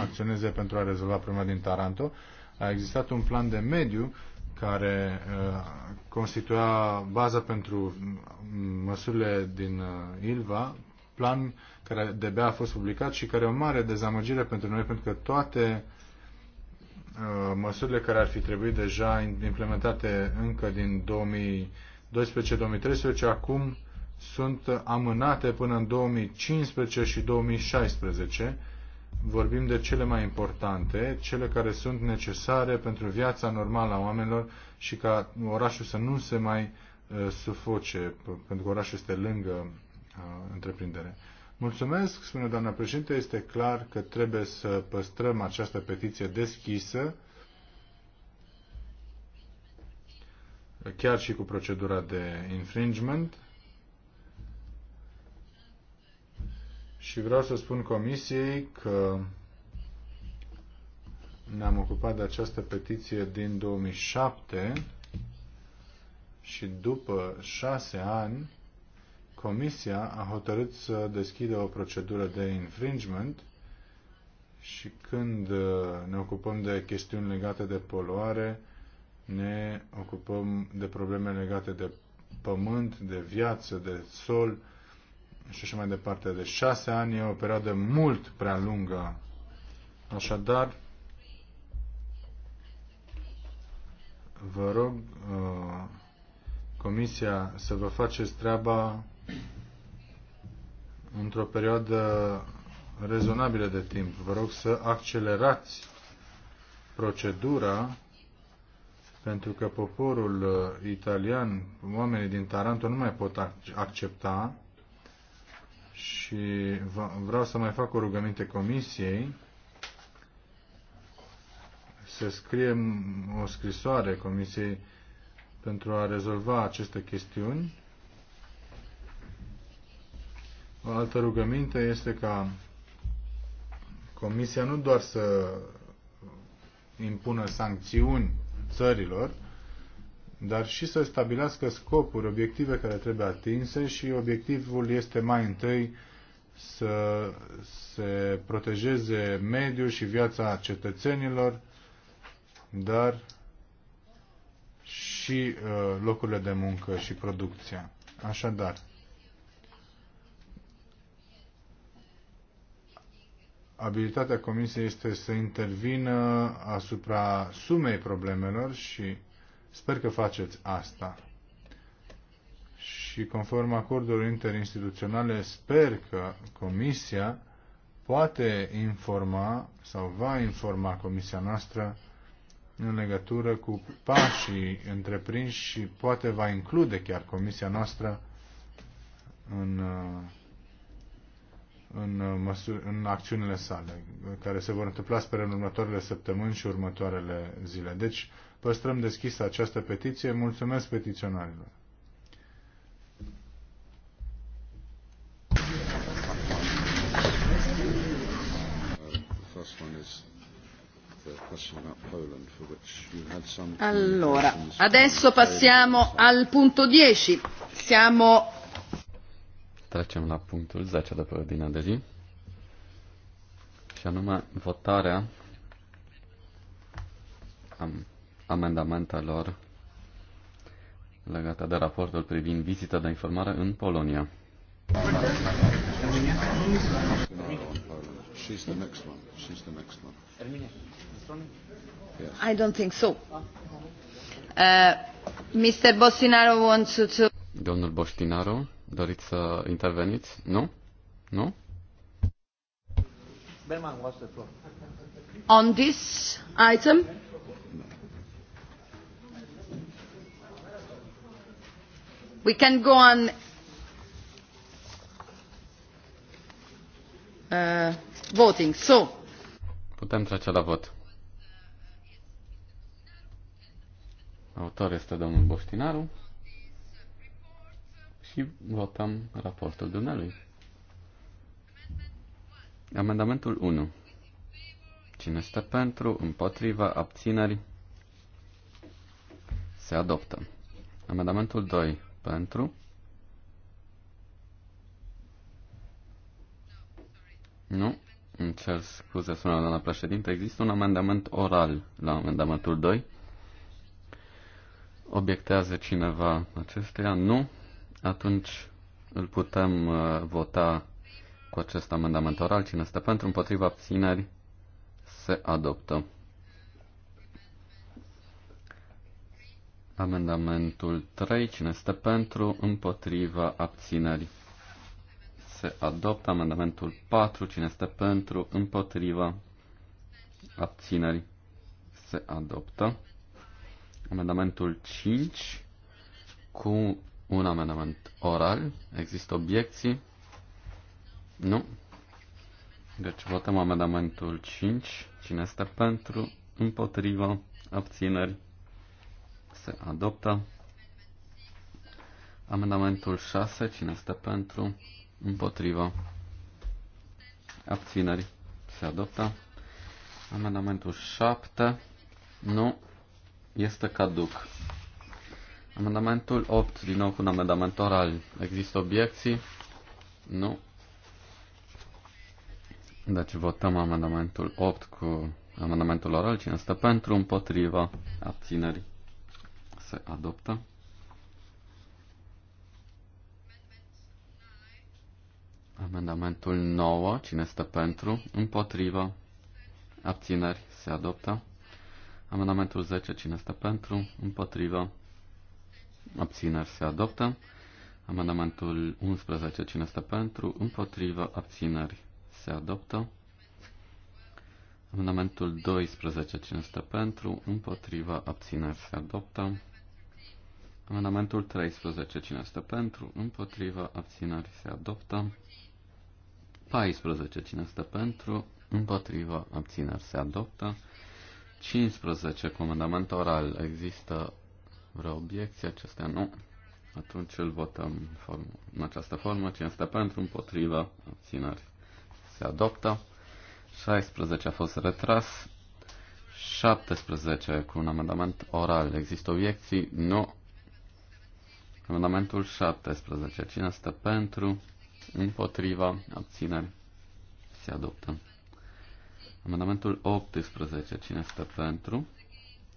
acționeze pentru a rezolva problema din Taranto a existat un plan de mediu care uh, constituia baza pentru mm, măsurile din uh, Ilva, plan care de-abia a fost publicat și care e o mare dezamăgire pentru noi, pentru că toate uh, măsurile care ar fi trebuit deja implementate încă din 2012-2013, acum sunt amânate până în 2015 și 2016 vorbim de cele mai importante, cele care sunt necesare pentru viața normală a oamenilor și ca orașul să nu se mai uh, sufoce, pentru că orașul este lângă uh, întreprindere. Mulțumesc, spune doamna președinte, este clar că trebuie să păstrăm această petiție deschisă, chiar și cu procedura de infringement și vreau să spun Comisiei că ne-am ocupat de această petiție din 2007 și după șase ani Comisia a hotărât să deschidă o procedură de infringement și când uh, ne ocupăm de chestiuni legate de poluare, ne ocupăm de probleme legate de pământ, de viață, de sol, și așa mai departe. De deci șase ani e o perioadă mult prea lungă. Așadar, vă rog uh, Comisia să vă faceți treaba într-o perioadă rezonabilă de timp. Vă rog să accelerați procedura pentru că poporul uh, italian, oamenii din Taranto nu mai pot accepta și vreau să mai fac o rugăminte comisiei să scriem o scrisoare comisiei pentru a rezolva aceste chestiuni. O altă rugăminte este ca comisia nu doar să impună sancțiuni țărilor, dar și să stabilească scopuri, obiective care trebuie atinse și obiectivul este mai întâi să se protejeze mediul și viața cetățenilor, dar și uh, locurile de muncă și producția. Așadar, abilitatea Comisiei este să intervină asupra sumei problemelor și Sper că faceți asta. Și conform acordului interinstituționale, sper că Comisia poate informa sau va informa Comisia noastră în legătură cu pașii întreprinși și poate va include chiar Comisia noastră în, în, măsuri, în acțiunile sale, care se vor întâmpla, spre în următoarele săptămâni și următoarele zile. Deci, Păstrăm deschisă această petiție. Mulțumesc petiționarilor. Allora, adesso passiamo al punto 10. Siamo Trecem la punctul 10 de pe ordinea de zi. Și anume votarea am amendamentelor legate de raportul privind vizita de informare în Polonia. I don't think so. Uh, Mr. Bostinaro wants to... Domnul Bostinaro, doriți să interveniți? Nu? Nu? On this item, we can go on uh, voting. So, Putem trece la vot. Autor este domnul Boștinaru și votăm raportul dumnealui. Amendamentul 1. Cine este pentru, împotriva, abțineri, se adoptă. Amendamentul 2 pentru. Nu? Îmi cer scuze, sună doamna președinte. Există un amendament oral la amendamentul 2. Obiectează cineva acesteia? Nu? Atunci îl putem uh, vota cu acest amendament oral. Cine este pentru, împotriva, abțineri, se adoptă. Amendamentul 3. Cine este pentru? Împotriva abținerii. Se adoptă amendamentul 4. Cine este pentru? Împotriva abținerii. Se adoptă. Amendamentul 5 cu un amendament oral. Există obiecții? Nu. Deci votăm amendamentul 5. Cine este pentru? Împotriva abținerii se adoptă. Amendamentul 6, cine este pentru, împotrivă, abțineri, se adoptă. Amendamentul 7, nu, este caduc. Amendamentul 8, din nou cu un amendament oral. Există obiecții? Nu. Deci votăm amendamentul 8 cu amendamentul oral. Cine este pentru, împotriva, abținerii se adoptă. Amendamentul 9, cine este pentru, Împotrivă. abțineri, se adoptă. Amendamentul 10, cine este pentru, Împotrivă. abțineri, se adoptă. Amendamentul 11, cine este pentru, Împotrivă. abțineri, se adoptă. Amendamentul 12, cine este pentru, Împotrivă. abțineri, se adoptă. Amendamentul 13. Cine este pentru? Împotriva. Abținări se adoptă. 14. Cine este pentru? Împotriva. Abținări se adoptă. 15. Comandament oral. Există vreo obiecție? Acestea nu. Atunci îl votăm formă. în această formă. Cine este pentru? Împotriva. Abținări se adoptă. 16 a fost retras. 17 cu un amendament oral. Există obiecții? Nu. Amendamentul 17. Cine stă pentru? Împotriva? Abțineri? Se adoptă. Amendamentul 18. Cine stă pentru?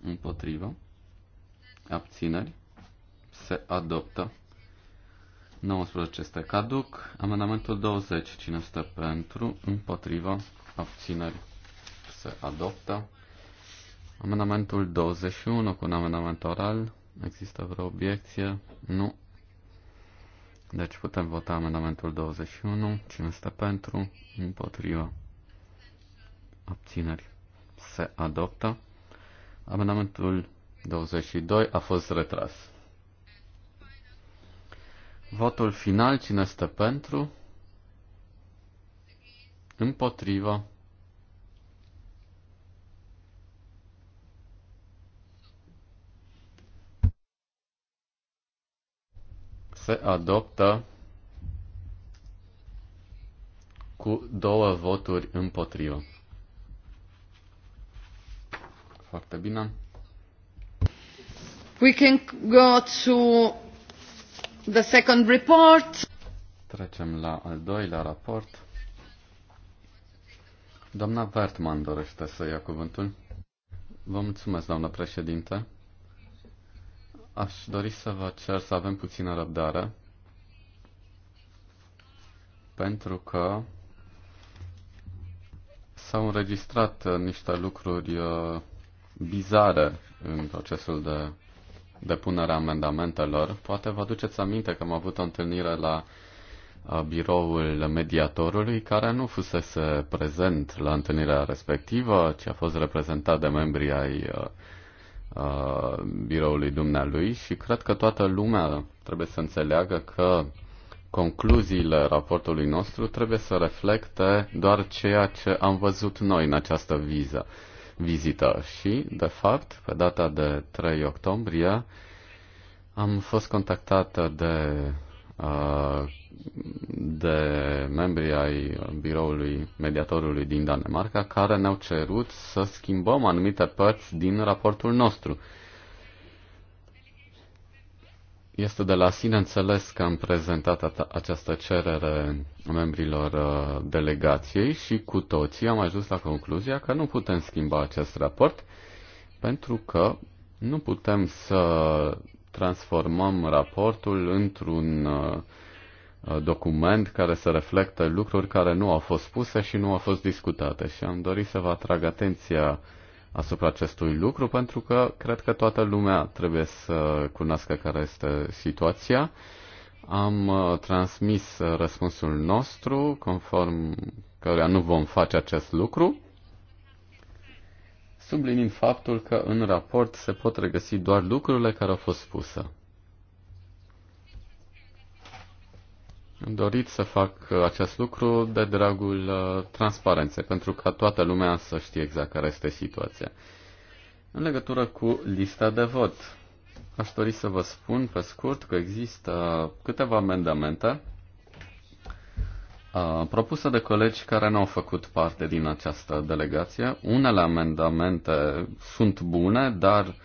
Împotriva? Abțineri? Se adoptă. 19 este caduc. Amendamentul 20. Cine stă pentru? Împotriva? Abțineri? Se adoptă. Amendamentul 21 cu un amendament oral. Există vreo obiecție? Nu. Deci putem vota amendamentul 21. Cine este pentru? Împotriva. Abțineri. Se adoptă. Amendamentul 22 a fost retras. Votul final, cine este pentru? Împotriva. se adoptă cu două voturi împotrivă. Foarte bine. We can go to the second report. Trecem la al doilea raport. Doamna Bertman dorește să ia cuvântul. Vă mulțumesc, doamnă președinte. Aș dori să vă cer să avem puțină răbdare, pentru că s-au înregistrat uh, niște lucruri uh, bizare în procesul de depunere a amendamentelor. Poate vă aduceți aminte că am avut o întâlnire la uh, biroul mediatorului, care nu fusese prezent la întâlnirea respectivă, ci a fost reprezentat de membrii ai Uh, biroului dumnealui și cred că toată lumea trebuie să înțeleagă că concluziile raportului nostru trebuie să reflecte doar ceea ce am văzut noi în această viză, vizită. Și, de fapt, pe data de 3 octombrie am fost contactată de Uh, de membri ai biroului mediatorului din Danemarca care ne-au cerut să schimbăm anumite părți din raportul nostru. Este de la sine înțeles că am prezentat această cerere membrilor uh, delegației și cu toții am ajuns la concluzia că nu putem schimba acest raport pentru că nu putem să transformăm raportul într-un uh, uh, document care să reflectă lucruri care nu au fost spuse și nu au fost discutate. Și am dorit să vă atrag atenția asupra acestui lucru, pentru că cred că toată lumea trebuie să cunoască care este situația. Am uh, transmis răspunsul nostru, conform căruia nu vom face acest lucru sublinind faptul că în raport se pot regăsi doar lucrurile care au fost spuse. Am dorit să fac acest lucru de dragul uh, transparenței, pentru ca toată lumea să știe exact care este situația. În legătură cu lista de vot, aș dori să vă spun pe scurt că există câteva amendamente propusă de colegi care nu au făcut parte din această delegație. Unele amendamente sunt bune, dar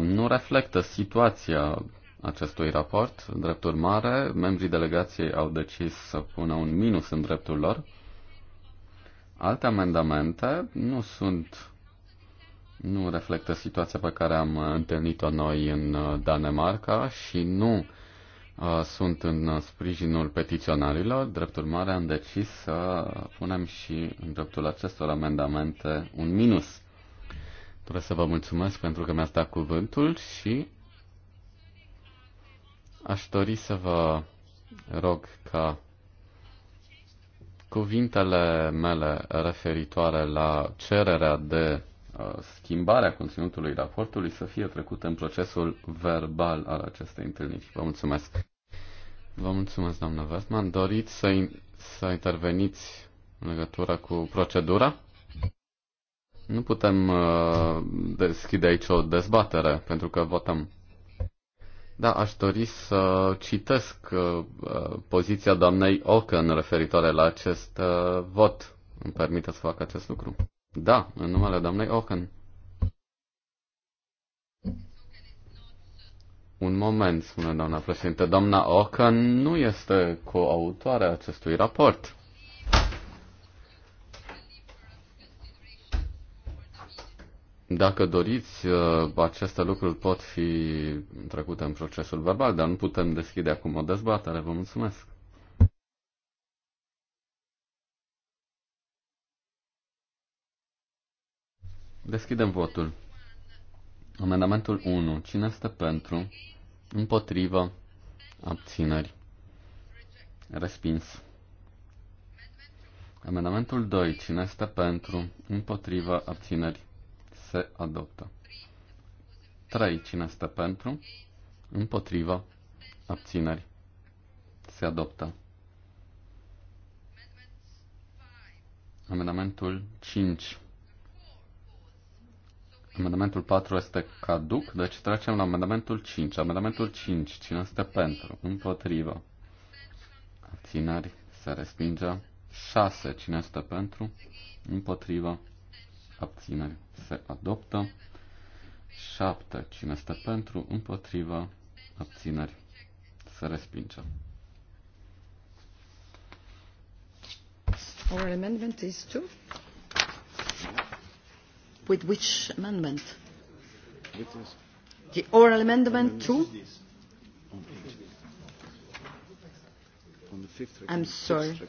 nu reflectă situația acestui raport. Drept urmare, membrii delegației au decis să pună un minus în dreptul lor. Alte amendamente nu sunt nu reflectă situația pe care am întâlnit-o noi în uh, Danemarca și nu Uh, sunt în sprijinul petiționarilor. Drept urmare, am decis să punem și în dreptul acestor amendamente un minus. Doresc să vă mulțumesc pentru că mi-ați dat cuvântul și aș dori să vă rog ca cuvintele mele referitoare la cererea de Uh, schimbarea conținutului raportului să fie trecută în procesul verbal al acestei întâlniri. Vă mulțumesc. Vă mulțumesc, doamnă Vestman. Doriți să, să interveniți în legătură cu procedura? Nu putem uh, deschide aici o dezbatere, pentru că votăm. Da, aș dori să citesc uh, poziția doamnei Ocken referitoare la acest uh, vot. Îmi permite să fac acest lucru. Da, în numele doamnei Ochen. Un moment, spune doamna președinte. Doamna Ocan nu este coautoarea acestui raport. Dacă doriți, uh, aceste lucruri pot fi trecute în procesul verbal, dar nu putem deschide acum o dezbatere. Vă mulțumesc. Deschidem votul. Amendamentul 1. Cine este pentru? Împotrivă? Abțineri? Respins. Amendamentul 2. Cine este pentru? Împotrivă? Abțineri? Se adoptă. 3. Cine este pentru? Împotrivă? Abțineri? Se adoptă. Amendamentul 5. Amendamentul 4 este caduc, deci trecem la amendamentul 5. Amendamentul 5, cine este pentru? Împotrivă. Abțineri, se respinge. 6, cine este pentru? Împotrivă. Abțineri, se adoptă. 7, cine este pentru? Împotrivă. Abțineri, se respinge. Our amendment is 2. With which amendment? The oral amendment too? I'm sorry.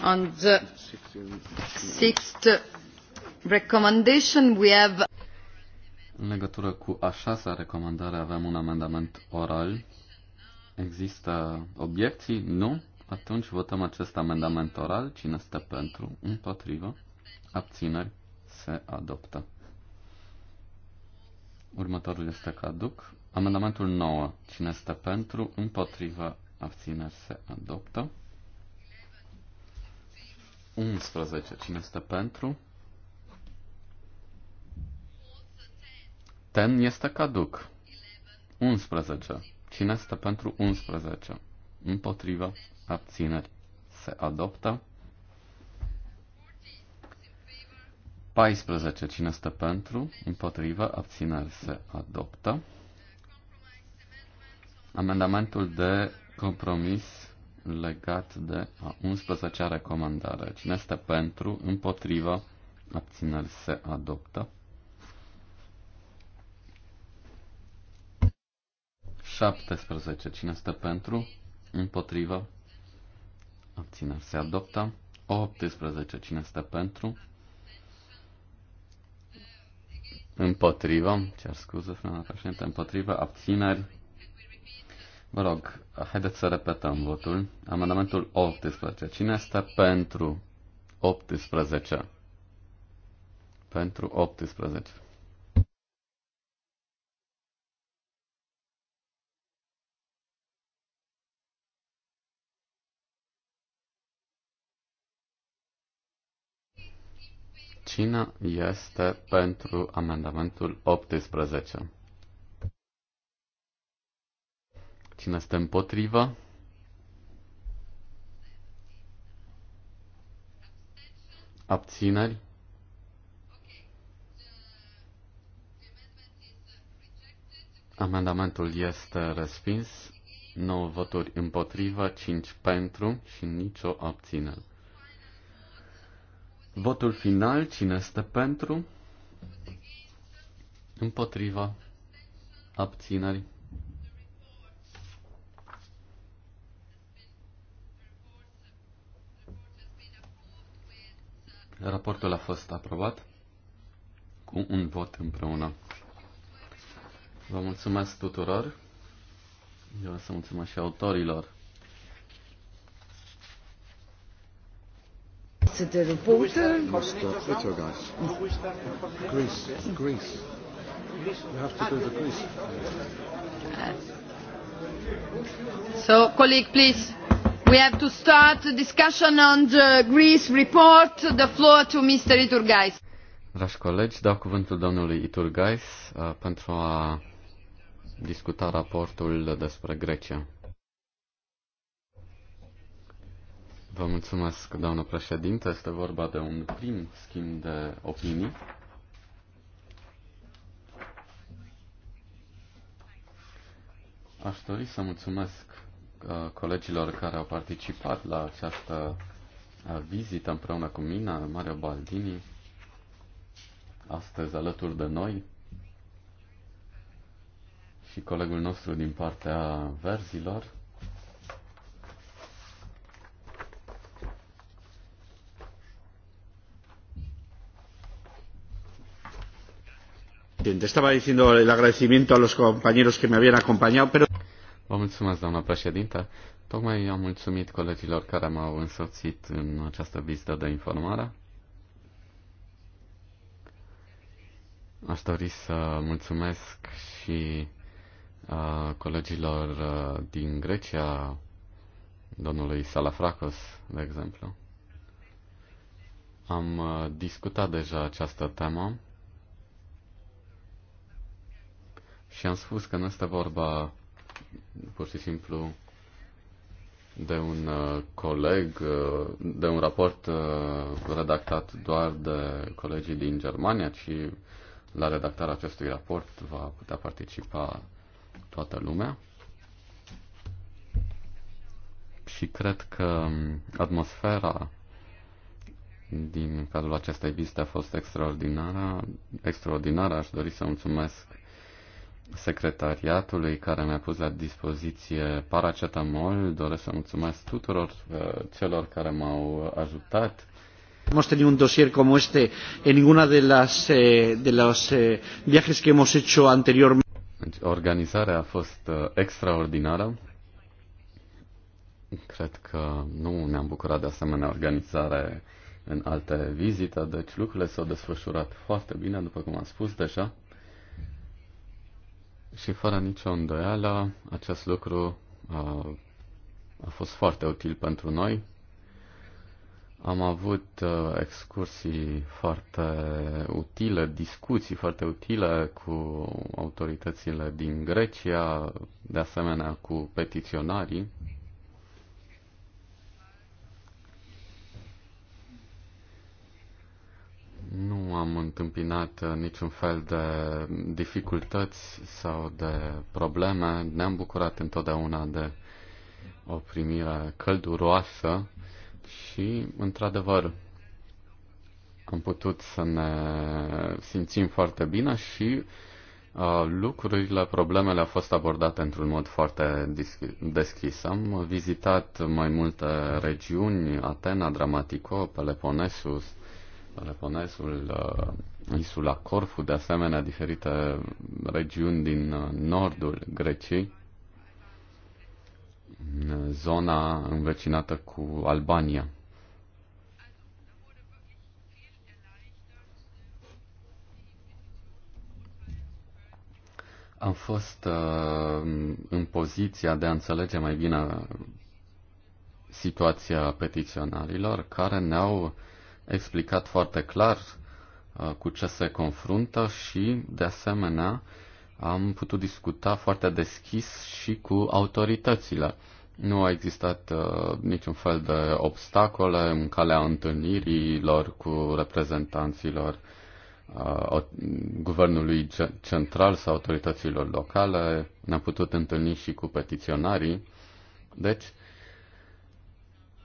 On the sixth recommendation we have... În legătură cu a șasea recomandare avem un amendament oral Există obiecții? Nu? Atunci votăm acest amendament oral. Cine stă pentru? Împotrivă? Abțineri? Se adoptă. Următorul este caduc. Amendamentul 9. Cine stă pentru? Împotrivă? Abțineri? Se adoptă. 11. Cine stă pentru? Ten este caduc. 11. Cine este pentru 11? Împotrivă. Abțineri. Se adoptă. 14. Cine este pentru? Împotrivă. Abțineri. Se adoptă. Amendamentul de compromis legat de a 11-a recomandare. Cine este pentru? Împotrivă. Abțineri. Se adoptă. 17. Cine stă pentru? Împotrivă? Abțineri se adoptă. 18. Cine stă pentru? Împotrivă, cer scuze, doamna președinte, împotrivă, abțineri. Vă rog, haideți să repetăm votul. Amendamentul 18. Cine este pentru 18? Pentru 18. Cine este pentru amendamentul 18? Cine este împotrivă? Abțineri? Amendamentul este respins. 9 voturi împotrivă, 5 pentru și nicio abținere. Votul final, cine este pentru? Împotriva. abținerii. Raportul a fost aprobat cu un vot împreună. Vă mulțumesc tuturor. Eu să mulțumesc și autorilor to the reporter. Mr. Itogas. Greece. Greece. You have to do the Greece. Uh, so, colleague, please. We have to start the discussion on the Greece report. The floor to Mr. Iturgais. Dragi colegi, dau cuvântul domnului Iturgais uh, pentru a discuta raportul despre Grecia. Vă mulțumesc, doamnă președinte. Este vorba de un prim schimb de opinii. Aș dori să mulțumesc uh, colegilor care au participat la această uh, vizită împreună cu mine, Mario Baldini, astăzi alături de noi și colegul nostru din partea verzilor. Estaba diciendo el agradecimiento a los compañeros que me habían acompañado, pero... Vă mulțumesc, doamna președintă. Tocmai am mulțumit colegilor care m-au însoțit în această vizită de informare. Aș dori să mulțumesc și uh, colegilor uh, din Grecia, domnului Salafracos, de exemplu. Am uh, discutat deja această temă Și am spus că nu este vorba pur și simplu de un uh, coleg, uh, de un raport uh, redactat doar de colegii din Germania, ci la redactarea acestui raport va putea participa toată lumea. Și cred că atmosfera din cadrul acestei vizite a fost extraordinară. Extraordinară aș dori să mulțumesc secretariatului care mi-a pus la dispoziție paracetamol. Doresc să mulțumesc tuturor uh, celor care m-au ajutat. Hemos tenido un dossier como este en ninguna de las eh, de los eh, viajes que hemos hecho anteriormente. Deci, organizarea a fost uh, extraordinară. Cred că nu ne-am bucurat de asemenea organizare în alte vizite, deci lucrurile s-au desfășurat foarte bine, după cum am spus deja. Și fără nicio îndoială, acest lucru a, a fost foarte util pentru noi. Am avut uh, excursii foarte utile, discuții foarte utile cu autoritățile din Grecia, de asemenea cu petiționarii Nu am întâmpinat uh, niciun fel de dificultăți sau de probleme. Ne-am bucurat întotdeauna de o primire călduroasă și, într-adevăr, am putut să ne simțim foarte bine și uh, lucrurile, problemele au fost abordate într-un mod foarte deschis. Am vizitat mai multe regiuni, Atena, Dramatico, Peloponesus, Peloponesul, uh, insula Corfu, de asemenea diferite regiuni din uh, nordul Greciei, zona învecinată cu Albania. Am fost uh, în poziția de a înțelege mai bine situația petiționarilor care ne-au explicat foarte clar uh, cu ce se confruntă și, de asemenea, am putut discuta foarte deschis și cu autoritățile. Nu a existat uh, niciun fel de obstacole în calea întâlnirilor cu reprezentanților uh, guvernului central sau autorităților locale. Ne-am putut întâlni și cu petiționarii. Deci, uh,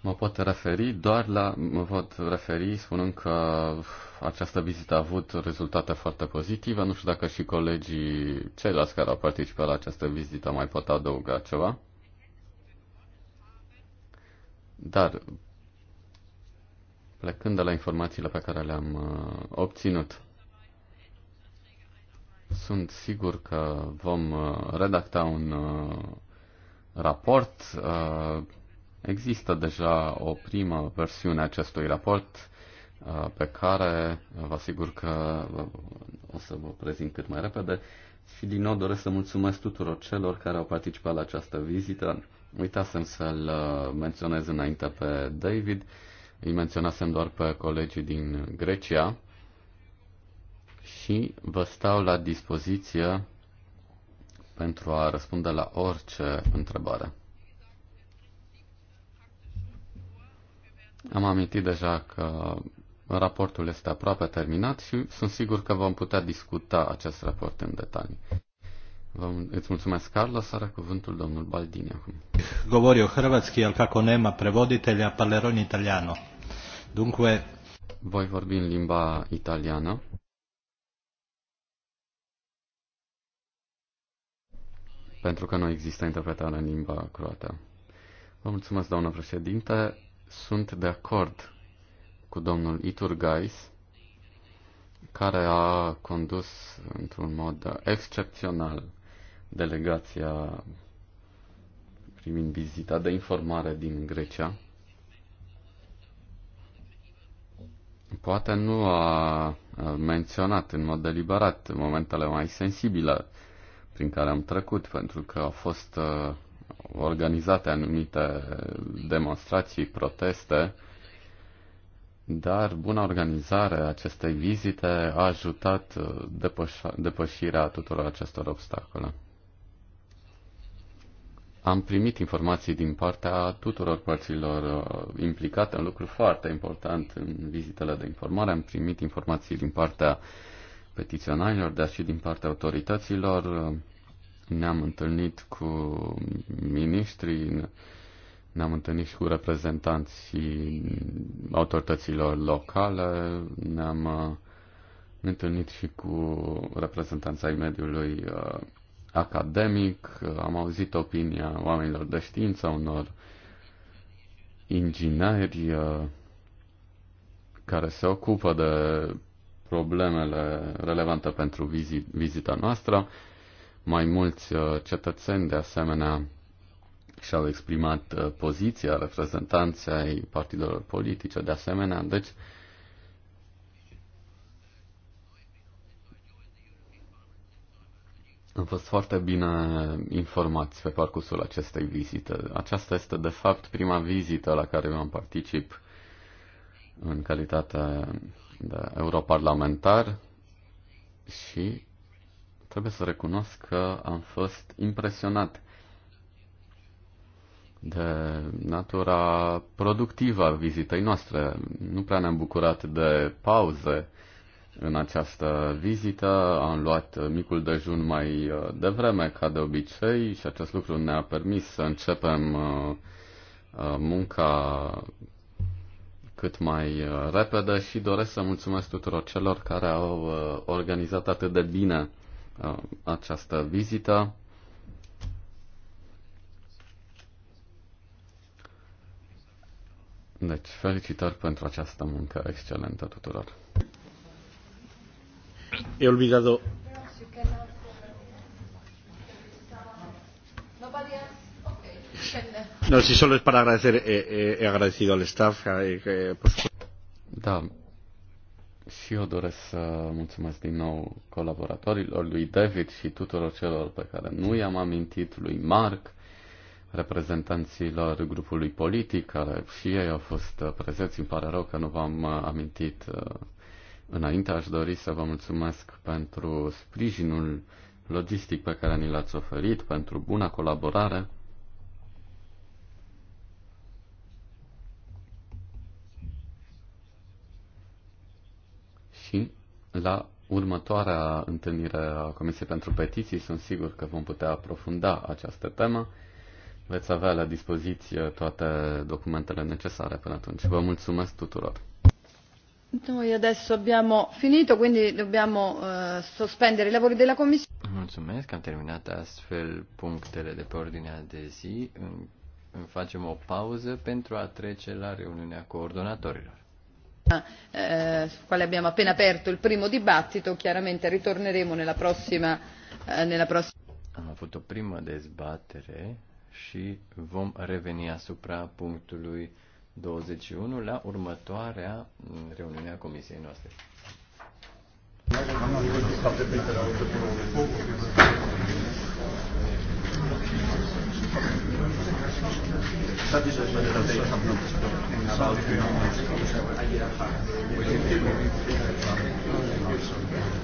Mă pot referi doar la, mă pot referi spunând că uh, această vizită a avut rezultate foarte pozitive. Nu știu dacă și colegii ceilalți care au participat la această vizită mai pot adăuga ceva. Dar, plecând de la informațiile pe care le-am uh, obținut, sunt sigur că vom uh, redacta un raport Există deja o primă versiune a acestui raport uh, pe care uh, vă asigur că uh, o să vă prezint cât mai repede și din nou doresc să mulțumesc tuturor celor care au participat la această vizită. Uitasem să-l menționez înainte pe David, îi menționasem doar pe colegii din Grecia și vă stau la dispoziție pentru a răspunde la orice întrebare. Am amintit deja că raportul este aproape terminat și sunt sigur că vom putea discuta acest raport în detalii. Vă, îți mulțumesc, Carlos. Are cuvântul domnul Baldini acum. Govorio hrvatski, al kako nema prevoditelja, parlerò in italiano. Dunque... Voi vorbi în limba italiană. Pentru că nu există interpretare în limba croată. Vă mulțumesc, doamnă președinte. Sunt de acord cu domnul Gais, care a condus într-un mod excepțional delegația primind vizita de informare din Grecia. Poate nu a menționat în mod deliberat momentele mai sensibile prin care am trecut, pentru că au fost organizate anumite demonstrații, proteste, dar buna organizare a acestei vizite a ajutat uh, depășirea tuturor acestor obstacole. Am primit informații din partea tuturor părților uh, implicate, un lucru foarte important în vizitele de informare. Am primit informații din partea petiționarilor, dar și din partea autorităților, uh, ne-am întâlnit cu ministrii, ne-am întâlnit și cu reprezentanții autorităților locale, ne-am uh, întâlnit și cu reprezentanța ai mediului uh, academic, am auzit opinia oamenilor de știință, unor ingineri uh, care se ocupă de problemele relevante pentru vizi- vizita noastră. Mai mulți uh, cetățeni, de asemenea, și-au exprimat uh, poziția reprezentanței partidelor politice, de asemenea. Deci, Am fost foarte bine informați pe parcursul acestei vizite. Aceasta este, de fapt, prima vizită la care eu am particip în calitate de europarlamentar și Trebuie să recunosc că am fost impresionat de natura productivă a vizitei noastre. Nu prea ne-am bucurat de pauze în această vizită. Am luat micul dejun mai uh, devreme, ca de obicei, și acest lucru ne-a permis să începem uh, uh, munca cât mai repede și doresc să mulțumesc tuturor celor care au organizat atât de bine Uh, această vizită. Deci, felicitări pentru această muncă excelentă tuturor. E olvidado. No, si solo es para agradecer, he, eh, eh, he agradecido al staff. Eh, eh, pues... Da, și eu doresc să mulțumesc din nou colaboratorilor lui David și tuturor celor pe care nu i-am amintit, lui Mark, reprezentanților grupului politic, care și ei au fost uh, prezenți. Îmi pare rău că nu v-am uh, amintit uh, înainte. Aș dori să vă mulțumesc pentru sprijinul logistic pe care ni l-ați oferit, pentru buna colaborare și la următoarea întâlnire a Comisiei pentru Petiții sunt sigur că vom putea aprofunda această temă. Veți avea la dispoziție toate documentele necesare până atunci. Vă mulțumesc tuturor! Noi adesso abbiamo finito, quindi dobbiamo uh, sospendere i lavori della Commissione. Mulțumesc, am terminat astfel punctele de pe ordinea de zi. Facem o pauză pentru a trece la reuniunea coordonatorilor sul eh, quale abbiamo appena aperto il primo dibattito, chiaramente ritorneremo nella prossima. Eh, nella prossima... Am avut o primă dezbatere și vom reveni asupra punctului 21 la următoarea mm, reuniune a comisiei noastre. About